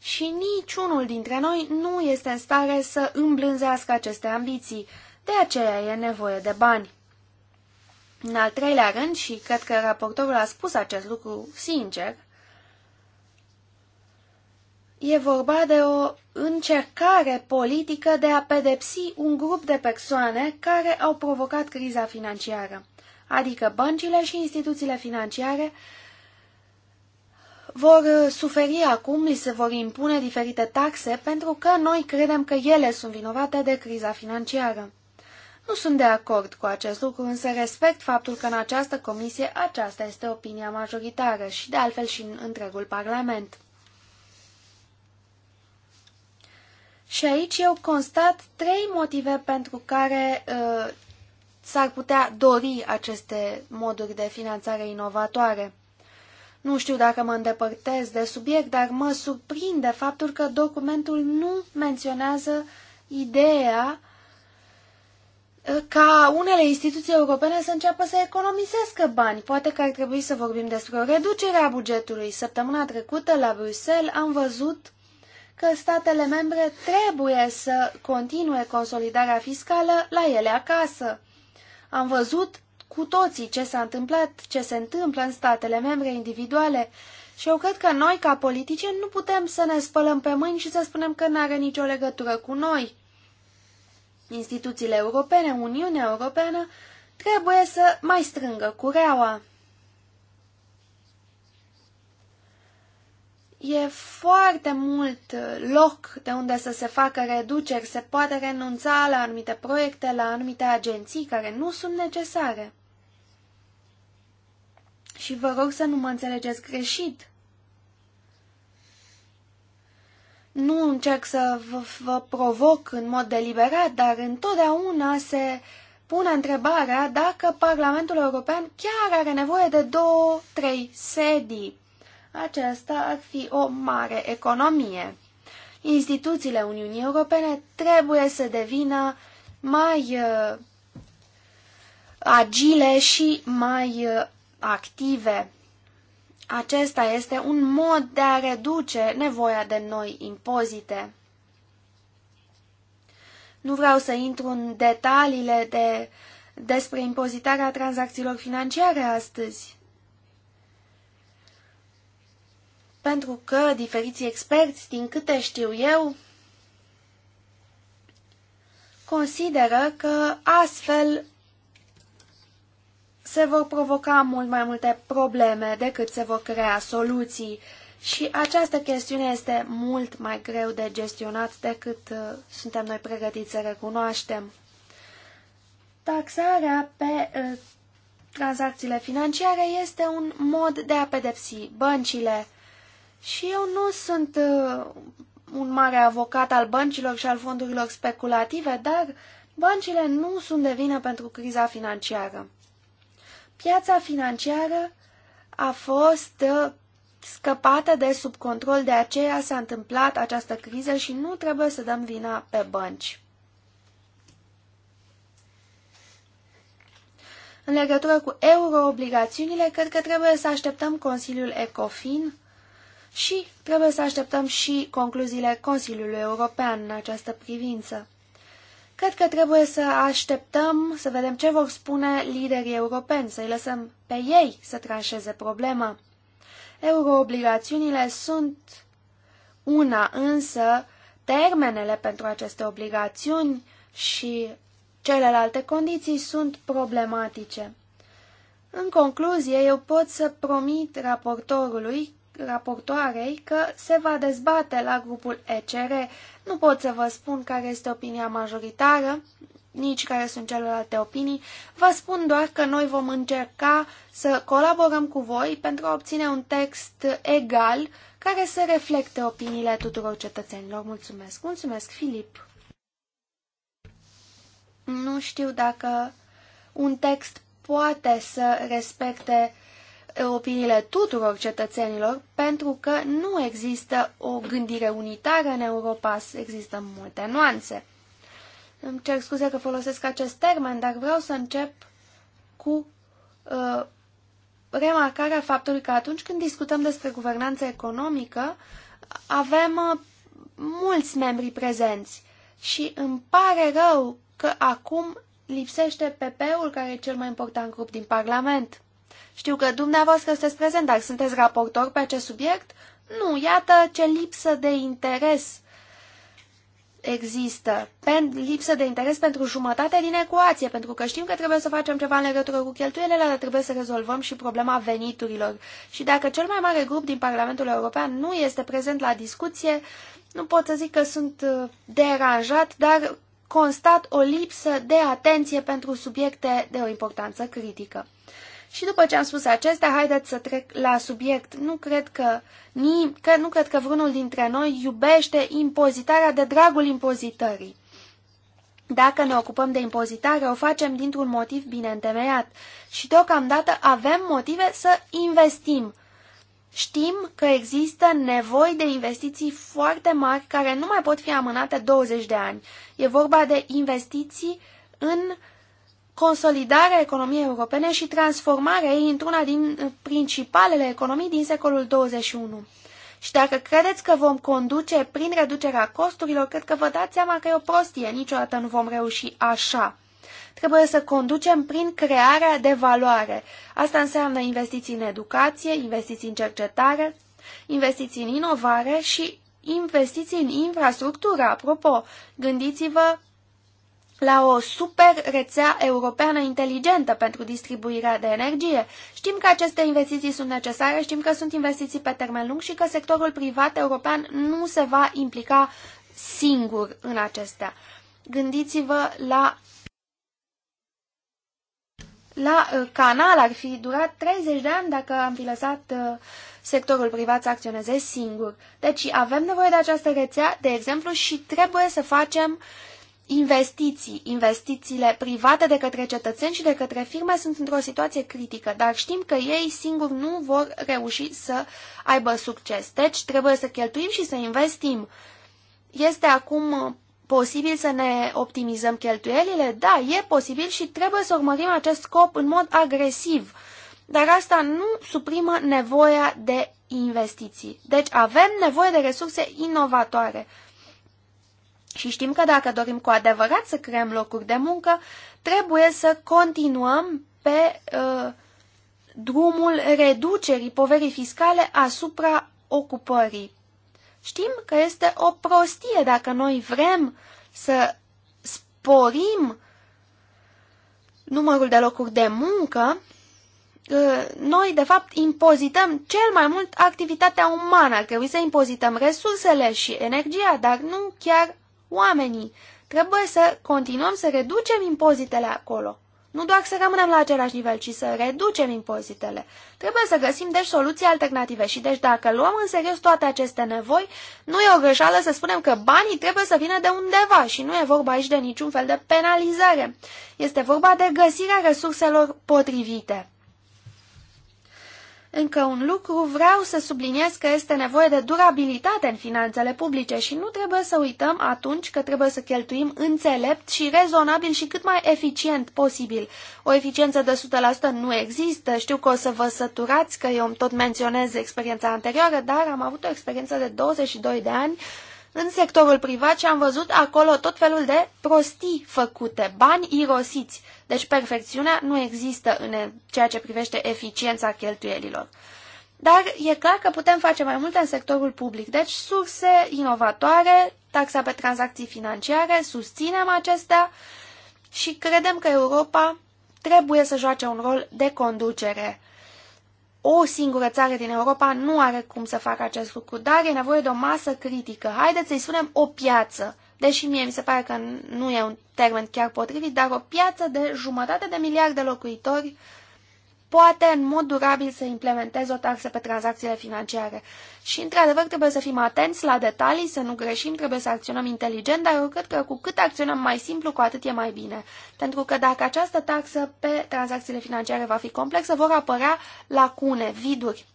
Și niciunul dintre noi nu este în stare să îmblânzească aceste ambiții, de aceea e nevoie de bani. În al treilea rând, și cred că raportorul a spus acest lucru sincer, E vorba de o încercare politică de a pedepsi un grup de persoane care au provocat criza financiară, adică băncile și instituțiile financiare vor suferi acum, li se vor impune diferite taxe pentru că noi credem că ele sunt vinovate de criza financiară. Nu sunt de acord cu acest lucru, însă respect faptul că în această comisie aceasta este opinia majoritară și de altfel și în întregul Parlament. Și aici eu constat trei motive pentru care uh, s-ar putea dori aceste moduri de finanțare inovatoare. Nu știu dacă mă îndepărtez de subiect, dar mă surprinde faptul că documentul nu menționează ideea uh, ca unele instituții europene să înceapă să economisească bani. Poate că ar trebui să vorbim despre o reducere a bugetului. Săptămâna trecută, la Bruxelles, am văzut că statele membre trebuie să continue consolidarea fiscală la ele acasă. Am văzut cu toții ce s-a întâmplat, ce se întâmplă în statele membre individuale și eu cred că noi, ca politicieni, nu putem să ne spălăm pe mâini și să spunem că nu are nicio legătură cu noi. Instituțiile europene, Uniunea Europeană, trebuie să mai strângă cureaua. E foarte mult uh, loc de unde să se facă reduceri, se poate renunța la anumite proiecte, la anumite agenții care nu sunt necesare. Și vă rog să nu mă înțelegeți greșit. Nu încerc să vă, vă provoc în mod deliberat, dar întotdeauna se pune întrebarea dacă Parlamentul European chiar are nevoie de două, trei sedii aceasta ar fi o mare economie. Instituțiile Uniunii Europene trebuie să devină mai uh, agile și mai uh, active. Acesta este un mod de a reduce nevoia de noi impozite. Nu vreau să intru în detaliile de, despre impozitarea tranzacțiilor financiare astăzi. Pentru că diferiții experți, din câte știu eu, consideră că astfel se vor provoca mult mai multe probleme decât se vor crea soluții și această chestiune este mult mai greu de gestionat decât uh, suntem noi pregătiți să recunoaștem. Taxarea pe uh, tranzacțiile financiare este un mod de a pedepsi băncile și eu nu sunt uh, un mare avocat al băncilor și al fondurilor speculative, dar băncile nu sunt de vină pentru criza financiară. Piața financiară a fost uh, scăpată de sub control, de aceea s-a întâmplat această criză și nu trebuie să dăm vina pe bănci. În legătură cu euroobligațiunile, cred că trebuie să așteptăm Consiliul ECOFIN și trebuie să așteptăm și concluziile Consiliului European în această privință. Cred că trebuie să așteptăm să vedem ce vor spune liderii europeni, să-i lăsăm pe ei să tranșeze problema. Euroobligațiunile sunt una, însă termenele pentru aceste obligațiuni și celelalte condiții sunt problematice. În concluzie, eu pot să promit raportorului raportoarei că se va dezbate la grupul ECR. Nu pot să vă spun care este opinia majoritară, nici care sunt celelalte opinii. Vă spun doar că noi vom încerca să colaborăm cu voi pentru a obține un text egal care să reflecte opiniile tuturor cetățenilor. Mulțumesc! Mulțumesc, Filip! Nu știu dacă un text poate să respecte opiniile tuturor cetățenilor, pentru că nu există o gândire unitară în Europa, există multe nuanțe. Îmi cer scuze că folosesc acest termen, dar vreau să încep cu uh, remarcarea faptului că atunci când discutăm despre guvernanță economică, avem uh, mulți membri prezenți și îmi pare rău că acum lipsește PP-ul, care e cel mai important grup din Parlament. Știu că dumneavoastră sunteți prezent, dar sunteți raportor pe acest subiect? Nu, iată ce lipsă de interes există. Pen, lipsă de interes pentru jumătate din ecuație, pentru că știm că trebuie să facem ceva în legătură cu cheltuielile, dar trebuie să rezolvăm și problema veniturilor. Și dacă cel mai mare grup din Parlamentul European nu este prezent la discuție, nu pot să zic că sunt uh, deranjat, dar constat o lipsă de atenție pentru subiecte de o importanță critică. Și după ce am spus acestea, haideți să trec la subiect. Nu cred că, ni, că, nu cred că vreunul dintre noi iubește impozitarea de dragul impozitării. Dacă ne ocupăm de impozitare, o facem dintr-un motiv bine întemeiat și deocamdată avem motive să investim. Știm că există nevoi de investiții foarte mari care nu mai pot fi amânate 20 de ani. E vorba de investiții în uh, consolidarea economiei europene și transformarea ei într-una din principalele economii din secolul 21. Și dacă credeți că vom conduce prin reducerea costurilor, cred că vă dați seama că e o prostie, niciodată nu vom reuși așa. Trebuie să conducem prin crearea de valoare. Asta înseamnă investiții în educație, investiții în cercetare, investiții în inovare și investiții în infrastructură. Apropo, gândiți-vă la o super rețea europeană inteligentă pentru distribuirea de energie. Știm că aceste investiții sunt necesare, știm că sunt investiții pe termen lung și că sectorul privat european nu se va implica singur în acestea. Gândiți-vă la la uh, canal ar fi durat 30 de ani dacă am fi lăsat uh, sectorul privat să acționeze singur. Deci avem nevoie de această rețea, de exemplu, și trebuie să facem uh, investiții. Investițiile private de către cetățeni și de către firme sunt într-o situație critică, dar știm că ei singuri nu vor reuși să aibă succes. Deci trebuie să cheltuim și să investim. Este acum uh, posibil să ne optimizăm cheltuielile? Da, e posibil și trebuie să urmărim acest scop în mod agresiv. Dar asta nu suprimă nevoia de investiții. Deci avem nevoie de resurse inovatoare. Și știm că dacă dorim cu adevărat să creăm locuri de muncă, trebuie să continuăm pe uh, drumul reducerii poverii fiscale asupra ocupării. Știm că este o prostie dacă noi vrem să sporim numărul de locuri de muncă, uh, noi, de fapt, impozităm cel mai mult activitatea umană. Ar trebui să impozităm resursele și energia, dar nu chiar oamenii. Trebuie să continuăm să reducem impozitele acolo. Nu doar să rămânem la același nivel, ci să reducem impozitele. Trebuie să găsim, deci, soluții alternative și, deci, dacă luăm în serios toate aceste nevoi, nu e o greșeală să spunem că banii trebuie să vină de undeva și nu e vorba aici de niciun fel de penalizare. Este vorba de găsirea resurselor potrivite. Încă un lucru, vreau să subliniez că este nevoie de durabilitate în finanțele publice și nu trebuie să uităm atunci că trebuie să cheltuim înțelept și rezonabil și cât mai eficient posibil. O eficiență de 100% nu există, știu că o să vă săturați că eu îmi tot menționez experiența anterioară, dar am avut o experiență de 22 de ani în sectorul privat și am văzut acolo tot felul de prostii făcute, bani irosiți. Deci perfecțiunea nu există în ceea ce privește eficiența cheltuielilor. Dar e clar că putem face mai multe în sectorul public, deci surse inovatoare, taxa pe tranzacții financiare, susținem acestea și credem că Europa trebuie să joace un rol de conducere. O singură țară din Europa nu are cum să facă acest lucru, dar e nevoie de o masă critică. Haideți să-i spunem o piață deși mie mi se pare că nu e un termen chiar potrivit, dar o piață de jumătate de miliard de locuitori poate în mod durabil să implementeze o taxă pe tranzacțiile financiare. Și, într-adevăr, trebuie să fim atenți la detalii, să nu greșim, trebuie să acționăm inteligent, dar eu cred că cu cât acționăm mai simplu, cu atât e mai bine. Pentru că dacă această taxă pe tranzacțiile financiare va fi complexă, vor apărea lacune, viduri.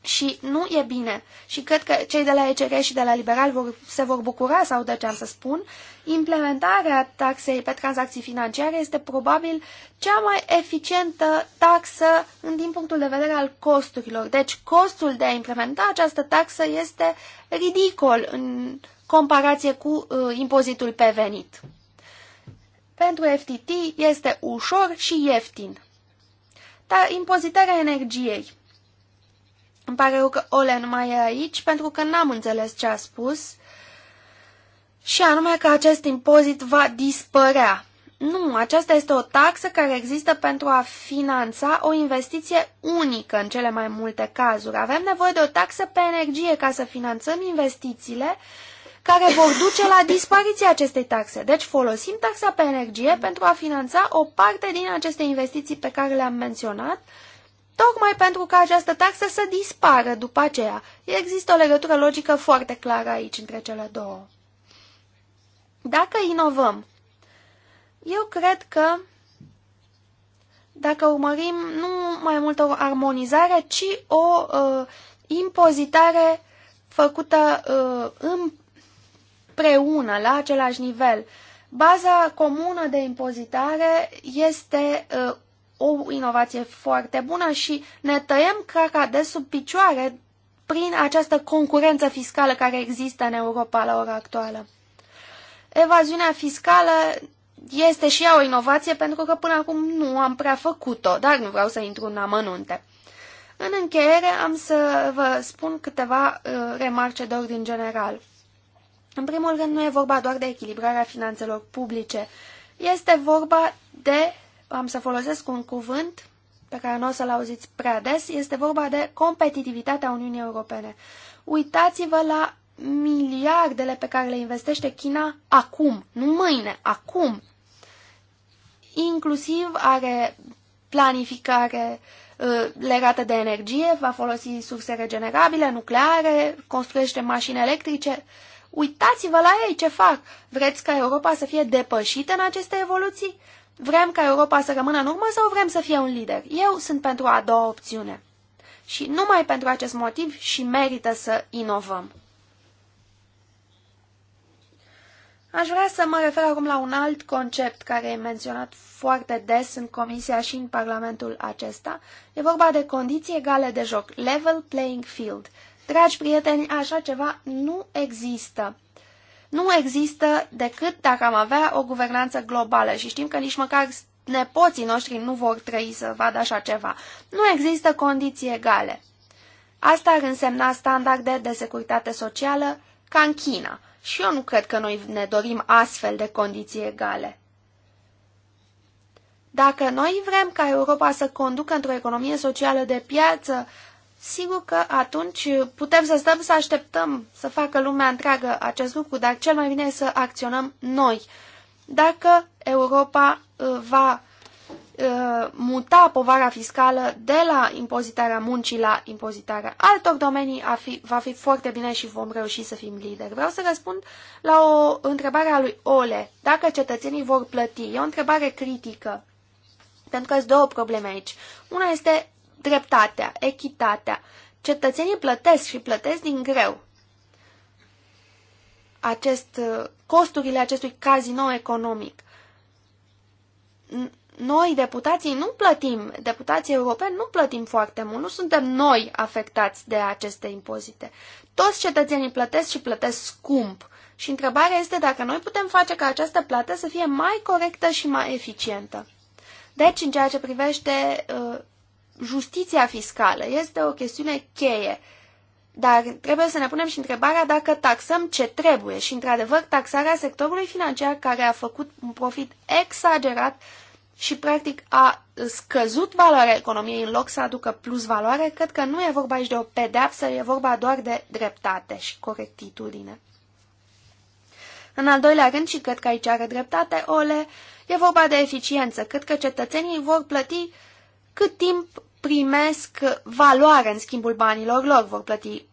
Și nu e bine. Și cred că cei de la ECR și de la Liberal vor, se vor bucura sau de ce am să spun. Implementarea taxei pe tranzacții financiare este probabil cea mai eficientă taxă din punctul de vedere al costurilor. Deci costul de a implementa această taxă este ridicol în comparație cu uh, impozitul pe venit. Pentru FTT este ușor și ieftin. Dar impozitarea energiei îmi pare rău că Ole nu mai e aici pentru că n-am înțeles ce a spus și anume că acest impozit va dispărea. Nu, aceasta este o taxă care există pentru a finanța o investiție unică în cele mai multe cazuri. Avem nevoie de o taxă pe energie ca să finanțăm investițiile care vor duce la dispariția acestei taxe. Deci folosim taxa pe energie pentru a finanța o parte din aceste investiții pe care le-am menționat tocmai pentru că această taxă să dispară după aceea. Există o legătură logică foarte clară aici între cele două. Dacă inovăm, eu cred că dacă urmărim nu mai mult o armonizare, ci o uh, impozitare făcută uh, împreună, la același nivel. Baza comună de impozitare este uh, o inovație foarte bună și ne tăiem craca de sub picioare prin această concurență fiscală care există în Europa la ora actuală. Evaziunea fiscală este și ea o inovație pentru că până acum nu am prea făcut-o, dar nu vreau să intru în amănunte. În încheiere am să vă spun câteva uh, remarce de ordin general. În primul rând, nu e vorba doar de echilibrarea finanțelor publice. Este vorba de am să folosesc un cuvânt pe care nu o să-l auziți prea des, este vorba de competitivitatea Uniunii Europene. Uitați-vă la miliardele pe care le investește China acum, nu mâine, acum. Inclusiv are planificare uh, legată de energie, va folosi surse regenerabile, nucleare, construiește mașini electrice. Uitați-vă la ei ce fac! Vreți ca Europa să fie depășită în aceste evoluții? Vrem ca Europa să rămână în urmă sau vrem să fie un lider? Eu sunt pentru a doua opțiune. Și numai pentru acest motiv și merită să inovăm. Aș vrea să mă refer acum la un alt concept care e menționat foarte des în Comisia și în Parlamentul acesta. E vorba de condiții egale de joc, level playing field. Dragi prieteni, așa ceva nu există nu există decât dacă am avea o guvernanță globală și știm că nici măcar nepoții noștri nu vor trăi să vadă așa ceva. Nu există condiții egale. Asta ar însemna standarde de securitate socială ca în China și eu nu cred că noi ne dorim astfel de condiții egale. Dacă noi vrem ca Europa să conducă într-o economie socială de piață, Sigur că atunci putem să stăm să așteptăm să facă lumea întreagă acest lucru, dar cel mai bine e să acționăm noi. Dacă Europa uh, va uh, muta povara fiscală de la impozitarea muncii la impozitarea altor domenii a fi, va fi foarte bine și vom reuși să fim lideri. Vreau să răspund la o întrebare a lui Ole. Dacă cetățenii vor plăti? E o întrebare critică. Pentru că sunt două probleme aici. Una este dreptatea, echitatea. Cetățenii plătesc și plătesc din greu. Acest, uh, costurile acestui casino economic. Noi, deputații, nu plătim, deputații europeni nu plătim foarte mult, nu suntem noi afectați de aceste impozite. Toți cetățenii plătesc și plătesc scump. Și întrebarea este dacă noi putem face ca această plată să fie mai corectă și mai eficientă. Deci, în ceea ce privește uh, justiția fiscală este o chestiune cheie, dar trebuie să ne punem și întrebarea dacă taxăm ce trebuie și, într-adevăr, taxarea sectorului financiar care a făcut un profit exagerat și, practic, a scăzut valoarea economiei în loc să aducă plus valoare, cred că nu e vorba aici de o pedeapsă, e vorba doar de dreptate și corectitudine. În al doilea rând, și cred că aici are dreptate, Ole, e vorba de eficiență. Cred că cetățenii vor plăti cât timp primesc valoare în schimbul banilor lor, vor plăti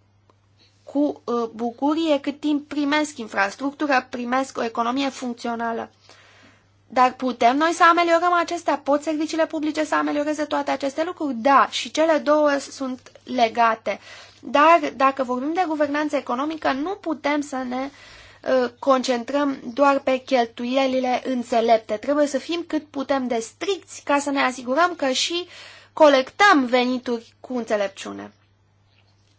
cu uh, bucurie cât timp primesc infrastructură, primesc o economie funcțională. Dar putem noi să ameliorăm acestea? Pot serviciile publice să amelioreze toate aceste lucruri? Da, și cele două sunt legate. Dar dacă vorbim de guvernanță economică, nu putem să ne uh, concentrăm doar pe cheltuielile înțelepte. Trebuie să fim cât putem de stricți ca să ne asigurăm că și uh, colectăm venituri cu înțelepciune.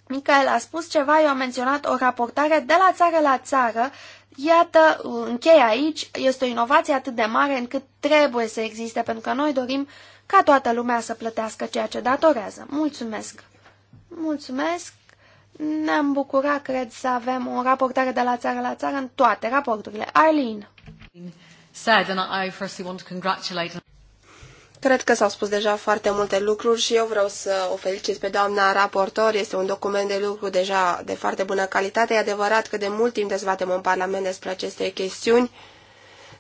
Michael a spus ceva, eu am menționat o raportare de la țară la țară. Iată, încheia aici, este o inovație atât de mare încât trebuie să existe, pentru că noi dorim ca toată lumea să plătească ceea ce datorează. Mulțumesc! Mulțumesc! Ne-am bucurat, cred, să avem o raportare de la țară la țară în toate raporturile. Arlene! Said, and I firstly want to congratulate Cred că s-au spus deja foarte multe lucruri și eu vreau să o felicit pe doamna raportor. Este un document de lucru deja de foarte bună calitate. E adevărat că de mult timp dezbatem în Parlament despre aceste chestiuni.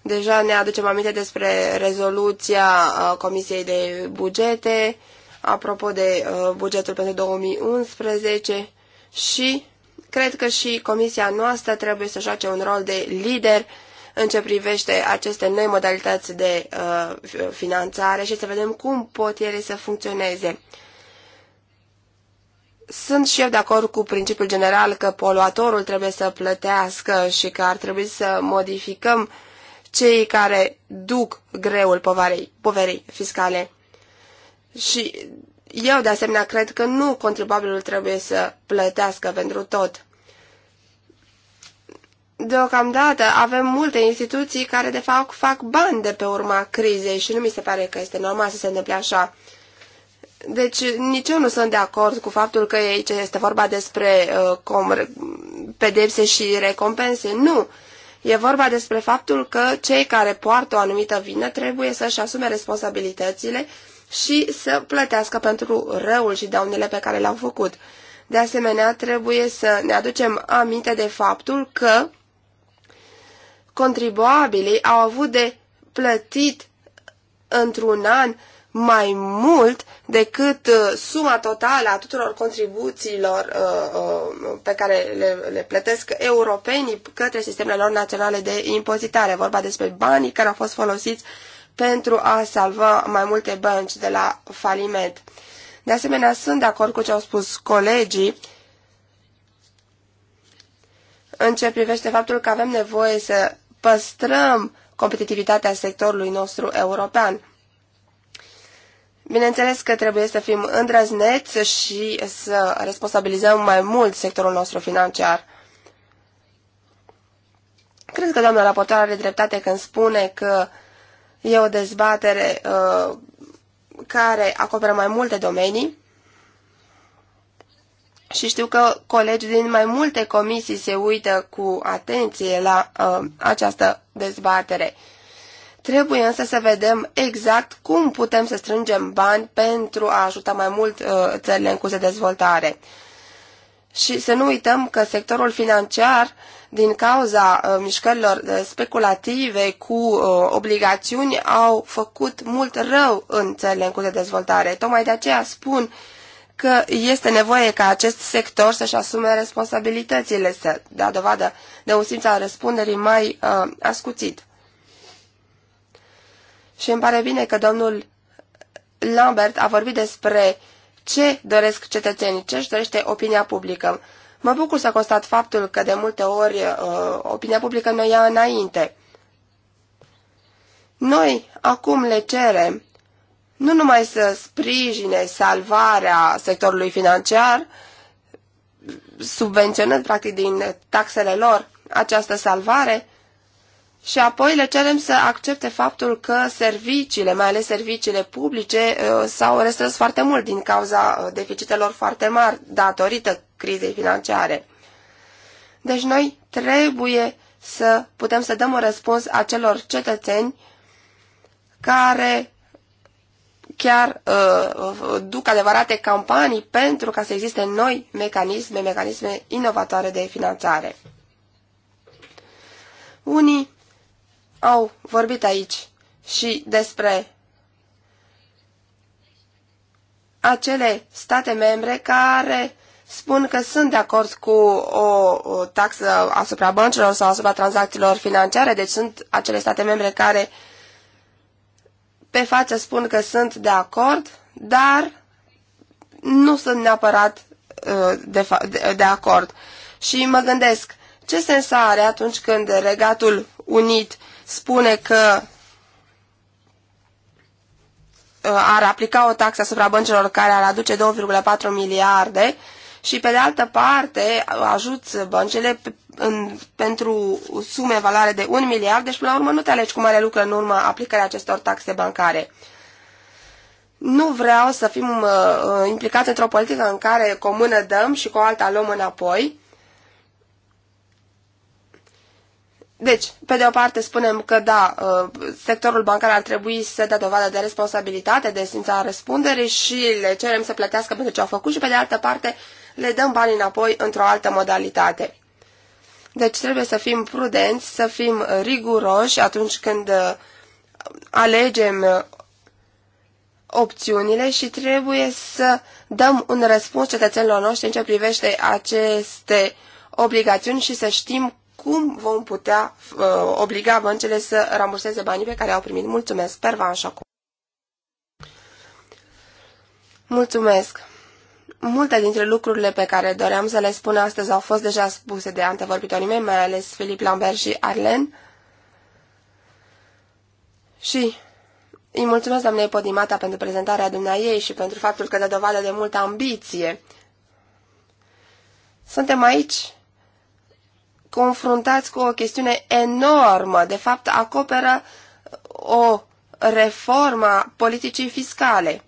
Deja ne aducem aminte despre rezoluția uh, Comisiei de Bugete, apropo de uh, bugetul pentru 2011 și cred că și Comisia noastră trebuie să joace un rol de lider în ce privește aceste noi modalități de uh, finanțare și să vedem cum pot ele să funcționeze. Sunt și eu de acord cu principiul general că poluatorul trebuie să plătească și că ar trebui să modificăm cei care duc greul poverei, poverei fiscale. Și eu, de asemenea, cred că nu contribuabilul trebuie să plătească pentru tot. Deocamdată avem multe instituții care de fapt fac bani de pe urma crizei și nu mi se pare că este normal să se întâmple așa. Deci nici eu nu sunt de acord cu faptul că aici este vorba despre uh, com, pedepse și recompense. Nu! E vorba despre faptul că cei care poartă o anumită vină trebuie să-și asume responsabilitățile și să plătească pentru răul și daunele pe care le-au făcut. De asemenea, trebuie să ne aducem aminte de faptul că contribuabilii au avut de plătit într-un an mai mult decât uh, suma totală a tuturor contribuțiilor uh, uh, pe care le, le plătesc europenii către sistemele lor naționale de impozitare. Vorba despre banii care au fost folosiți pentru a salva mai multe bănci de la faliment. De asemenea, sunt de acord cu ce au spus colegii în ce privește faptul că avem nevoie să păstrăm competitivitatea sectorului nostru european. Bineînțeles că trebuie să fim îndrăzneți și să responsabilizăm mai mult sectorul nostru financiar. Cred că doamna raportoare are dreptate când spune că e o dezbatere uh, care acoperă mai multe domenii și știu că colegii din mai multe comisii se uită cu atenție la uh, această dezbatere. Trebuie însă să vedem exact cum putem să strângem bani pentru a ajuta mai mult uh, țările în curs de dezvoltare. Și să nu uităm că sectorul financiar, din cauza uh, mișcărilor uh, speculative cu uh, obligațiuni, au făcut mult rău în țările în curs de dezvoltare. Tocmai de aceea spun uh, că este nevoie ca acest sector să-și asume responsabilitățile, să dea dovadă de un simț al răspunderii mai uh, ascuțit. Și îmi pare bine că domnul Lambert a vorbit despre ce doresc cetățenii, ce își dorește opinia publică. Mă bucur să constat faptul că de multe ori uh, opinia publică ne ia înainte. Noi acum le cerem nu numai să sprijine salvarea sectorului financiar, subvenționând practic din taxele lor această salvare, și apoi le cerem să accepte faptul că serviciile, mai ales serviciile publice, uh, s-au restrâns foarte mult din cauza uh, deficitelor foarte mari datorită crizei financiare. Deci noi trebuie să putem să dăm un răspuns acelor cetățeni care chiar uh, duc adevărate campanii pentru ca să existe noi mecanisme, mecanisme inovatoare de finanțare. Unii au vorbit aici și despre acele state membre care spun că sunt de acord cu o, o taxă asupra băncilor sau asupra tranzacțiilor financiare, deci sunt acele state membre care uh, pe față spun că sunt de acord, dar nu sunt neapărat uh, de, de, de acord. Și mă gândesc, ce sens are atunci când Regatul Unit spune că uh, ar aplica o taxă asupra băncilor care ar aduce 2,4 miliarde, și pe de altă parte ajut băncile în, pentru sume valoare de 1 miliard, deci până la urmă nu te alegi cu mare lucru în urma aplicării acestor taxe bancare. Nu vreau să fim uh, uh, implicați într-o politică în care cu o mână dăm și cu o alta luăm înapoi. Deci, pe de o parte spunem că da, uh, sectorul bancar ar trebui să dea dovadă de responsabilitate, de simța răspundere și le cerem să plătească pentru ce au făcut și pe de altă parte le dăm bani înapoi într-o altă modalitate. Deci trebuie să fim prudenți, să fim riguroși atunci când uh, alegem uh, opțiunile și trebuie să dăm un răspuns cetățenilor noștri în ce privește aceste obligațiuni și să știm cum vom putea uh, obliga băncile să ramburseze banii pe care au primit. Mulțumesc, Pervan Mulțumesc. Multe dintre lucrurile pe care doream să le spun astăzi au fost deja spuse de antevorbitorii mei, mai ales Filip Lambert și Arlen. Și îi mulțumesc doamnei Podimata pentru prezentarea dumneaei și pentru faptul că dă dovadă de multă ambiție. Suntem aici confruntați cu o chestiune enormă, de fapt acoperă o reformă a politicii fiscale.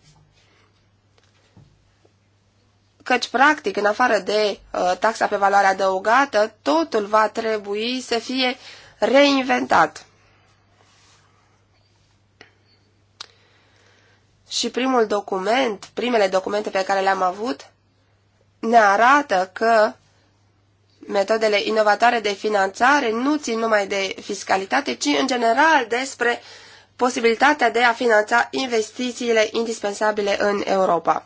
căci, practic, în afară de uh, taxa pe valoare adăugată, totul va trebui să fie reinventat. Și primul document, primele documente pe care le-am avut, ne arată că metodele inovatoare de finanțare nu țin numai de fiscalitate, ci în general despre posibilitatea de a finanța investițiile indispensabile în Europa.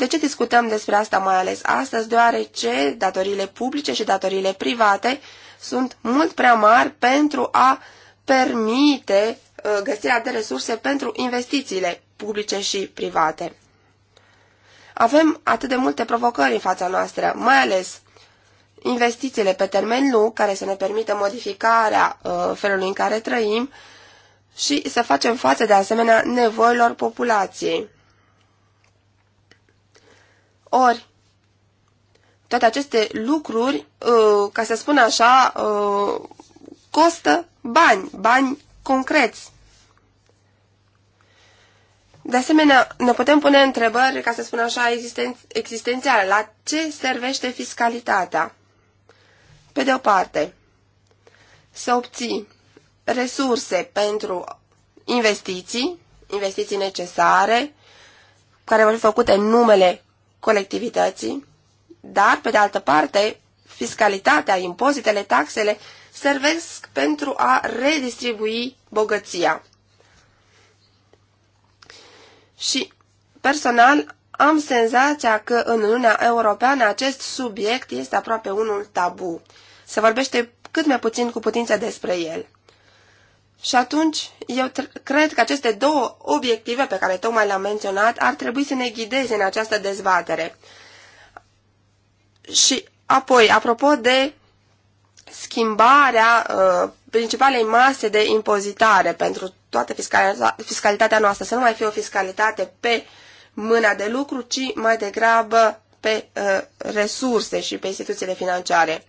De ce discutăm despre asta mai ales astăzi? Deoarece datoriile publice și datoriile private sunt mult prea mari pentru a permite uh, găsirea de resurse pentru investițiile publice și private. Avem atât de multe provocări în fața noastră, mai ales investițiile pe termen lung, care să ne permită modificarea uh, felului în care trăim și să facem față de asemenea nevoilor populației. Ori, toate aceste lucruri, uh, ca să spun așa, uh, costă bani, bani concreți. De asemenea, ne putem pune întrebări, ca să spun așa, existen existențiale. La ce servește fiscalitatea? Pe de o parte, să obții resurse pentru investiții, investiții necesare, care vor fi făcute în numele colectivității, dar, pe de altă parte, fiscalitatea, impozitele, taxele servesc pentru a redistribui bogăția. Și, personal, am senzația că în Uniunea Europeană acest subiect este aproape unul tabu. Se vorbește cât mai puțin cu putință despre el. Și atunci, eu cred că aceste două obiective pe care tocmai le-am menționat ar trebui să ne ghideze în această dezbatere. Și apoi, apropo de schimbarea uh, principalei mase de impozitare pentru toată fiscalitatea noastră, să nu mai fie o fiscalitate pe mâna de lucru, ci mai degrabă pe uh, resurse și pe instituțiile financiare.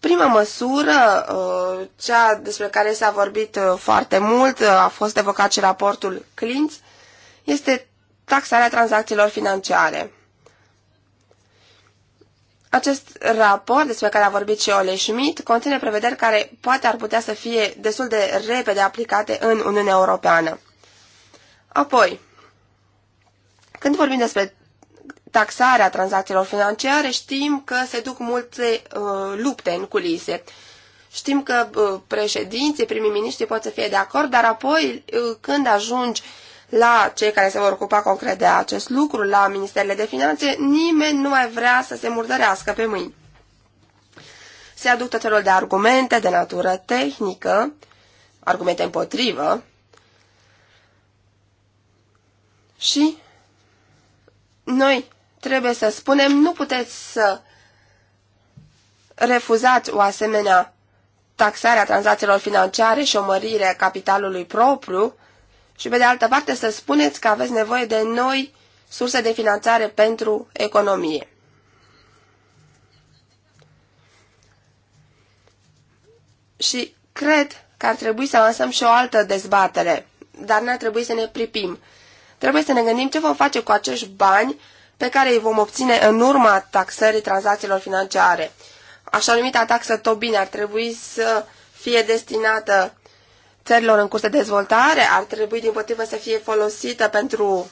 Prima măsură, uh, cea despre care s-a vorbit uh, foarte mult, uh, a fost evocat și raportul Clintz, este taxarea tranzacțiilor financiare. Acest raport, despre care a vorbit și Ole Schmidt, conține prevederi care poate ar putea să fie destul de repede aplicate în Uniunea Europeană. Apoi, când vorbim despre taxarea tranzacțiilor financiare, știm că se duc multe uh, lupte în culise. Știm că uh, președinții, primii miniștri pot să fie de acord, dar apoi uh, când ajungi la cei care se vor ocupa concret de acest lucru, la Ministerele de Finanțe, nimeni nu mai vrea să se murdărească pe mâini. Se aduc tot felul de argumente de natură tehnică, argumente împotrivă și noi trebuie să spunem, nu puteți să refuzați o asemenea taxare a tranzacțiilor financiare și o mărire a capitalului propriu și, pe de altă parte, să spuneți că aveți nevoie de noi surse de finanțare pentru economie. Și cred că ar trebui să lansăm și o altă dezbatere, dar n-ar trebui să ne pripim. Trebuie să ne gândim ce vom face cu acești bani pe care îi vom obține în urma taxării tranzacțiilor financiare. Așa numita taxă Tobin ar trebui să fie destinată țărilor în curs de dezvoltare, ar trebui din potrivă să fie folosită pentru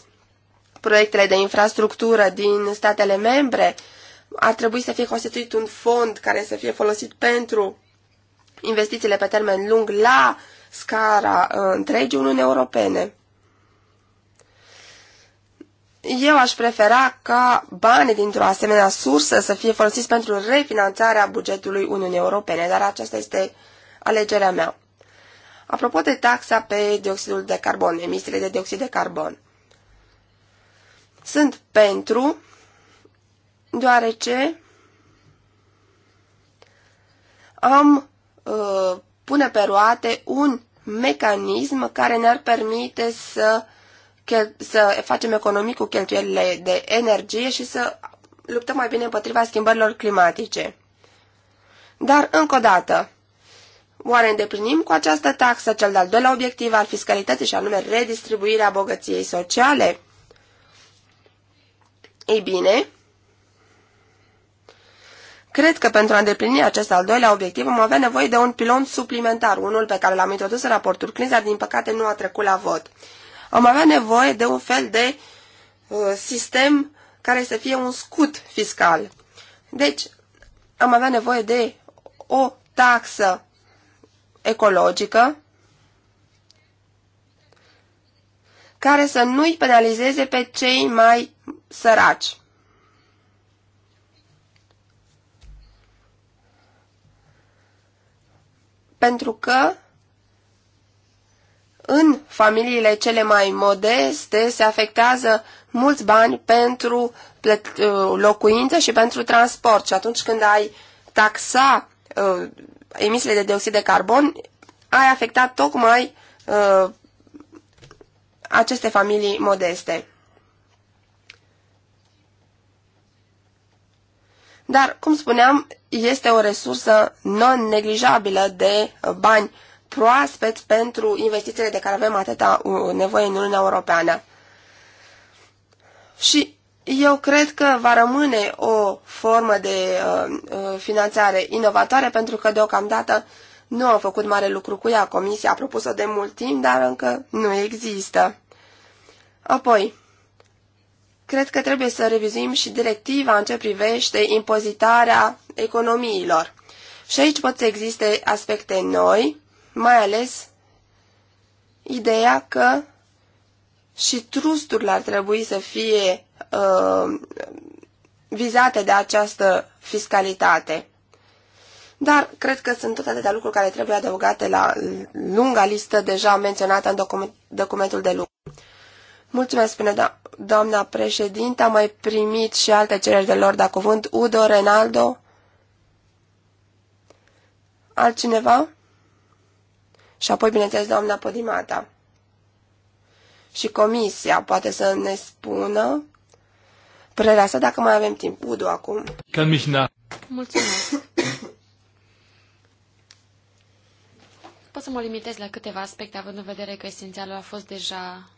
proiectele de infrastructură din statele membre, ar trebui să fie constituit un fond care să fie folosit pentru investițiile pe termen lung la scara uh, întregii Uniunii Europene. Eu aș prefera ca banii dintr-o asemenea sursă să fie folosiți pentru refinanțarea bugetului Uniunii Europene, dar aceasta este alegerea mea. Apropo de taxa pe dioxidul de carbon, emisiile de dioxid de carbon, sunt pentru, deoarece am uh, pune pe roate un mecanism care ne-ar permite să să facem economii cu cheltuielile de energie și să luptăm mai bine împotriva schimbărilor climatice. Dar, încă o dată, oare îndeplinim cu această taxă cel de-al doilea obiectiv al fiscalității și anume redistribuirea bogăției sociale? Ei bine, Cred că pentru a îndeplini acest al doilea obiectiv vom avea nevoie de un pilon suplimentar, unul pe care l-am introdus în raportul Clins, din păcate nu a trecut la vot am avea nevoie de un fel de uh, sistem care să fie un scut fiscal. Deci, am avea nevoie de o taxă ecologică care să nu-i penalizeze pe cei mai săraci. Pentru că în familiile cele mai modeste se afectează mulți bani pentru uh, locuință și pentru transport. Și atunci când ai taxa uh, emisiile de dioxid de carbon, ai afectat tocmai uh, aceste familii modeste. Dar, cum spuneam, este o resursă non-neglijabilă de uh, bani proaspeți pentru investițiile de care avem atâta uh, nevoie în Uniunea Europeană. Și eu cred că va rămâne o formă de uh, uh, finanțare inovatoare pentru că deocamdată nu am făcut mare lucru cu ea. Comisia a propus-o de mult timp, dar încă nu există. Apoi, cred că trebuie să revizuim și directiva în ce privește impozitarea economiilor. Și aici pot să existe aspecte noi, mai ales ideea că și trusturile ar trebui să fie uh, vizate de această fiscalitate. Dar cred că sunt tot atâtea lucruri care trebuie adăugate la lunga listă deja menționată în document, documentul de lucru. Mulțumesc, spune do doamna președinte. Am mai primit și alte cereri de lor de cuvânt. Udo, Renaldo. Altcineva? și apoi, bineînțeles, doamna Podimata. Și comisia poate să ne spună părerea sa dacă mai avem timp. Udu acum. Mulțumesc. Pot să mă limitez la câteva aspecte, având în vedere că esențialul a fost deja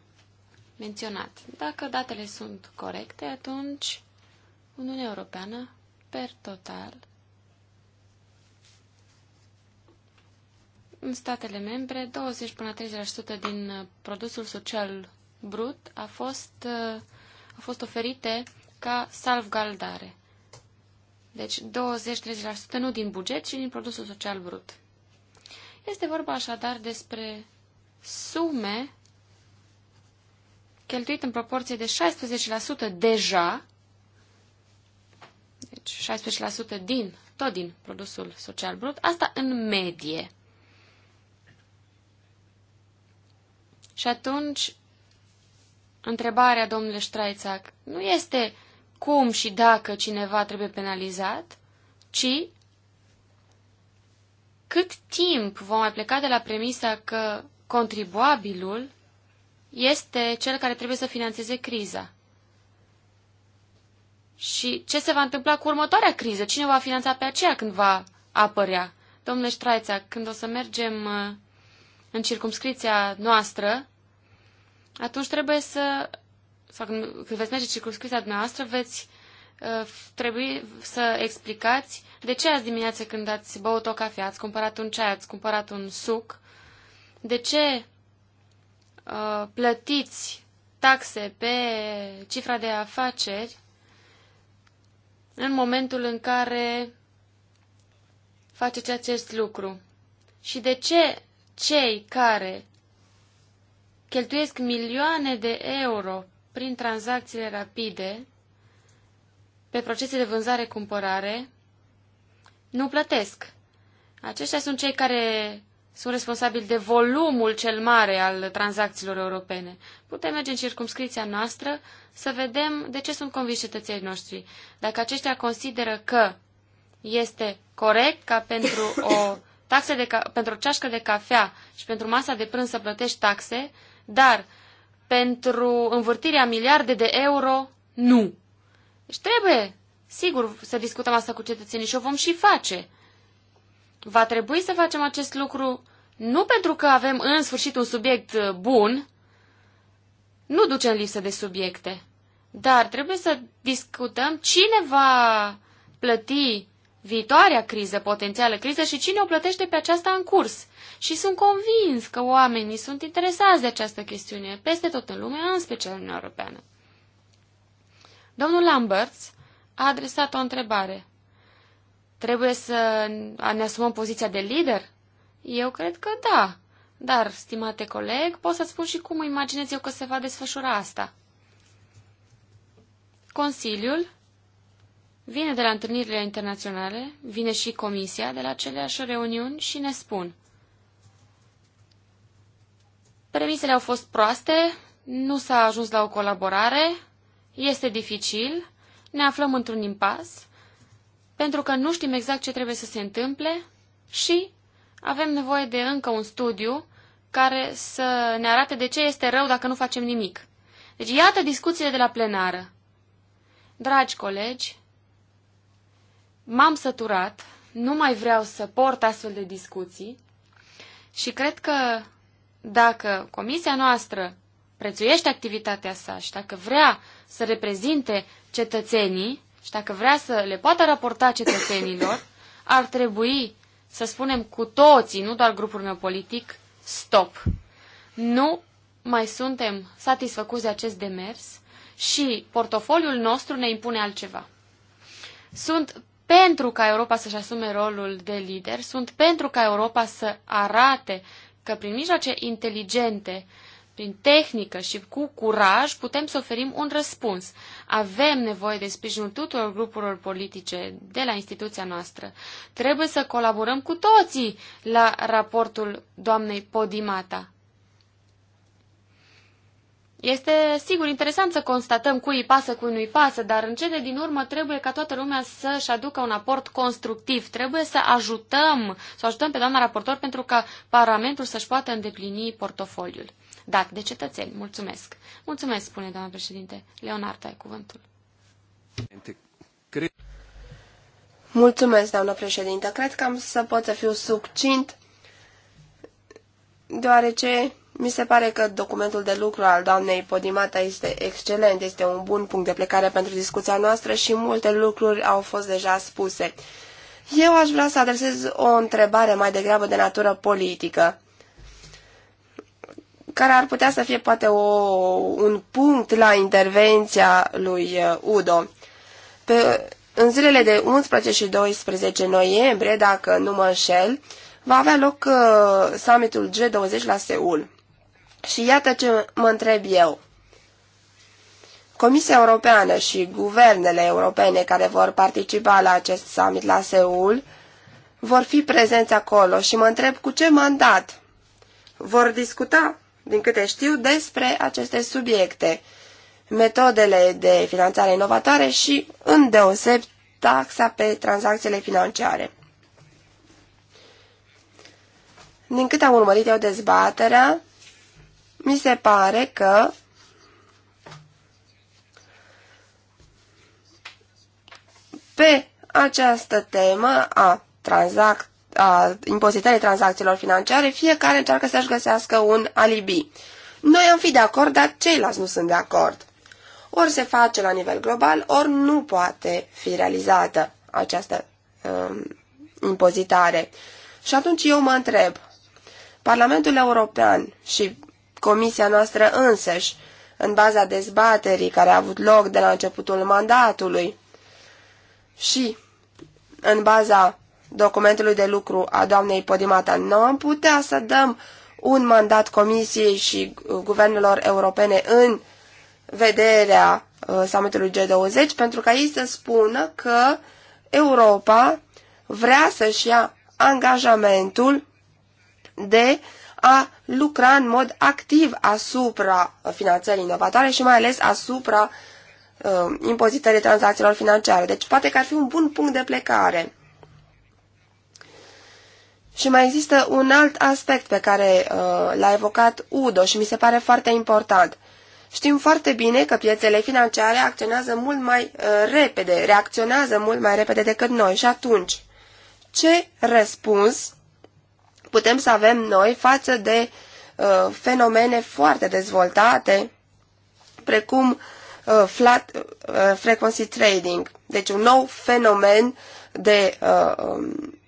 menționat. Dacă datele sunt corecte, atunci Uniunea Europeană, per total, În statele membre, 20 până 30% din uh, produsul social brut a fost, uh, a fost oferite ca salvgaldare. Deci 20-30% nu din buget, ci din produsul social brut. Este vorba așadar despre sume cheltuite în proporție de 16% deja, deci 16% din, tot din produsul social brut, asta în medie. Și atunci, întrebarea, domnule Straițac, nu este cum și dacă cineva trebuie penalizat, ci cât timp vom mai pleca de la premisa că contribuabilul este cel care trebuie să financeze criza. Și ce se va întâmpla cu următoarea criză? Cine va finanța pe aceea când va apărea? Domnule Ștraița, când o să mergem uh, în circumscripția noastră, atunci trebuie să, sau când veți merge circumscripția noastră, veți uh, trebui să explicați de ce azi dimineață când ați băut o cafea, ați cumpărat un ceai, ați cumpărat un suc, de ce uh, plătiți taxe pe cifra de afaceri în momentul în care faceți acest lucru. Și de ce cei care cheltuiesc milioane de euro prin tranzacțiile rapide pe procese de vânzare-cumpărare nu plătesc. Aceștia sunt cei care sunt responsabili de volumul cel mare al tranzacțiilor europene. Putem merge în circumscripția noastră să vedem de ce sunt convinși cetățenii noștri. Dacă aceștia consideră că este corect ca pentru o taxe de pentru o ceașcă de cafea și pentru masa de prânz să plătești taxe, dar pentru învârtirea miliarde de euro, nu. Deci trebuie, sigur, să discutăm asta cu cetățenii și o vom și face. Va trebui să facem acest lucru nu pentru că avem în sfârșit un subiect uh, bun, nu ducem lipsă de subiecte, dar trebuie să discutăm cine va plăti viitoarea criză, potențială criză și cine o plătește pe aceasta în curs. Și sunt convins că oamenii sunt interesați de această chestiune peste tot în lume, în special în Uniunea Europeană. Domnul Lamberts a adresat o întrebare. Trebuie să ne asumăm poziția de lider? Eu cred că da. Dar, stimate coleg, pot să spun și cum imaginez eu că se va desfășura asta. Consiliul vine de la întâlnirile internaționale, vine și comisia de la aceleași reuniuni și ne spun. Premisele au fost proaste, nu s-a ajuns la o colaborare, este dificil, ne aflăm într-un impas, pentru că nu știm exact ce trebuie să se întâmple și avem nevoie de încă un studiu care să ne arate de ce este rău dacă nu facem nimic. Deci iată discuțiile de la plenară. Dragi colegi, M-am săturat, nu mai vreau să port astfel de discuții și cred că dacă comisia noastră prețuiește activitatea sa și dacă vrea să reprezinte cetățenii și dacă vrea să le poată raporta cetățenilor, ar trebui să spunem cu toții, nu doar grupul meu politic, stop. Nu mai suntem satisfăcuți de acest demers și portofoliul nostru ne impune altceva. Sunt pentru ca Europa să-și asume rolul de lider, sunt pentru ca Europa să arate că prin mijloace inteligente, prin tehnică și cu curaj putem să oferim un răspuns. Avem nevoie de sprijinul tuturor grupurilor politice de la instituția noastră. Trebuie să colaborăm cu toții la raportul doamnei Podimata. Este, sigur, interesant să constatăm cui îi pasă, cui nu îi pasă, dar în cele din urmă trebuie ca toată lumea să-și aducă un aport constructiv. Trebuie să ajutăm, să ajutăm pe doamna raportor pentru ca Parlamentul să-și poată îndeplini portofoliul. Da, de cetățeni. Mulțumesc. Mulțumesc, spune doamna președinte. Leonard, ai cuvântul. Mulțumesc, doamna președinte. Cred că am să pot să fiu succint, deoarece mi se pare că documentul de lucru al doamnei Podimata este excelent, este un bun punct de plecare pentru discuția noastră și multe lucruri au fost deja spuse. Eu aș vrea să adresez o întrebare mai degrabă de natură politică, care ar putea să fie poate o, un punct la intervenția lui uh, Udo. Pe, în zilele de 11 și 12 noiembrie, dacă nu mă înșel, va avea loc uh, summitul G20 la Seul. Și iată ce mă întreb eu. Comisia Europeană și guvernele europene care vor participa la acest summit la Seul vor fi prezenți acolo și mă întreb cu ce mandat vor discuta, din câte știu, despre aceste subiecte, metodele de finanțare inovatoare și, îndeoseb, taxa pe tranzacțiile financiare. Din câte am urmărit eu dezbaterea, mi se pare că pe această temă a, transact, a impozitării tranzacțiilor financiare, fiecare încearcă să-și găsească un alibi. Noi am fi de acord, dar ceilalți nu sunt de acord. Ori se face la nivel global, ori nu poate fi realizată această um, impozitare. Și atunci eu mă întreb, Parlamentul European și comisia noastră însăși, în baza dezbaterii care a avut loc de la începutul mandatului și în baza documentului de lucru a doamnei Podimata, nu am putea să dăm un mandat comisiei și guvernelor europene în vederea uh, summitului G20 pentru ca ei să spună că Europa vrea să-și ia angajamentul de a lucra în mod activ asupra finanțării inovatoare și mai ales asupra uh, impozitării tranzacțiilor financiare. Deci poate că ar fi un bun punct de plecare. Și mai există un alt aspect pe care uh, l-a evocat Udo și mi se pare foarte important. Știm foarte bine că piețele financiare acționează mult mai uh, repede, reacționează mult mai repede decât noi și atunci ce răspuns putem să avem noi față de uh, fenomene foarte dezvoltate, precum uh, flat uh, frequency trading, deci un nou fenomen de, uh, um,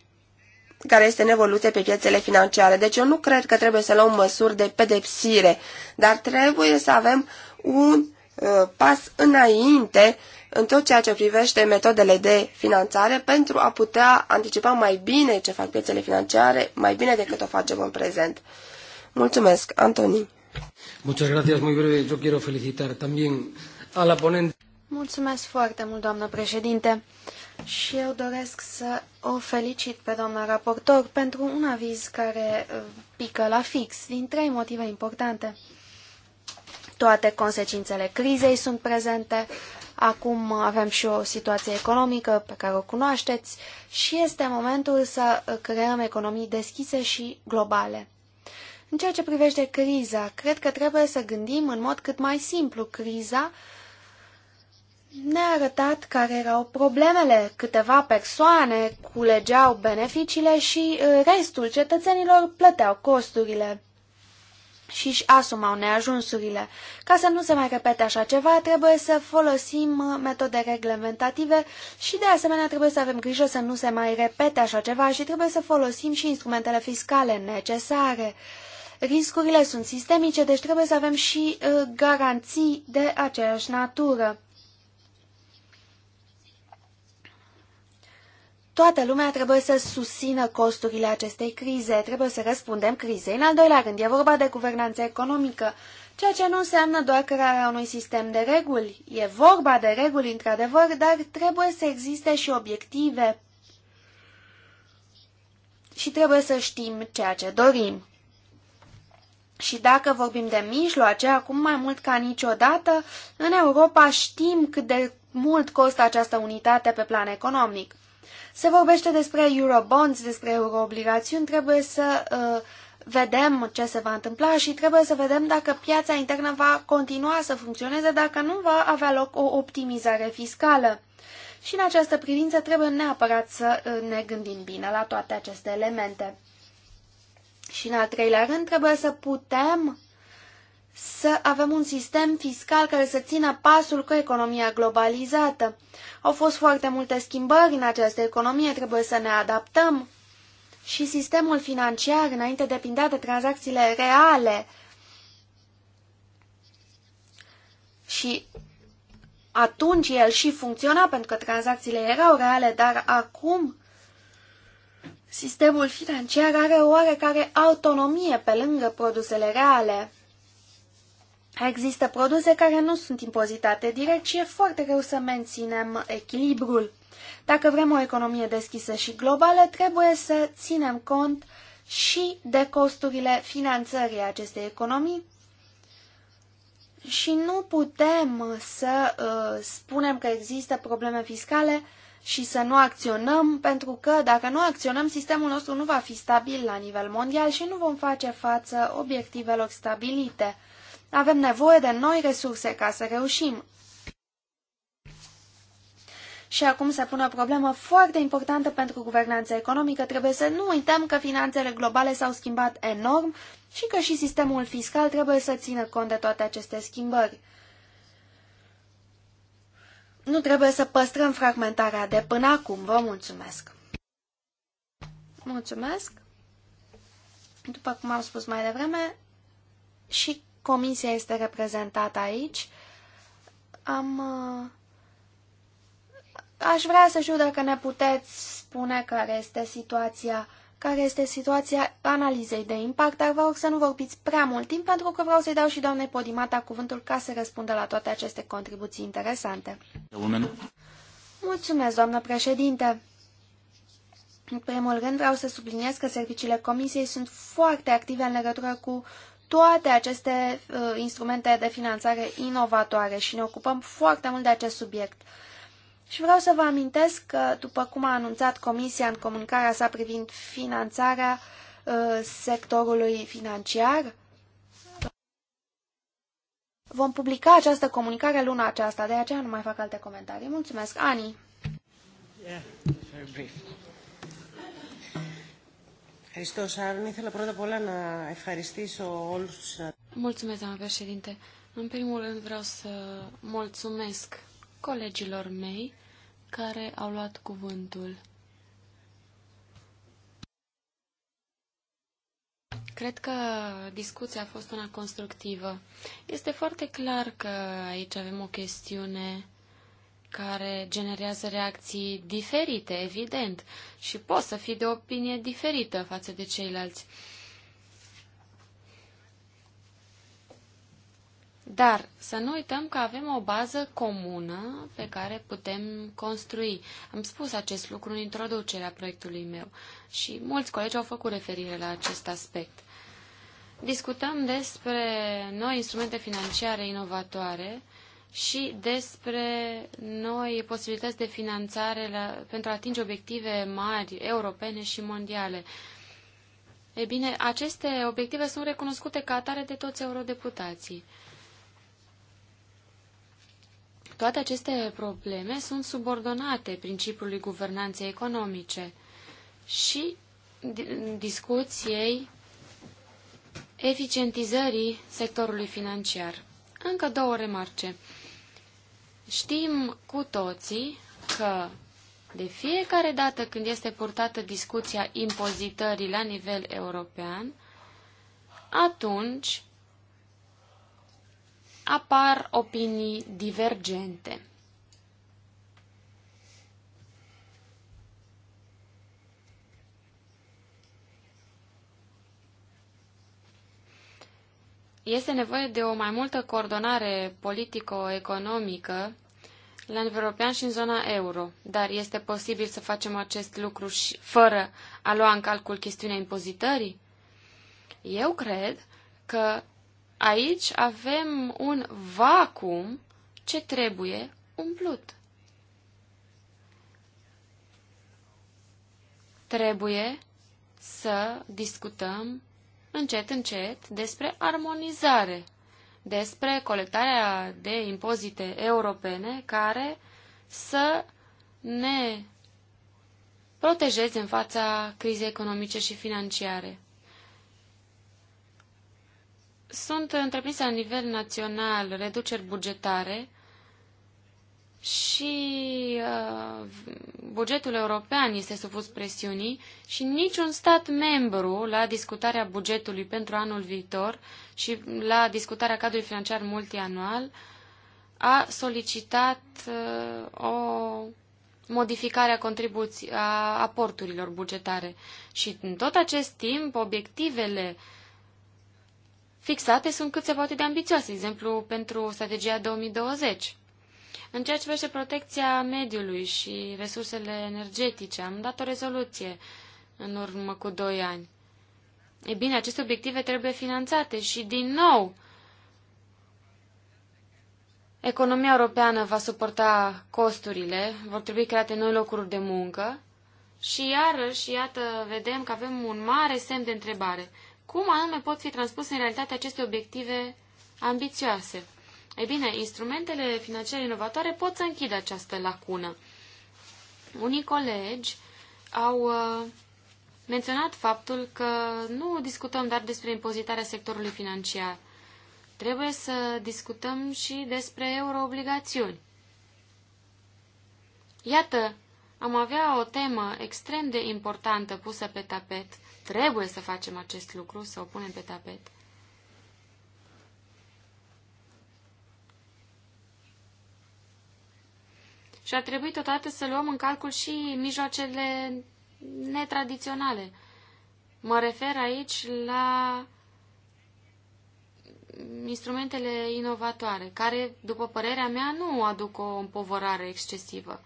care este în evoluție pe piețele financiare. Deci eu nu cred că trebuie să luăm măsuri de pedepsire, dar trebuie să avem un uh, pas înainte în tot ceea ce privește metodele de finanțare pentru a putea anticipa mai bine ce fac piețele financiare, mai bine decât o facem în prezent. Mulțumesc, Antoni. Muchas gracias, muy breve. Yo quiero felicitar también a la ponente. Mulțumesc foarte mult, doamnă președinte. Și eu doresc să o felicit pe doamna raportor pentru un aviz care uh, pică la fix, din trei motive importante. Toate consecințele crizei sunt prezente, Acum avem și o situație economică pe care o cunoașteți și este momentul să creăm economii deschise și globale. În ceea ce privește criza, cred că trebuie să gândim în mod cât mai simplu criza, ne-a arătat care erau problemele. Câteva persoane culegeau beneficiile și uh, restul cetățenilor plăteau costurile și își asumau neajunsurile. Ca să nu se mai repete așa ceva, trebuie să folosim uh, metode reglementative și de asemenea trebuie să avem grijă să nu se mai repete așa ceva și trebuie să folosim și instrumentele fiscale necesare. Riscurile sunt sistemice, deci trebuie să avem și uh, garanții de aceeași natură. Toată lumea trebuie să susțină costurile acestei crize, trebuie să răspundem crizei. În al doilea rând, e vorba de guvernanță economică, ceea ce nu înseamnă doar crearea unui sistem de reguli. E vorba de reguli, într-adevăr, dar trebuie să existe și obiective și trebuie să știm ceea ce dorim. Și dacă vorbim de mijloace, acum mai mult ca niciodată, în Europa știm cât de mult costă această unitate pe plan economic. Se vorbește despre eurobonds, despre euroobligațiuni, trebuie să uh, vedem ce se va întâmpla și trebuie să vedem dacă piața internă va continua să funcționeze, dacă nu va avea loc o optimizare fiscală. Și în această privință trebuie neapărat să uh, ne gândim bine la toate aceste elemente. Și în al treilea rând trebuie să putem să avem un sistem fiscal care să țină pasul cu economia globalizată. Au fost foarte multe schimbări în această economie, trebuie să ne adaptăm. Și sistemul financiar, înainte depindea de tranzacțiile reale. Și atunci el și funcționa pentru că tranzacțiile erau reale, dar acum sistemul financiar are o oarecare autonomie pe lângă produsele reale. Există produse care nu sunt impozitate direct și e foarte greu să menținem echilibrul. Dacă vrem o economie deschisă și globală, trebuie să ținem cont și de costurile finanțării acestei economii și nu putem să uh, spunem că există probleme fiscale și să nu acționăm, pentru că dacă nu acționăm, sistemul nostru nu va fi stabil la nivel mondial și nu vom face față obiectivelor stabilite avem nevoie de noi resurse ca să reușim. Și acum se pune o problemă foarte importantă pentru guvernanța economică. Trebuie să nu uităm că finanțele globale s-au schimbat enorm și că și sistemul fiscal trebuie să țină cont de toate aceste schimbări. Nu trebuie să păstrăm fragmentarea de până acum. Vă mulțumesc! Mulțumesc! După cum am spus mai devreme, și comisia este reprezentată aici. Am... Uh, aș vrea să știu dacă ne puteți spune care este situația care este situația analizei de impact, dar vă rog să nu vorbiți prea mult timp, pentru că vreau să-i dau și doamnei Podimata cuvântul ca să răspundă la toate aceste contribuții interesante. Mulțumesc, doamnă președinte! În primul rând vreau să subliniez că serviciile comisiei sunt foarte active în legătură cu toate aceste uh, instrumente de finanțare inovatoare și ne ocupăm foarte mult de acest subiect. Și vreau să vă amintesc că, după cum a anunțat Comisia în comunicarea sa privind finanțarea uh, sectorului financiar, vom publica această comunicare luna aceasta, de aceea nu mai fac alte comentarii. Mulțumesc, Ani! Yeah, Ευχαριστώ, Mulțumesc, doamnă președinte. În primul rând vreau să mulțumesc colegilor mei care au luat cuvântul. Cred că discuția a fost una constructivă. Este foarte clar că aici avem o chestiune care generează reacții diferite, evident, și poți să fii de opinie diferită față de ceilalți. Dar să nu uităm că avem o bază comună pe care putem construi. Am spus acest lucru în introducerea proiectului meu și mulți colegi au făcut referire la acest aspect. Discutăm despre noi instrumente financiare inovatoare și despre noi posibilități de finanțare la, pentru a atinge obiective mari, europene și mondiale. E bine, aceste obiective sunt recunoscute ca atare de toți eurodeputații. Toate aceste probleme sunt subordonate principiului guvernanței economice și discuției eficientizării sectorului financiar. Încă două remarce. Știm cu toții că de fiecare dată când este purtată discuția impozitării la nivel european, atunci apar opinii divergente. Este nevoie de o mai multă coordonare politico-economică la nivel european și în zona euro, dar este posibil să facem acest lucru și fără a lua în calcul chestiunea impozitării? Eu cred că aici avem un vacuum ce trebuie umplut. Trebuie să discutăm încet, încet, despre armonizare, despre colectarea de impozite europene care să ne protejeze în fața crizei economice și financiare. Sunt întreprinse la nivel național reduceri bugetare și uh, bugetul european este supus presiunii și niciun stat membru la discutarea bugetului pentru anul viitor și la discutarea cadrului financiar multianual a solicitat uh, o modificare a, contribuții, a aporturilor bugetare. Și în tot acest timp, obiectivele fixate sunt cât se poate de ambițioase, exemplu pentru strategia 2020 în ceea ce privește protecția mediului și resursele energetice, am dat o rezoluție în urmă cu doi ani. E bine, aceste obiective trebuie finanțate și, din nou, economia europeană va suporta costurile, vor trebui create noi locuri de muncă și, iarăși, iată, vedem că avem un mare semn de întrebare. Cum anume pot fi transpuse în realitate aceste obiective ambițioase? Ei bine, instrumentele financiare inovatoare pot să închidă această lacună. Unii colegi au uh, menționat faptul că nu discutăm doar despre impozitarea sectorului financiar. Trebuie să discutăm și despre euroobligațiuni. Iată, am avea o temă extrem de importantă pusă pe tapet. Trebuie să facem acest lucru, să o punem pe tapet. Și ar trebui totodată să luăm în calcul și mijloacele netradiționale. Mă refer aici la instrumentele inovatoare, care, după părerea mea, nu aduc o împovărare excesivă.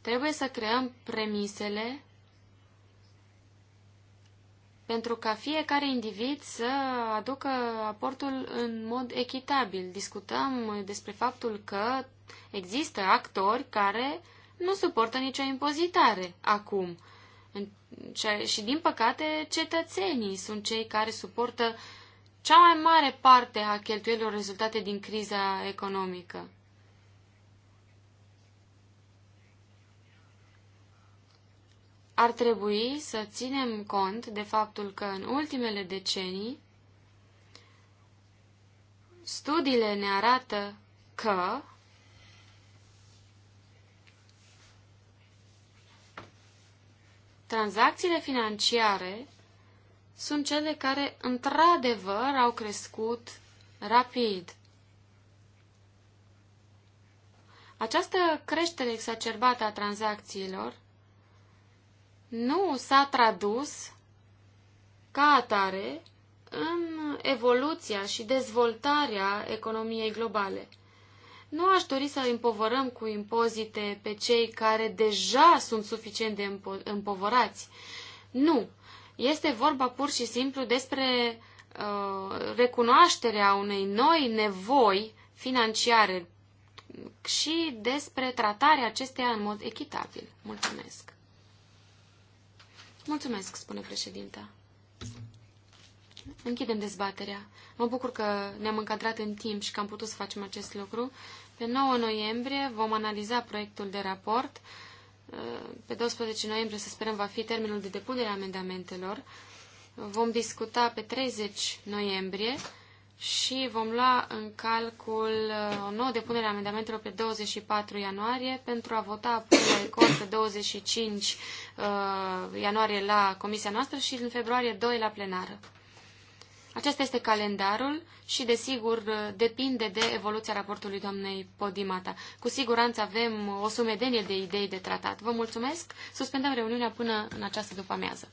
Trebuie să creăm premisele pentru ca fiecare individ să aducă aportul în mod echitabil. Discutăm despre faptul că există actori care nu suportă nicio impozitare acum. Și, din păcate, cetățenii sunt cei care suportă cea mai mare parte a cheltuielor rezultate din criza economică. ar trebui să ținem cont de faptul că în ultimele decenii studiile ne arată că tranzacțiile financiare sunt cele care într-adevăr au crescut rapid. Această creștere exacerbată a tranzacțiilor nu s-a tradus ca atare în evoluția și dezvoltarea economiei globale. Nu aș dori să împovărăm cu impozite pe cei care deja sunt suficient de împo- împovărați. Nu. Este vorba pur și simplu despre uh, recunoașterea unei noi nevoi financiare și despre tratarea acesteia în mod echitabil. Mulțumesc! Mulțumesc, spune președinta. Închidem dezbaterea. Mă bucur că ne-am încadrat în timp și că am putut să facem acest lucru. Pe 9 noiembrie vom analiza proiectul de raport. Pe 12 noiembrie, să sperăm, va fi termenul de depunere a amendamentelor. Vom discuta pe 30 noiembrie și vom lua în calcul uh, o nouă depunere a amendamentelor pe 24 ianuarie pentru a vota apoi la ECOR pe 25 uh, ianuarie la comisia noastră și în februarie 2 la plenară. Acesta este calendarul și, desigur, uh, depinde de evoluția raportului doamnei Podimata. Cu siguranță avem o sumedenie de idei de tratat. Vă mulțumesc. Suspendăm reuniunea până în această după-amiază.